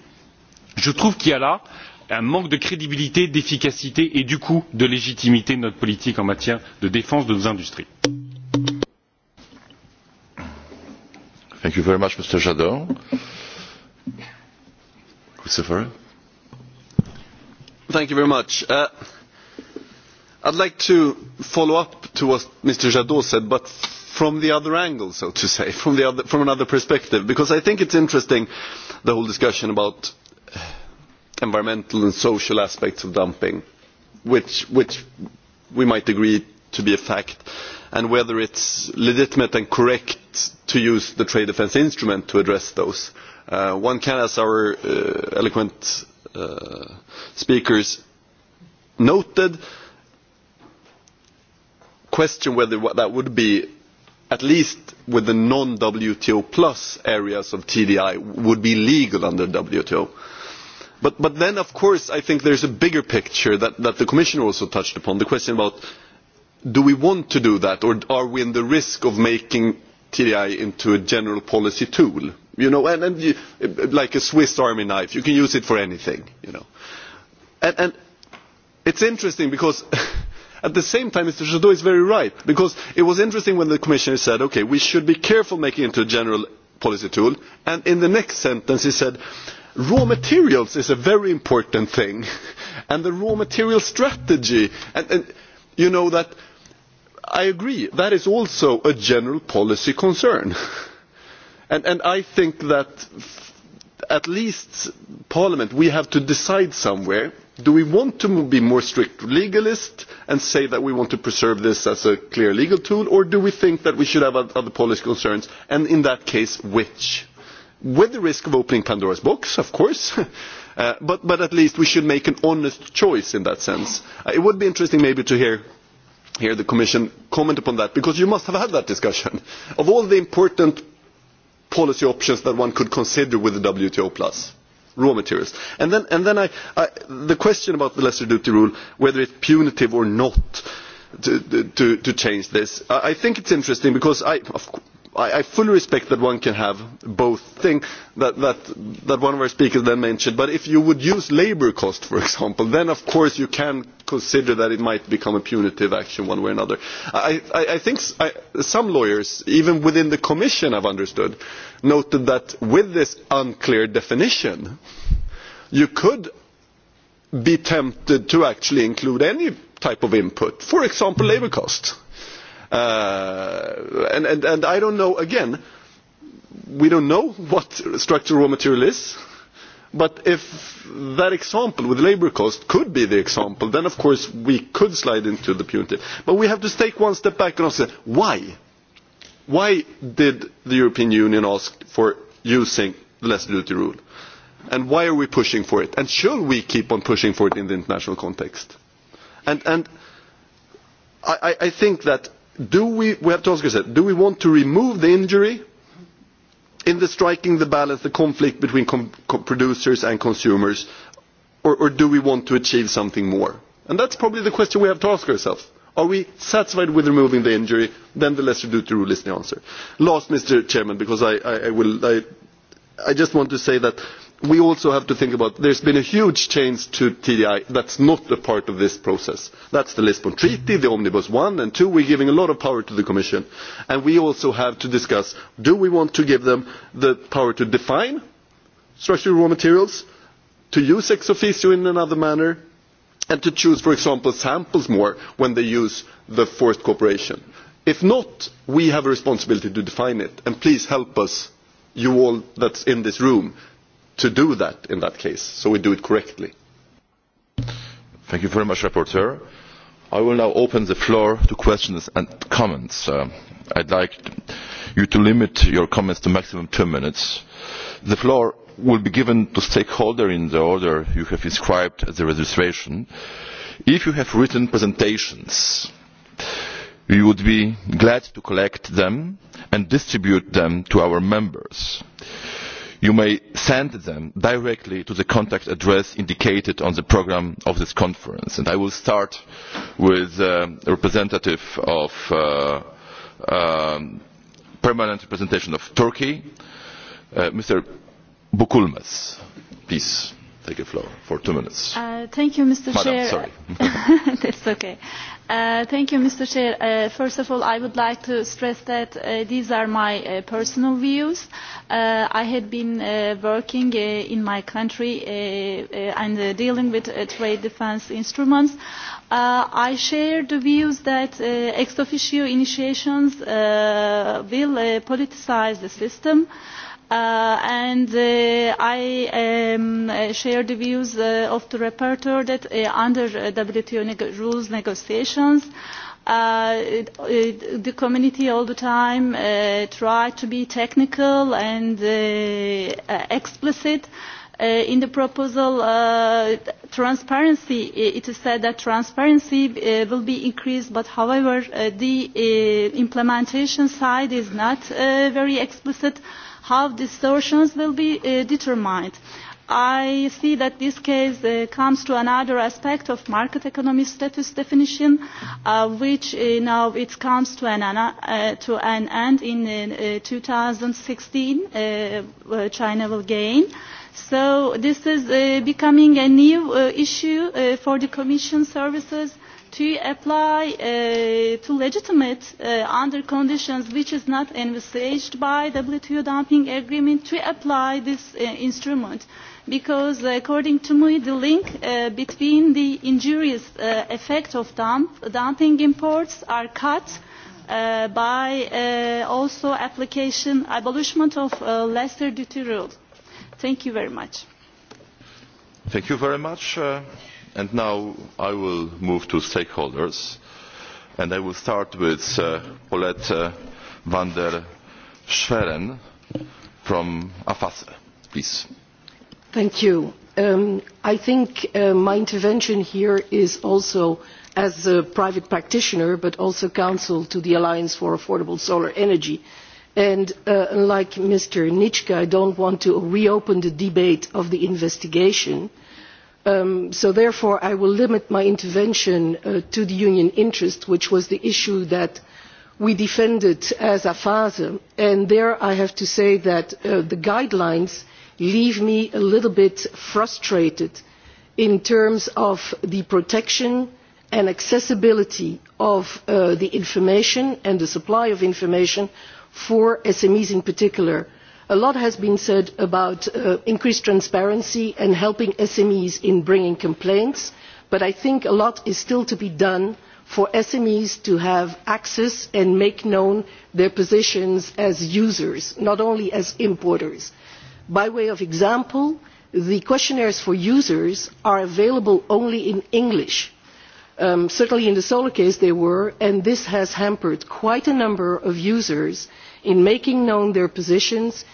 je trouve qu'il y a là un manque de crédibilité d'efficacité et du coup de légitimité de notre politique en matière de défense de nos industries. I would like to follow up to what mr jadot said but from the other angle so to say from another perspective because i think it is interesting the whole discussion about environmental and social aspects of dumping which we might agree to be a fact and whether it is legitimate and correct to use the trade defence instrument to address those. one can as our eloquent speakers noted question whether that would be at least with the non WTO plus areas of TDI would be legal under WTO. But then, of course, I think there is a bigger picture that the Commissioner also touched upon, the question about do we want to do that, or are we in the risk of making TDI into a general policy tool? You know, and, and like a Swiss Army knife, you can use it for anything, you know. And, and it's interesting because at the same time mr jadot is very right because it was interesting when the commissioner said OK, we should be careful making it into a general policy tool and in the next sentence he said raw materials is a very important thing and the raw material strategy and, you know that i agree that is also a general policy concern and i think that at least parliament we have to decide somewhere do we want to be more strict legalists and say that we want to preserve this as a clear legal tool or do we think that we should have other policy concerns and in that case which? with the risk of opening pandora's box of course but at least we should make an honest choice in that sense. it would be interesting maybe to hear the commission comment upon that because you must have had that discussion of all the important policy options that one could consider with the wto plus raw materials. And then, and then I, I, the question about the lesser duty rule, whether it's punitive or not, to, to, to change this. I think it's interesting because I, of I, fully respect that one can have both things that, that, that one of our speakers then mentioned, but if you would use labour cost, for example, then of course you can consider that it might become a punitive action one way or another. I, I, I think I, some lawyers, even within the Commission, I've understood, noted that with this unclear definition, you could be tempted to actually include any type of input, for example, labour cost and, and, and I don't know, again, we don't know what structural raw material is, but if that example with labour cost could be the example, then of course we could slide into the punitive. But we have to take one step back and ask, why? Why did the European Union ask for using the less duty rule? And why are we pushing for it? And should we keep on pushing for it in the international context? And, and I, I think that do we, we have to ask ourselves, do we want to remove the injury in the striking the balance, the conflict between com producers and consumers, or, or do we want to achieve something more? And that's probably the question we have to ask ourselves. Are we satisfied with removing the injury? Then the lesser duty rule is the answer. Last, Mr. Chairman, because I, I, I, will, I, I just want to say that we also have to think about there has been a huge change to tdi that is not a part of this process that is the lisbon treaty the omnibus one and two we are giving a lot of power to the commission and we also have to discuss do we want to give them the power to define structural raw materials to use ex officio in another manner and to choose for example samples more when they use the forced cooperation. if not we have a responsibility to define it and please help us you all that are in this room to do that in that case, so we do it correctly. Thank you very much, Rapporteur. I will now open the floor to questions and comments. Uh, I'd like you to limit your comments to maximum two minutes. The floor will be given to stakeholders in the order you have inscribed at the registration. If you have written presentations, we would be glad to collect them and distribute them to our members you may send them directly to the contact address indicated on the programme of this conference. i will start with the representative of permanent representation of turkey mr bukulmas please take the floor for two minutes. Thank you, Mr. President, First of all, I would like to stress that these are my personal views. I have been working in my country and dealing with trade defence instruments. I share the views that ex officio initiations will politicise the system and I share the views of the rapporteur that under WTO rules negotiations, the community all the time uh, try to be technical and explicit in the proposal transparency it is said that transparency will be increased but however the implementation side is not very explicit how distortions will be uh, determined. I see that this case uh, comes to another aspect of market economy status definition, uh, which uh, now it comes to an, uh, to an end in uh, 2016, uh, China will gain. So this is uh, becoming a new uh, issue uh, for the Commission services to apply to legitimate under conditions which is not envisaged by the WTO dumping agreement to apply this instrument because according to me the link between the injurious effect of dumping imports are cut by also application abolishment of lesser duty rule. Thank you very much. Thank you very much. And now I will move to stakeholders, and I will start with Paulette van der Schweren from AFASE. Please. Thank you. I think my intervention here is also as a private practitioner, but also counsel to the Alliance for Affordable Solar Energy. And unlike Mr. Nitschke, I do not want to reopen the debate of the investigation so therefore i will limit my intervention to the union interest which was the issue that we defended as a FASE, and there i have to say that the guidelines leave me a little bit frustrated in terms of the protection and accessibility of the information and the supply of information for smes in particular a lot has been said about increased transparency and helping smes in bringing complaints but i think a lot is still to be done for smes to have access and make known their positions as users not only as importers. by way of example the questionnaires for users are available only in english certainly in the solar case they were and this has hampered quite a number of users in making known their positions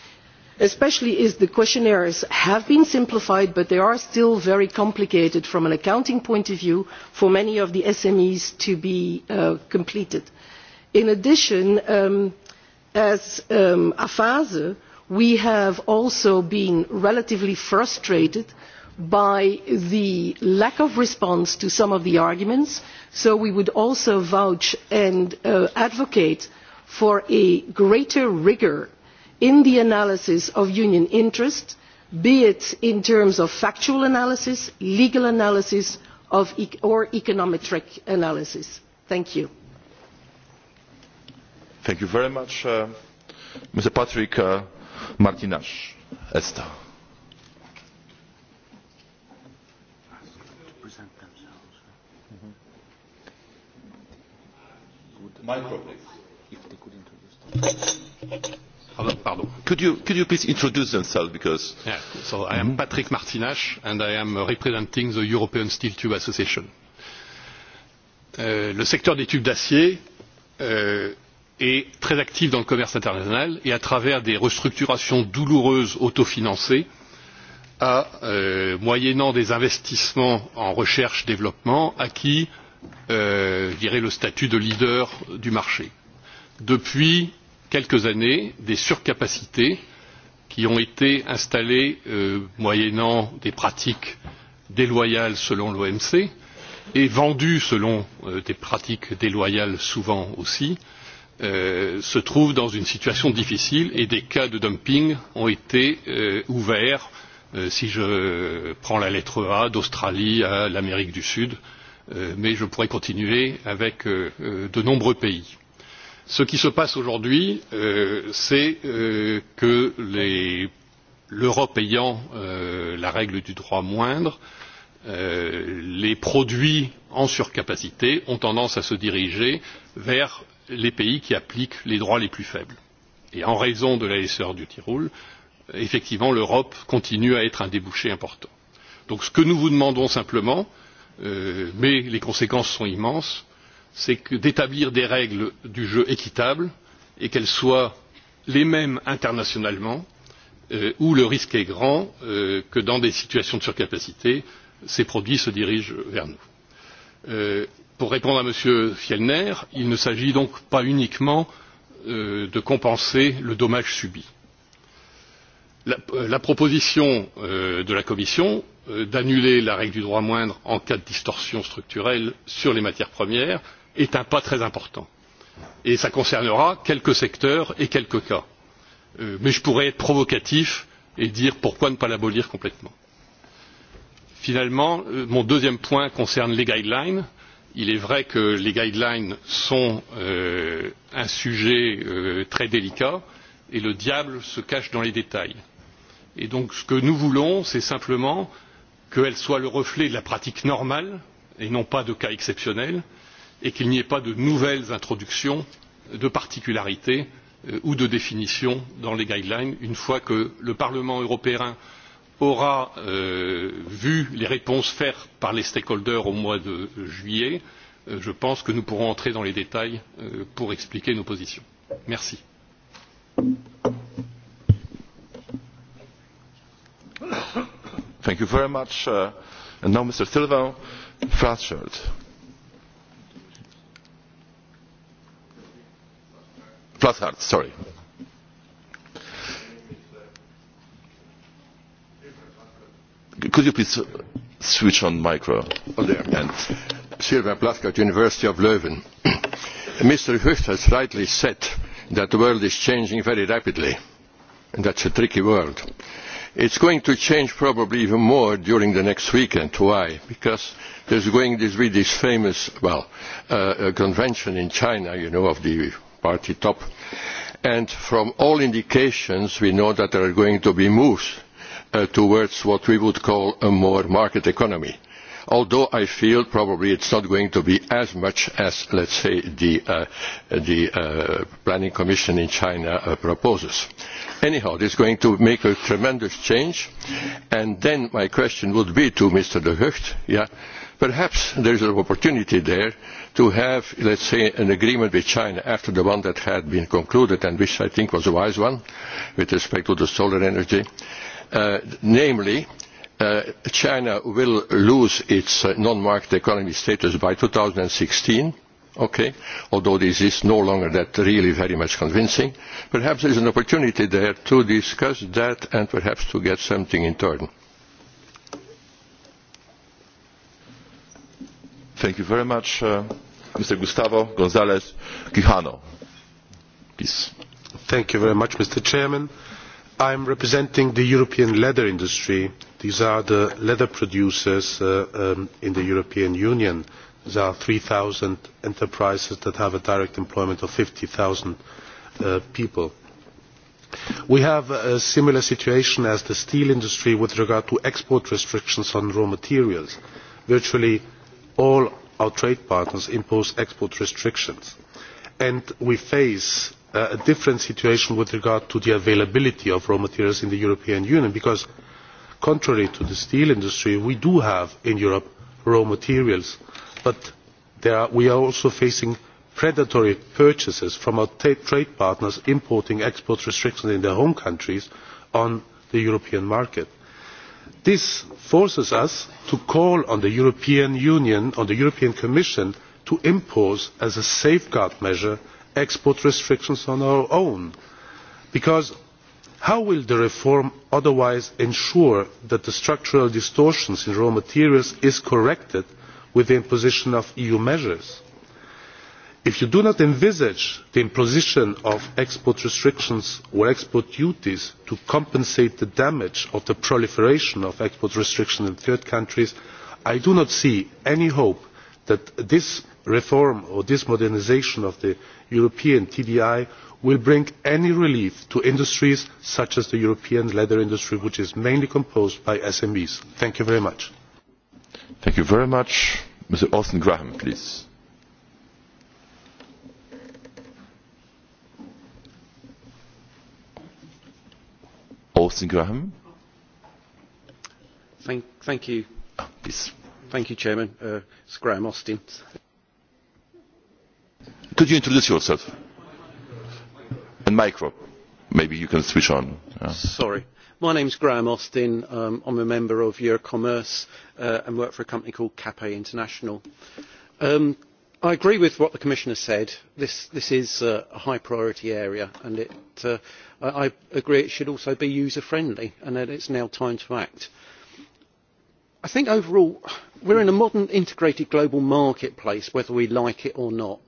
especially as the questionnaires have been simplified but they are still very complicated from an accounting point of view for many of the smes to be completed. in addition as afase we have also been relatively frustrated by the lack of response to some of the arguments so we would also vouch and advocate for a greater rigour in the analysis of union interest be it in terms of factual analysis legal analysis or econometric analysis. thank you. thank you very much mr patrick martinez esther. Micro, If they could introduce Pardon. Could you, could you please introduce yourself because... Yeah. So I am Patrick Martinache and I am representing the European Steel Tube Association. Euh, le secteur des tubes d'acier euh, est très actif dans le commerce international et à travers des restructurations douloureuses autofinancées a, euh, moyennant des investissements en recherche développement, acquis euh, je dirais, le statut de leader du marché. Depuis quelques années des surcapacités qui ont été installées moyennant des pratiques déloyales selon l'omc et vendues selon des pratiques déloyales souvent aussi se trouvent dans une situation difficile et des cas de dumping ont été ouverts si je prends la lettre a d'australie à l'amérique du sud mais je pourrais continuer avec de nombreux pays ce qui se passe aujourd'hui c'est que l'europe ayant la règle du droit moindre les produits en surcapacité ont tendance à se diriger vers les pays qui appliquent les droits les plus faibles et en raison de la laisseur du tyrol effectivement l'europe continue à être un débouché important. donc ce que nous vous demandons simplement mais les conséquences sont immenses c'est d'établir des règles du jeu équitables et qu'elles soient les mêmes internationalement où le risque est grand que dans des situations de surcapacité ces produits se dirigent vers nous. pour répondre à m. fjellner il ne s'agit donc pas uniquement de compenser le dommage subi. la proposition de la commission d'annuler la règle du droit moindre en cas de distorsion structurelle sur les matières premières est un pas très important et cela concernera quelques secteurs et quelques cas mais je pourrais être provocatif et dire pourquoi ne pas l'abolir complètement? finalement mon deuxième point concerne les guidelines. il est vrai que les guidelines sont un sujet très délicat et le diable se cache dans les détails. Et donc ce que nous voulons c'est simplement qu'elles soient le reflet de la pratique normale et non pas de cas exceptionnels et qu'il n'y ait pas de nouvelles introductions de particularités ou de définitions dans les guidelines une fois que le parlement européen aura vu les réponses faites par les stakeholders au mois de juillet je pense que nous pourrons entrer dans les détails pour expliquer nos positions. merci. thank you very much. and now mr sylvain Plasshardt, sorry. Could you please switch on micro? Oh, there. And Silvia Plasshardt, University of Leuven. Mr. Hucht has rightly said that the world is changing very rapidly, and that's a tricky world. It's going to change probably even more during the next weekend. Why? Because there's going to be this famous, well, uh, convention in China, you know, of the party top. And from all indications, we know that there are going to be moves towards what we would call a more market economy. Although I feel probably it is not going to be as much as, let us say, the, Planning Commission in China proposes. Anyhow, this is going to make a tremendous change. And then my question would be to Mr. De Gucht, yeah, Perhaps there is an opportunity there to have, let us say, an agreement with China after the one that had been concluded and which I think was a wise one with respect to the solar energy. namely, China will lose its non-market economy status by 2016, okay, although this is no longer that really very much convincing. Perhaps there is an opportunity there to discuss that and perhaps to get something in turn Thank you very much, uh, Mr. Gustavo González Quijano. Please. Thank you very much, Mr. Chairman. I am representing the European leather industry. These are the leather producers in the European Union. There are three 3,000 enterprises that have a direct employment of fifty 50,000 people. We have a similar situation as the steel industry with regard to export restrictions on raw materials. Virtually all our trade partners impose export restrictions and we face a different situation with regard to the availability of raw materials in the european union because contrary to the steel industry we do have in europe raw materials but we are also facing predatory purchases from our trade partners importing export restrictions in their home countries on the european market this forces us to call on the european union on the european commission to impose as a safeguard measure export restrictions on our own because how will the reform otherwise ensure that the structural distortions in raw materials are corrected with the imposition of eu measures? if you do not envisage the imposition of export restrictions or export duties to compensate the damage of the proliferation of export restrictions in third countries i do not see any hope that this reform or this modernisation of the european tdi will bring any relief to industries such as the european leather industry which is mainly composed by smes. thank you very much. Austin Graham. Thank, thank you. Oh, please. Thank you, Chairman. Uh, it's Graham Austin. Could you introduce yourself? And micro. Maybe you can switch on. Yeah. Sorry. My name's Graham Austin. Um, I'm a member of Eurocommerce uh, and work for a company called CAPE International. Um, i agree with what the commissioner said this is a high priority area and i agree it should also be user friendly and that it is now time to act. i think overall we are in a modern integrated global marketplace whether we like it or not.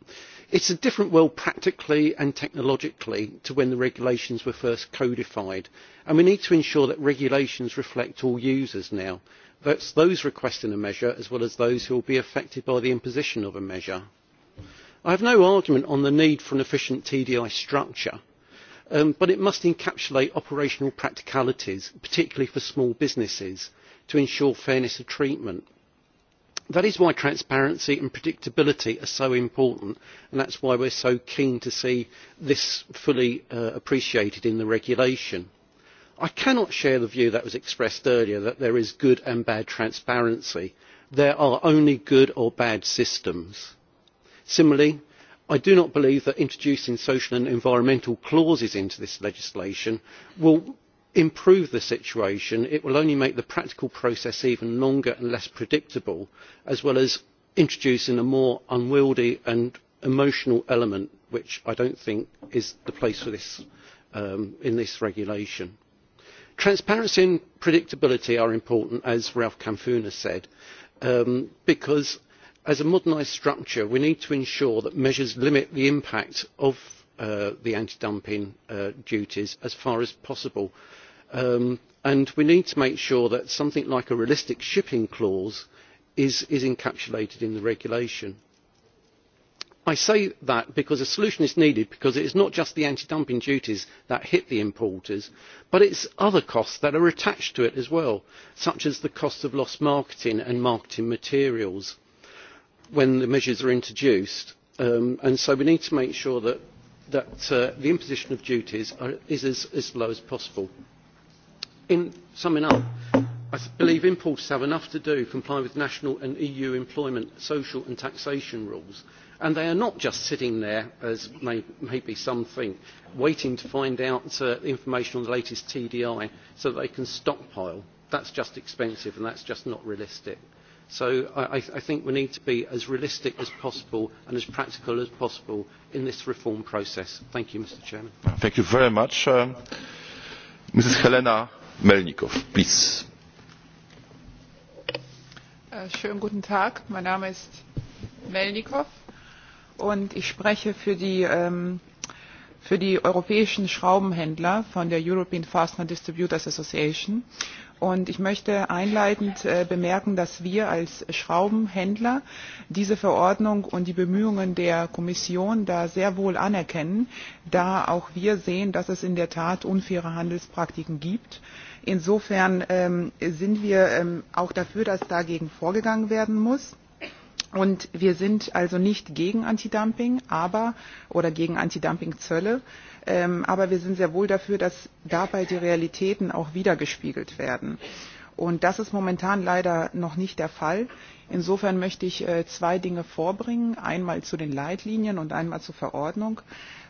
it is a different world practically and technologically to when the regulations were first codified and we need to ensure that regulations reflect all users now that those requesting a measure as well as those who will be affected by the imposition of a measure. i have no argument on the need for an efficient tdi structure but it must encapsulate operational practicalities particularly for small businesses to ensure fairness of treatment. that is why transparency and predictability are so important and that is why we are so keen to see this fully appreciated in the regulation i cannot share the view that was expressed earlier that there is good and bad transparency. there are only good or bad systems. similarly i do not believe that introducing social and environmental clauses into this legislation will improve the situation. it will only make the practical process even longer and less predictable as well as introducing a more unwieldy and emotional element which i do not think is the place for this in this regulation transparency and predictability are important as ralph kamfuna said because as a modernised structure we need to ensure that measures limit the impact of the anti dumping duties as far as possible and we need to make sure that something like a realistic shipping clause is encapsulated in the regulation i say that because a solution is needed because it is not just the anti dumping duties that hit the importers but it is other costs that are attached to it as well such as the cost of lost marketing and marketing materials when the measures are introduced and so we need to make sure that the imposition of duties is as low as possible. in summing up i believe importers have enough to do comply with national and eu employment social and taxation rules and they are not just sitting there, as may, maybe some think, waiting to find out uh, information on the latest TDI so that they can stockpile. That's just expensive and that's just not realistic. So I, I think we need to be as realistic as possible and as practical as possible in this reform process. Thank you, Mr. Chairman. Thank you very much. Um, Mrs. Helena Melnikov, please. Schönen guten Tag. Mein Name ist Melnikov und ich spreche für die, ähm, für die europäischen Schraubenhändler von der European Fastener Distributors Association. Und ich möchte einleitend bemerken, dass wir als Schraubenhändler diese Verordnung und die Bemühungen der Kommission da sehr wohl anerkennen, da auch wir sehen, dass es in der Tat unfaire Handelspraktiken gibt. Insofern sind wir auch dafür, dass dagegen vorgegangen werden muss Und wir sind also nicht gegen Antidumping, aber oder gegen Antidumpingzölle, ähm, aber wir sind sehr wohl dafür, dass dabei die Realitäten auch wiedergespiegelt werden. Und das ist momentan leider noch nicht der Fall. Insofern möchte ich äh, zwei Dinge vorbringen, einmal zu den Leitlinien und einmal zur Verordnung.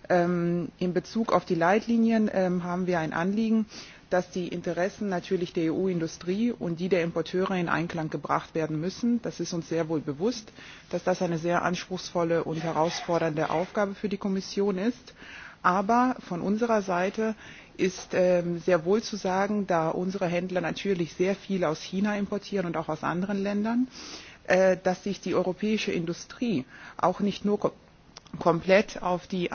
Ähm, in Bezug auf die Leitlinien ähm, haben wir ein Anliegen, dass die Interessen natürlich der EU-Industrie und die der Importeure in Einklang gebracht werden müssen. Das ist uns sehr wohl bewusst, dass das eine sehr anspruchsvolle und herausfordernde Aufgabe für die Kommission ist. Aber von unserer Seite ist ähm, sehr wohl zu sagen, da unsere Händler natürlich sehr viel aus China importieren und auch aus anderen Ländern, dass sich die europäische Industrie auch nicht nur komplett auf die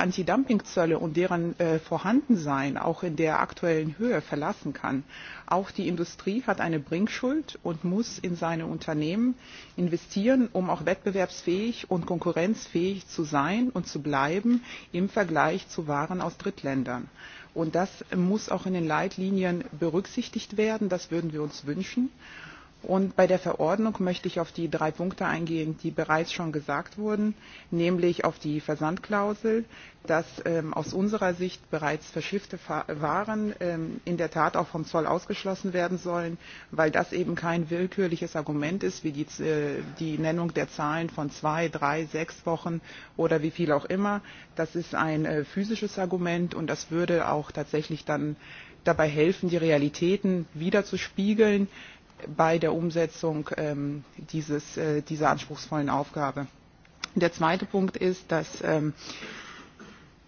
Zölle und deren Vorhandensein auch in der aktuellen Höhe verlassen kann. Auch die Industrie hat eine Bringschuld und muss in seine Unternehmen investieren, um auch wettbewerbsfähig und konkurrenzfähig zu sein und zu bleiben im Vergleich zu Waren aus Drittländern. Und das muss auch in den Leitlinien berücksichtigt werden. Das würden wir uns wünschen. Und bei der Verordnung möchte ich auf die drei Punkte eingehen, die bereits schon gesagt wurden, nämlich auf die Versandklausel, dass ähm, aus unserer Sicht bereits verschiffte Waren ähm, in der Tat auch vom Zoll ausgeschlossen werden sollen, weil das eben kein willkürliches Argument ist, wie die, äh, die Nennung der Zahlen von zwei, drei, sechs Wochen oder wie viel auch immer. Das ist ein äh, physisches Argument und das würde auch tatsächlich dann dabei helfen, die Realitäten wieder zu spiegeln bei der Umsetzung dieses, dieser anspruchsvollen Aufgabe. Der zweite Punkt ist, dass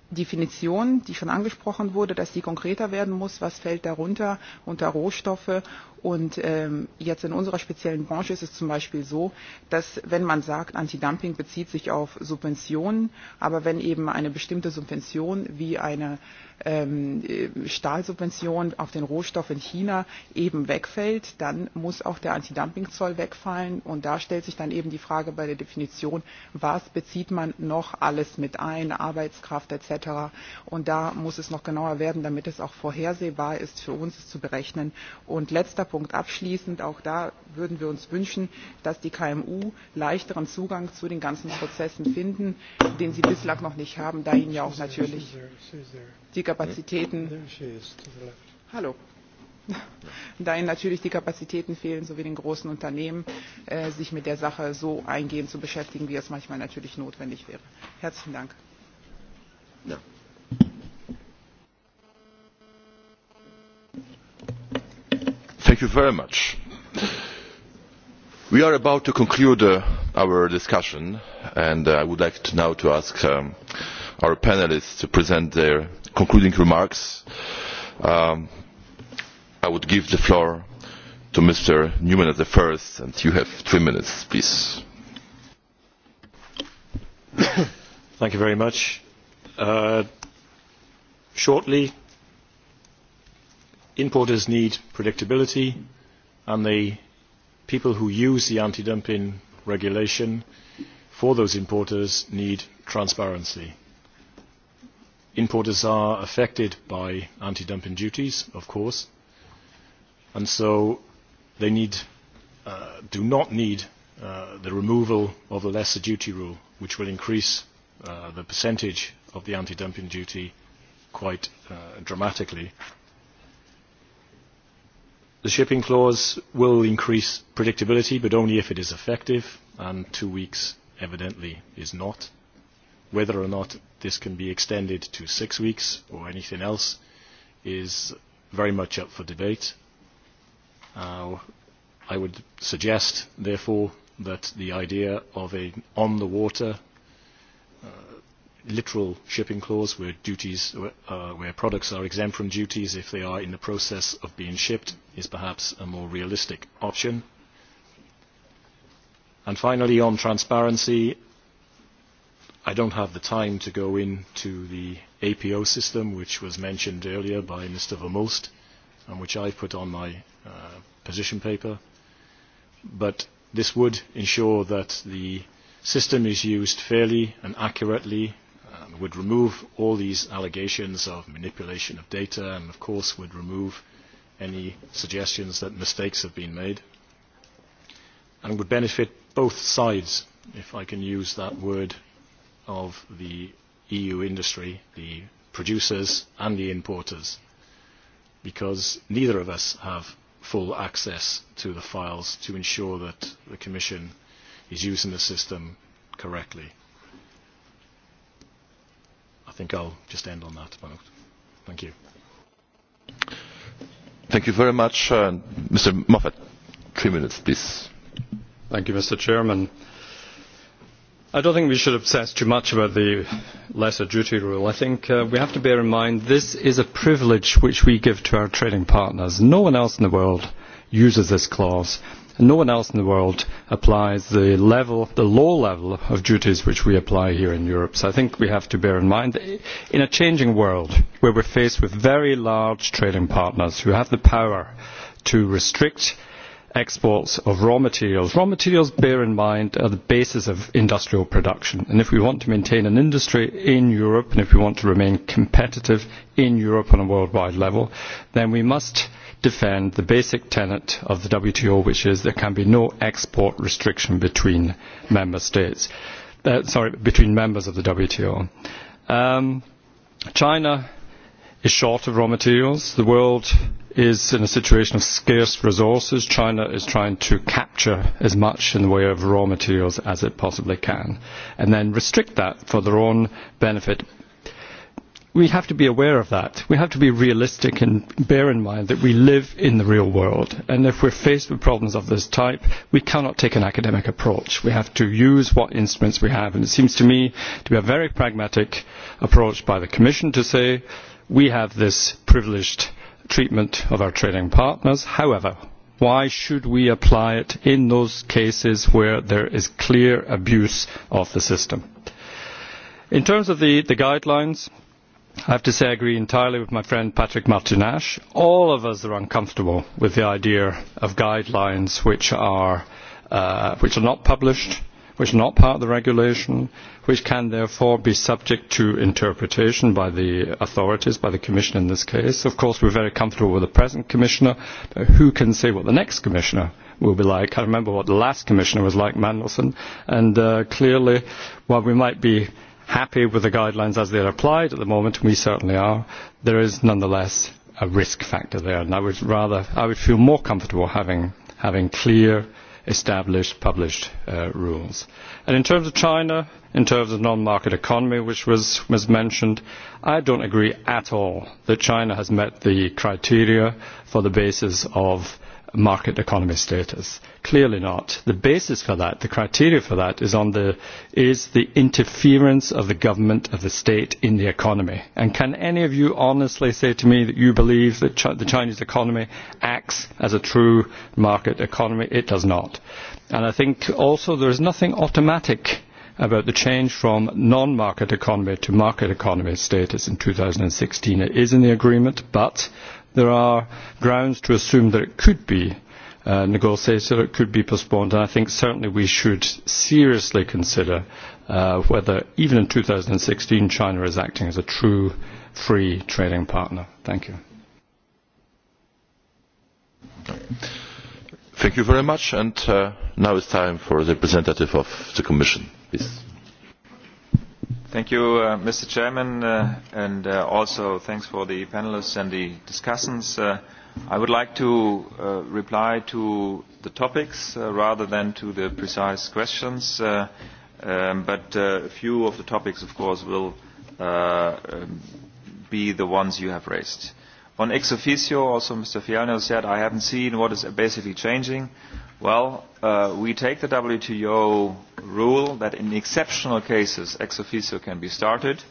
Definition, die schon angesprochen wurde, dass die konkreter werden muss, was fällt darunter unter Rohstoffe Und ähm, jetzt in unserer speziellen Branche ist es zum Beispiel so, dass wenn man sagt, Antidumping bezieht sich auf Subventionen, aber wenn eben eine bestimmte Subvention wie eine ähm, Stahlsubvention auf den Rohstoff in China eben wegfällt, dann muss auch der Antidumpingzoll wegfallen. Und da stellt sich dann eben die Frage bei der Definition, was bezieht man noch alles mit ein, Arbeitskraft etc. Und da muss es noch genauer werden, damit es auch vorhersehbar ist für uns, es zu berechnen. Und letzter punkt abschließend auch da würden wir uns wünschen dass die kmu leichteren zugang zu den ganzen prozessen finden den sie bislang noch nicht haben da ihnen ja auch natürlich die kapazitäten hallo da ihnen natürlich die kapazitäten fehlen so wie den großen unternehmen sich mit der sache so eingehend zu beschäftigen wie es manchmal natürlich notwendig wäre. herzlichen dank! We are about to conclude our discussion, and I would like now to ask our panelists to present their concluding remarks. I would give the floor to Mr. Newman as the first, and you have three minutes, please. Thank you very the european shortly, importers need predictability and the people who use the anti-dumping regulation for those importers need transparency. Importers are affected by anti-dumping duties, of course, and so they need, uh, do not need uh, the removal of the lesser duty rule, which will increase uh, the percentage of the anti-dumping duty quite uh, dramatically The shipping clause will increase predictability, but only if it is effective, and two weeks evidently is not. Whether or not this can be extended to six weeks or anything else is very much up for debate. Uh, I would suggest, therefore, that the idea of an on-the-water literal shipping clause where duties uh, where products are exempt from duties if they are in the process of being shipped is perhaps a more realistic option. And finally on transparency I don't have the time to go into the APO system which was mentioned earlier by Mr Vermulst and which I put on my uh, position paper but this would ensure that the system is used fairly and accurately would remove all these allegations of manipulation of data and, of course, would remove any suggestions that mistakes have been made and would benefit both sides, if I can use that word, of the EU industry, the producers and the importers, because neither of us have full access to the files to ensure that the Commission is using the system correctly think I'll just end on that note. Thank you. Thank you very much. Mr. Moffat, three minutes, please. Thank you, Mr. Chairman. I don't think we should obsess too much about the lesser duty rule. I think uh, we have to bear in mind this is a privilege which we give to our trading partners. No one else in the world uses this clause no one else in the world applies the level, the low level of duties which we apply here in Europe. So I think we have to bear in mind that in a changing world where we're faced with very large trading partners who have the power to restrict exports of raw materials. Raw materials, bear in mind, are the basis of industrial production. And if we want to maintain an industry in Europe and if we want to remain competitive in Europe on a worldwide level, then we must – defend the basic tenet of the WTO, which is there can be no export restriction between member states, uh, sorry, between members of the WTO. Um, China is short of raw materials. The world is in a situation of scarce resources. China is trying to capture as much in the way of raw materials as it possibly can and then restrict that for their own benefit we have to be aware of that. We have to be realistic and bear in mind that we live in the real world. And if we're faced with problems of this type, we cannot take an academic approach. We have to use what instruments we have. And it seems to me to be a very pragmatic approach by the Commission to say, we have this privileged treatment of our trading partners. However, why should we apply it in those cases where there is clear abuse of the system? In terms of the, the guidelines, I have to say I agree entirely with my friend Patrick Martinash. All of us are uncomfortable with the idea of guidelines which are, uh, which are not published, which are not part of the regulation, which can therefore be subject to interpretation by the authorities, by the Commission in this case. Of course, we're very comfortable with the present Commissioner, but who can say what the next Commissioner will be like? I remember what the last Commissioner was like, Mandelson, and uh, clearly, while we might be happy with the guidelines as they are applied at the moment, and we certainly are, there is nonetheless a risk factor there. And I would rather, I would feel more comfortable having, having clear, established, published uh, rules. And in terms of China, in terms of non-market economy, which was, was mentioned, I don't agree at all that China has met the criteria for the basis of market economy status. Clearly not. The basis for that, the criteria for that, is, on the, is the interference of the government of the state in the economy. And can any of you honestly say to me that you believe that Ch- the Chinese economy acts as a true market economy? It does not. And I think also there is nothing automatic about the change from non-market economy to market economy status in 2016. It is in the agreement, but there are grounds to assume that it could be uh, negotiated, it could be postponed, and I think certainly we should seriously consider uh, whether, even in 2016, China is acting as a true free trading partner. Thank you. Thank you very much, and uh, now it's time for the representative of the Commission. Please. Thank you, uh, Mr. Chairman, uh, and uh, also thanks for the panelists and the discussants. Uh, I would like to uh, reply to the topics uh, rather than to the precise questions, uh, um, but uh, a few of the topics, of course, will uh, be the ones you have raised. On ex officio, also Mr. Fialno said, I haven't seen what is basically changing Well, uh, we take the WTO rule that in exceptional cases ex officio can be started,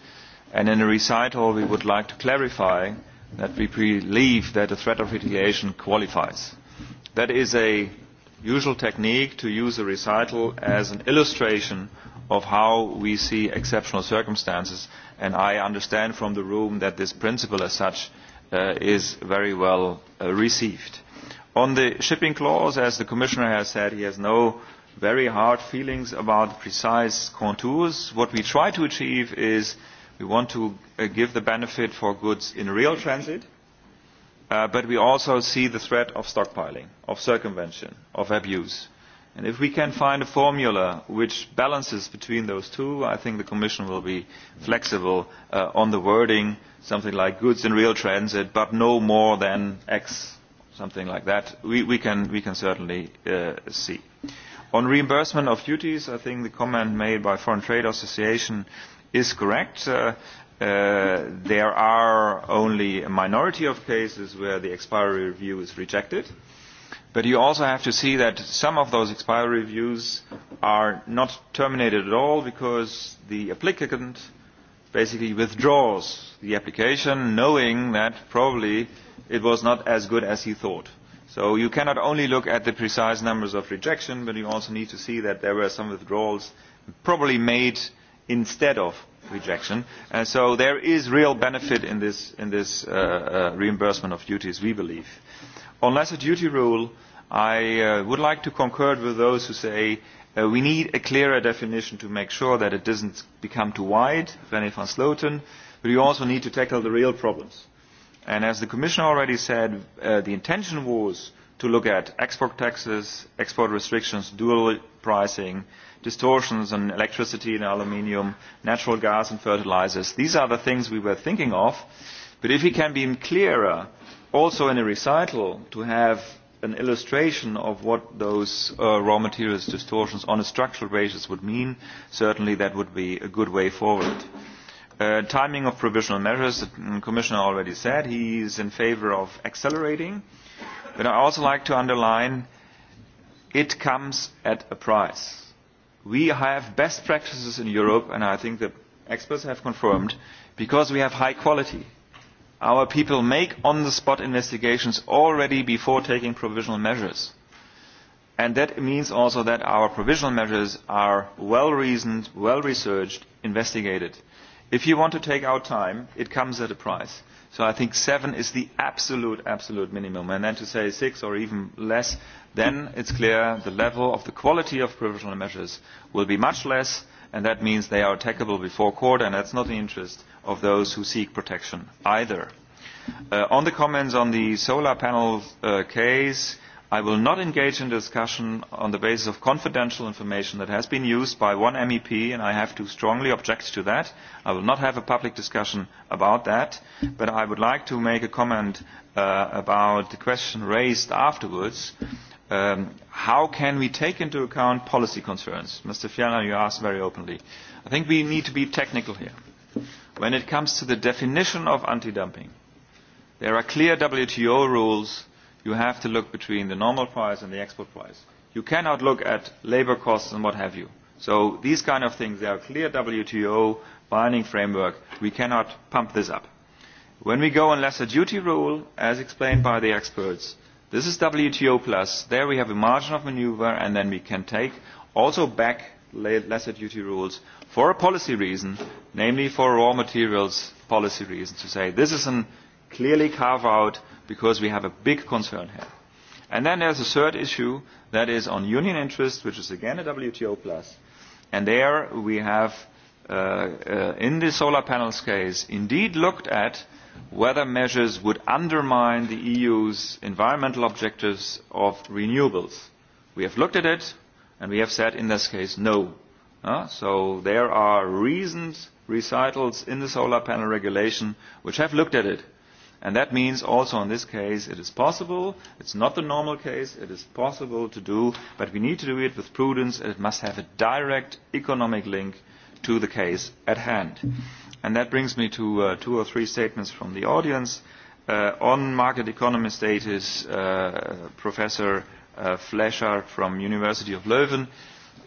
and in a recital we would like to clarify that we believe that a threat of retaliation qualifies. That is a usual technique to use a recital as an illustration of how we see exceptional circumstances, and I understand from the room that this principle as such uh, is very well uh, received On the shipping clause, as the Commissioner has said, he has no very hard feelings about the precise contours. What we try to achieve is we want to give the benefit for goods in real transit, but we also see the threat of stockpiling, of circumvention, of abuse. And if we can find a formula which balances between those two, I think the Commission will be flexible on the wording, something like goods in real transit, but no more than X something like that, we, we, can, we can certainly uh, see. On reimbursement of duties, I think the comment made by Foreign Trade Association is correct. Uh, uh, there are only a minority of cases where the expiry review is rejected. But you also have to see that some of those expiry reviews are not terminated at all because the applicant basically withdraws the application knowing that probably it was not as good as he thought. So you cannot only look at the precise numbers of rejection, but you also need to see that there were some withdrawals probably made instead of rejection. And so there is real benefit in this, in this uh, uh, reimbursement of duties, we believe. On lesser duty rule, I uh, would like to concur with those who say uh, we need a clearer definition to make sure that it doesn't become too wide, René van Sloten, but we also need to tackle the real problems And as the Commission already said, uh, the intention was to look at export taxes, export restrictions, dual pricing, distortions on electricity and aluminium, natural gas and fertilizers. These are the things we were thinking of. But if we can be clearer, also in a recital, to have an illustration of what those uh, raw materials distortions on a structural basis would mean, certainly that would be a good way forward timing of provisional measures, the Commissioner already said he is in favor of accelerating. But I also like to underline it comes at a price. We have best practices in Europe, and I think the experts have confirmed, because we have high quality. Our people make on-the-spot investigations already before taking provisional measures. And that means also that our provisional measures are well-reasoned, well-researched, investigated If you want to take out time, it comes at a price. So I think seven is the absolute, absolute minimum. And then to say six or even less, then it's clear the level of the quality of provisional measures will be much less, and that means they are attackable before court, and that's not the interest of those who seek protection either. Uh, on the comments on the solar panel uh, case, uh, I will not engage in discussion on the basis of confidential information that has been used by one MEP, and I have to strongly object to that. I will not have a public discussion about that, but I would like to make a comment about the question raised afterwards. how can we take into account policy concerns? Mr. fjellner you asked very openly. I think we need to be technical here. When it comes to the definition of anti-dumping, there are clear WTO rules you have to look between the normal price and the export price. You cannot look at labor costs and what have you. So these kind of things, they are clear WTO binding framework. We cannot pump this up. When we go on lesser duty rule, as explained by the experts, this is WTO plus. There we have a margin of maneuver, and then we can take also back lesser duty rules for a policy reason, namely for raw materials policy reasons, to say this is a clearly carve out because we have a big concern here. And then there's a third issue that is on union interest, which is again a WTO plus. And there we have, uh, uh, in the solar panels case, indeed looked at whether measures would undermine the EU's environmental objectives of renewables. We have looked at it, and we have said in this case no. Uh, so there are reasons recitals in the solar panel regulation which have looked at it And that means also in this case it is possible, it's not the normal case, it is possible to do, but we need to do it with prudence and it must have a direct economic link to the case at hand. And that brings me to uh, two or three statements from the audience. Uh, on market economy status, uh, Professor uh, Flescher from University of Leuven,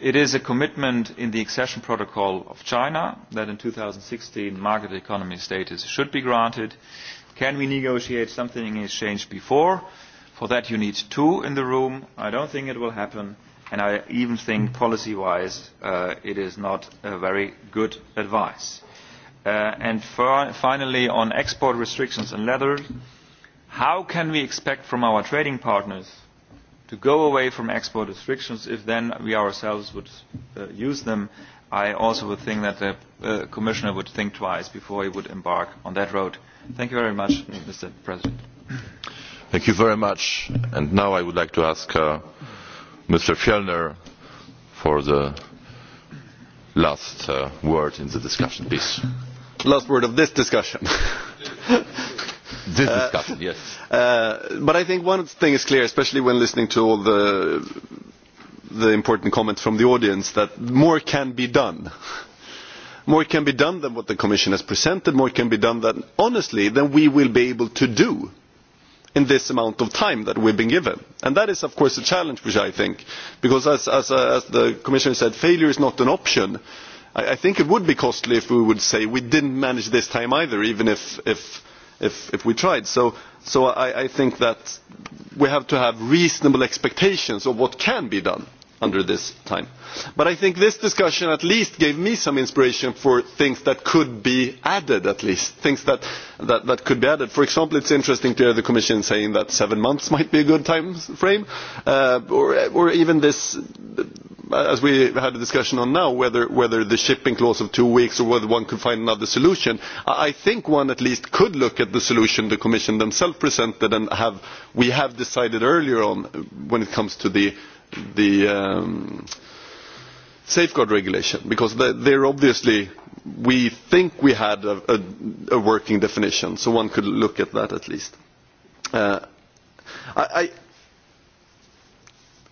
it is a commitment in the accession protocol of China that in 2016 market economy status should be granted. Can we negotiate something in exchange before? For that you need two in the room. I don't think it will happen. And I even think policy-wise uh, it is not a very good advice. Uh, and finally, on export restrictions and leather, how can we expect from our trading partners to go away from export restrictions if then we ourselves would uh, use them I also would think that the uh, Commissioner would think twice before he would embark on that road. Thank you very much, Mr. President. Thank you very much. And now I would like to ask uh, Mr. Fjellner for the last uh, word in the discussion, please. Last word of this discussion. this discussion, yes. Uh, but I think one thing is clear, especially when listening to all the the important comment from the audience that more can be done. More can be done than what the Commission has presented, more can be done than, honestly, than we will be able to do in this amount of time that we have been given. And that is, of course, a challenge, which I think, because as, as, as the Commissioner said, failure is not an option. I, I think it would be costly if we would say we didn't manage this time either, even if, if, if, if we tried. So, so I, I think that we have to have reasonable expectations of what can be done under this time. But I think this discussion at least gave me some inspiration for things that could be added, at least, things that, that, that could be added. For example, it's interesting to hear the Commission saying that seven months might be a good time frame, uh, or, or even this, as we had a discussion on now, whether, whether the shipping clause of two weeks or whether one could find another solution. I think one at least could look at the solution the Commission themselves presented and have, we have decided earlier on when it comes to the the safeguard regulation because there obviously we think we had a, a, a working definition, so one could look at that at least. Uh, I, I,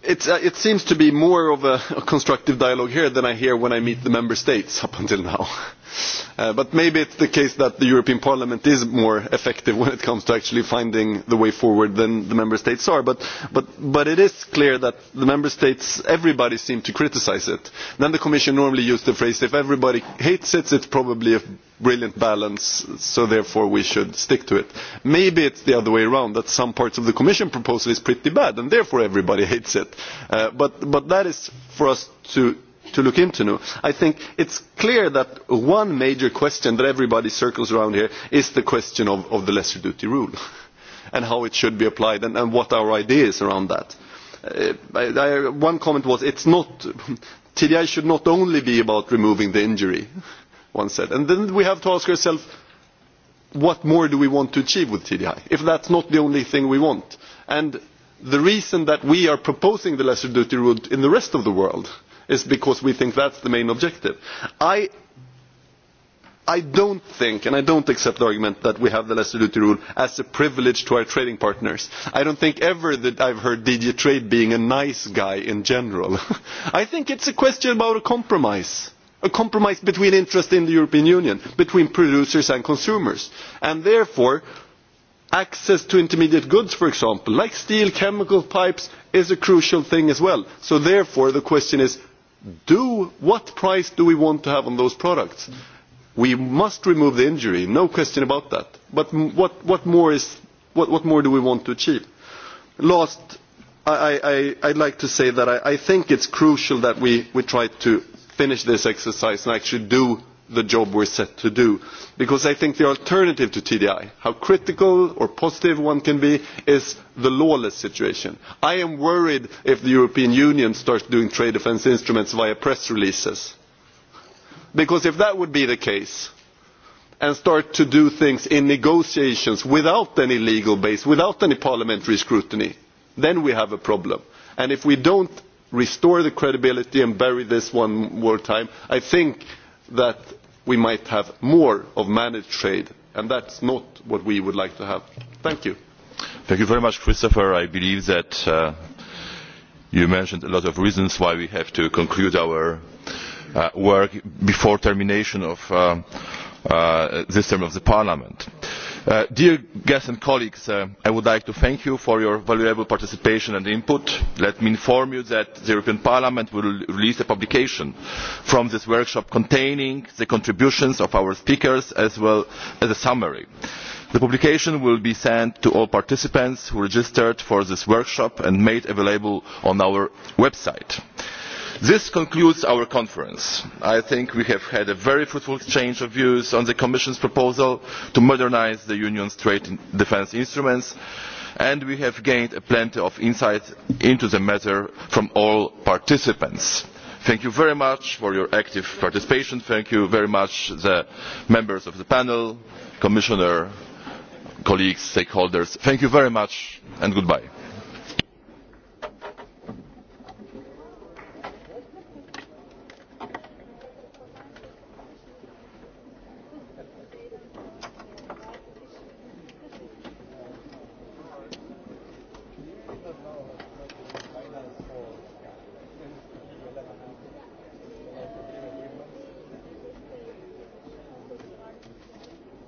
it seems to be more of a, a constructive dialogue here than I hear when I meet the member states up until now but maybe it is the case that the european parliament is more effective when it comes to actually finding the way forward than the member states are but it is clear that the member states everybody seems to criticise it. then the commission normally uses the phrase if everybody hates it it is probably a brilliant balance so therefore we should stick to it. maybe it is the other way around that some parts of the commission proposal is pretty bad and therefore everybody hates it but that is for us to to look into. I think it is clear that one major question that everybody circles around here is the question of, the lesser duty rule and how it should be applied and, and what our idea is around that. one comment was it's not, TDI should not only be about removing the injury, one said. And then we have to ask ourselves, what more do we want to achieve with TDI if that is not the only thing we want? And the reason that we are proposing the lesser duty rule in the rest of the world is because we think that's the main objective. I, I don't think, and I don't accept the argument that we have the lesser duty rule as a privilege to our trading partners. I don't think ever that I've heard DG Trade being a nice guy in general. I think it's a question about a compromise a compromise between interests in the European Union, between producers and consumers. And therefore, access to intermediate goods, for example, like steel, chemical pipes, is a crucial thing as well. So therefore, the question is, do what price do we want to have on those products? We must remove the injury, no question about that. But what, what, more, is, what, what more do we want to achieve? Last, I, I, I'd like to say that I, I think it's crucial that we, we try to finish this exercise and actually do the job we are set to do because i think the alternative to tdi how critical or positive one can be is the lawless situation. i am worried if the european union starts doing trade defence instruments via press releases because if that were the case and start to do things in negotiations without any legal base without any parliamentary scrutiny then we have a problem and if we do not restore the credibility and bury this one more time i think that we might have more of managed trade and that is not what we would like to have. thank you. thank you very much christopher. i believe that you mentioned a lot of reasons why we have to conclude our work before termination of this term of parliament dear guests and colleagues i would like to thank you for your valuable participation and input. let me inform you that the european parliament will release a publication from this workshop containing the contributions of our speakers as well as a summary. the publication will be sent to all participants who registered for this workshop and made available on our website this concludes our conference. i think we have had a very fruitful exchange of views on the commission's proposal to modernise the union's trade defence instruments and we have gained plenty of insight into the matter from all participants. thank you very much for your active participation. thank you very much to the members of the panel commissioner colleagues stakeholders. thank you very much and goodbye.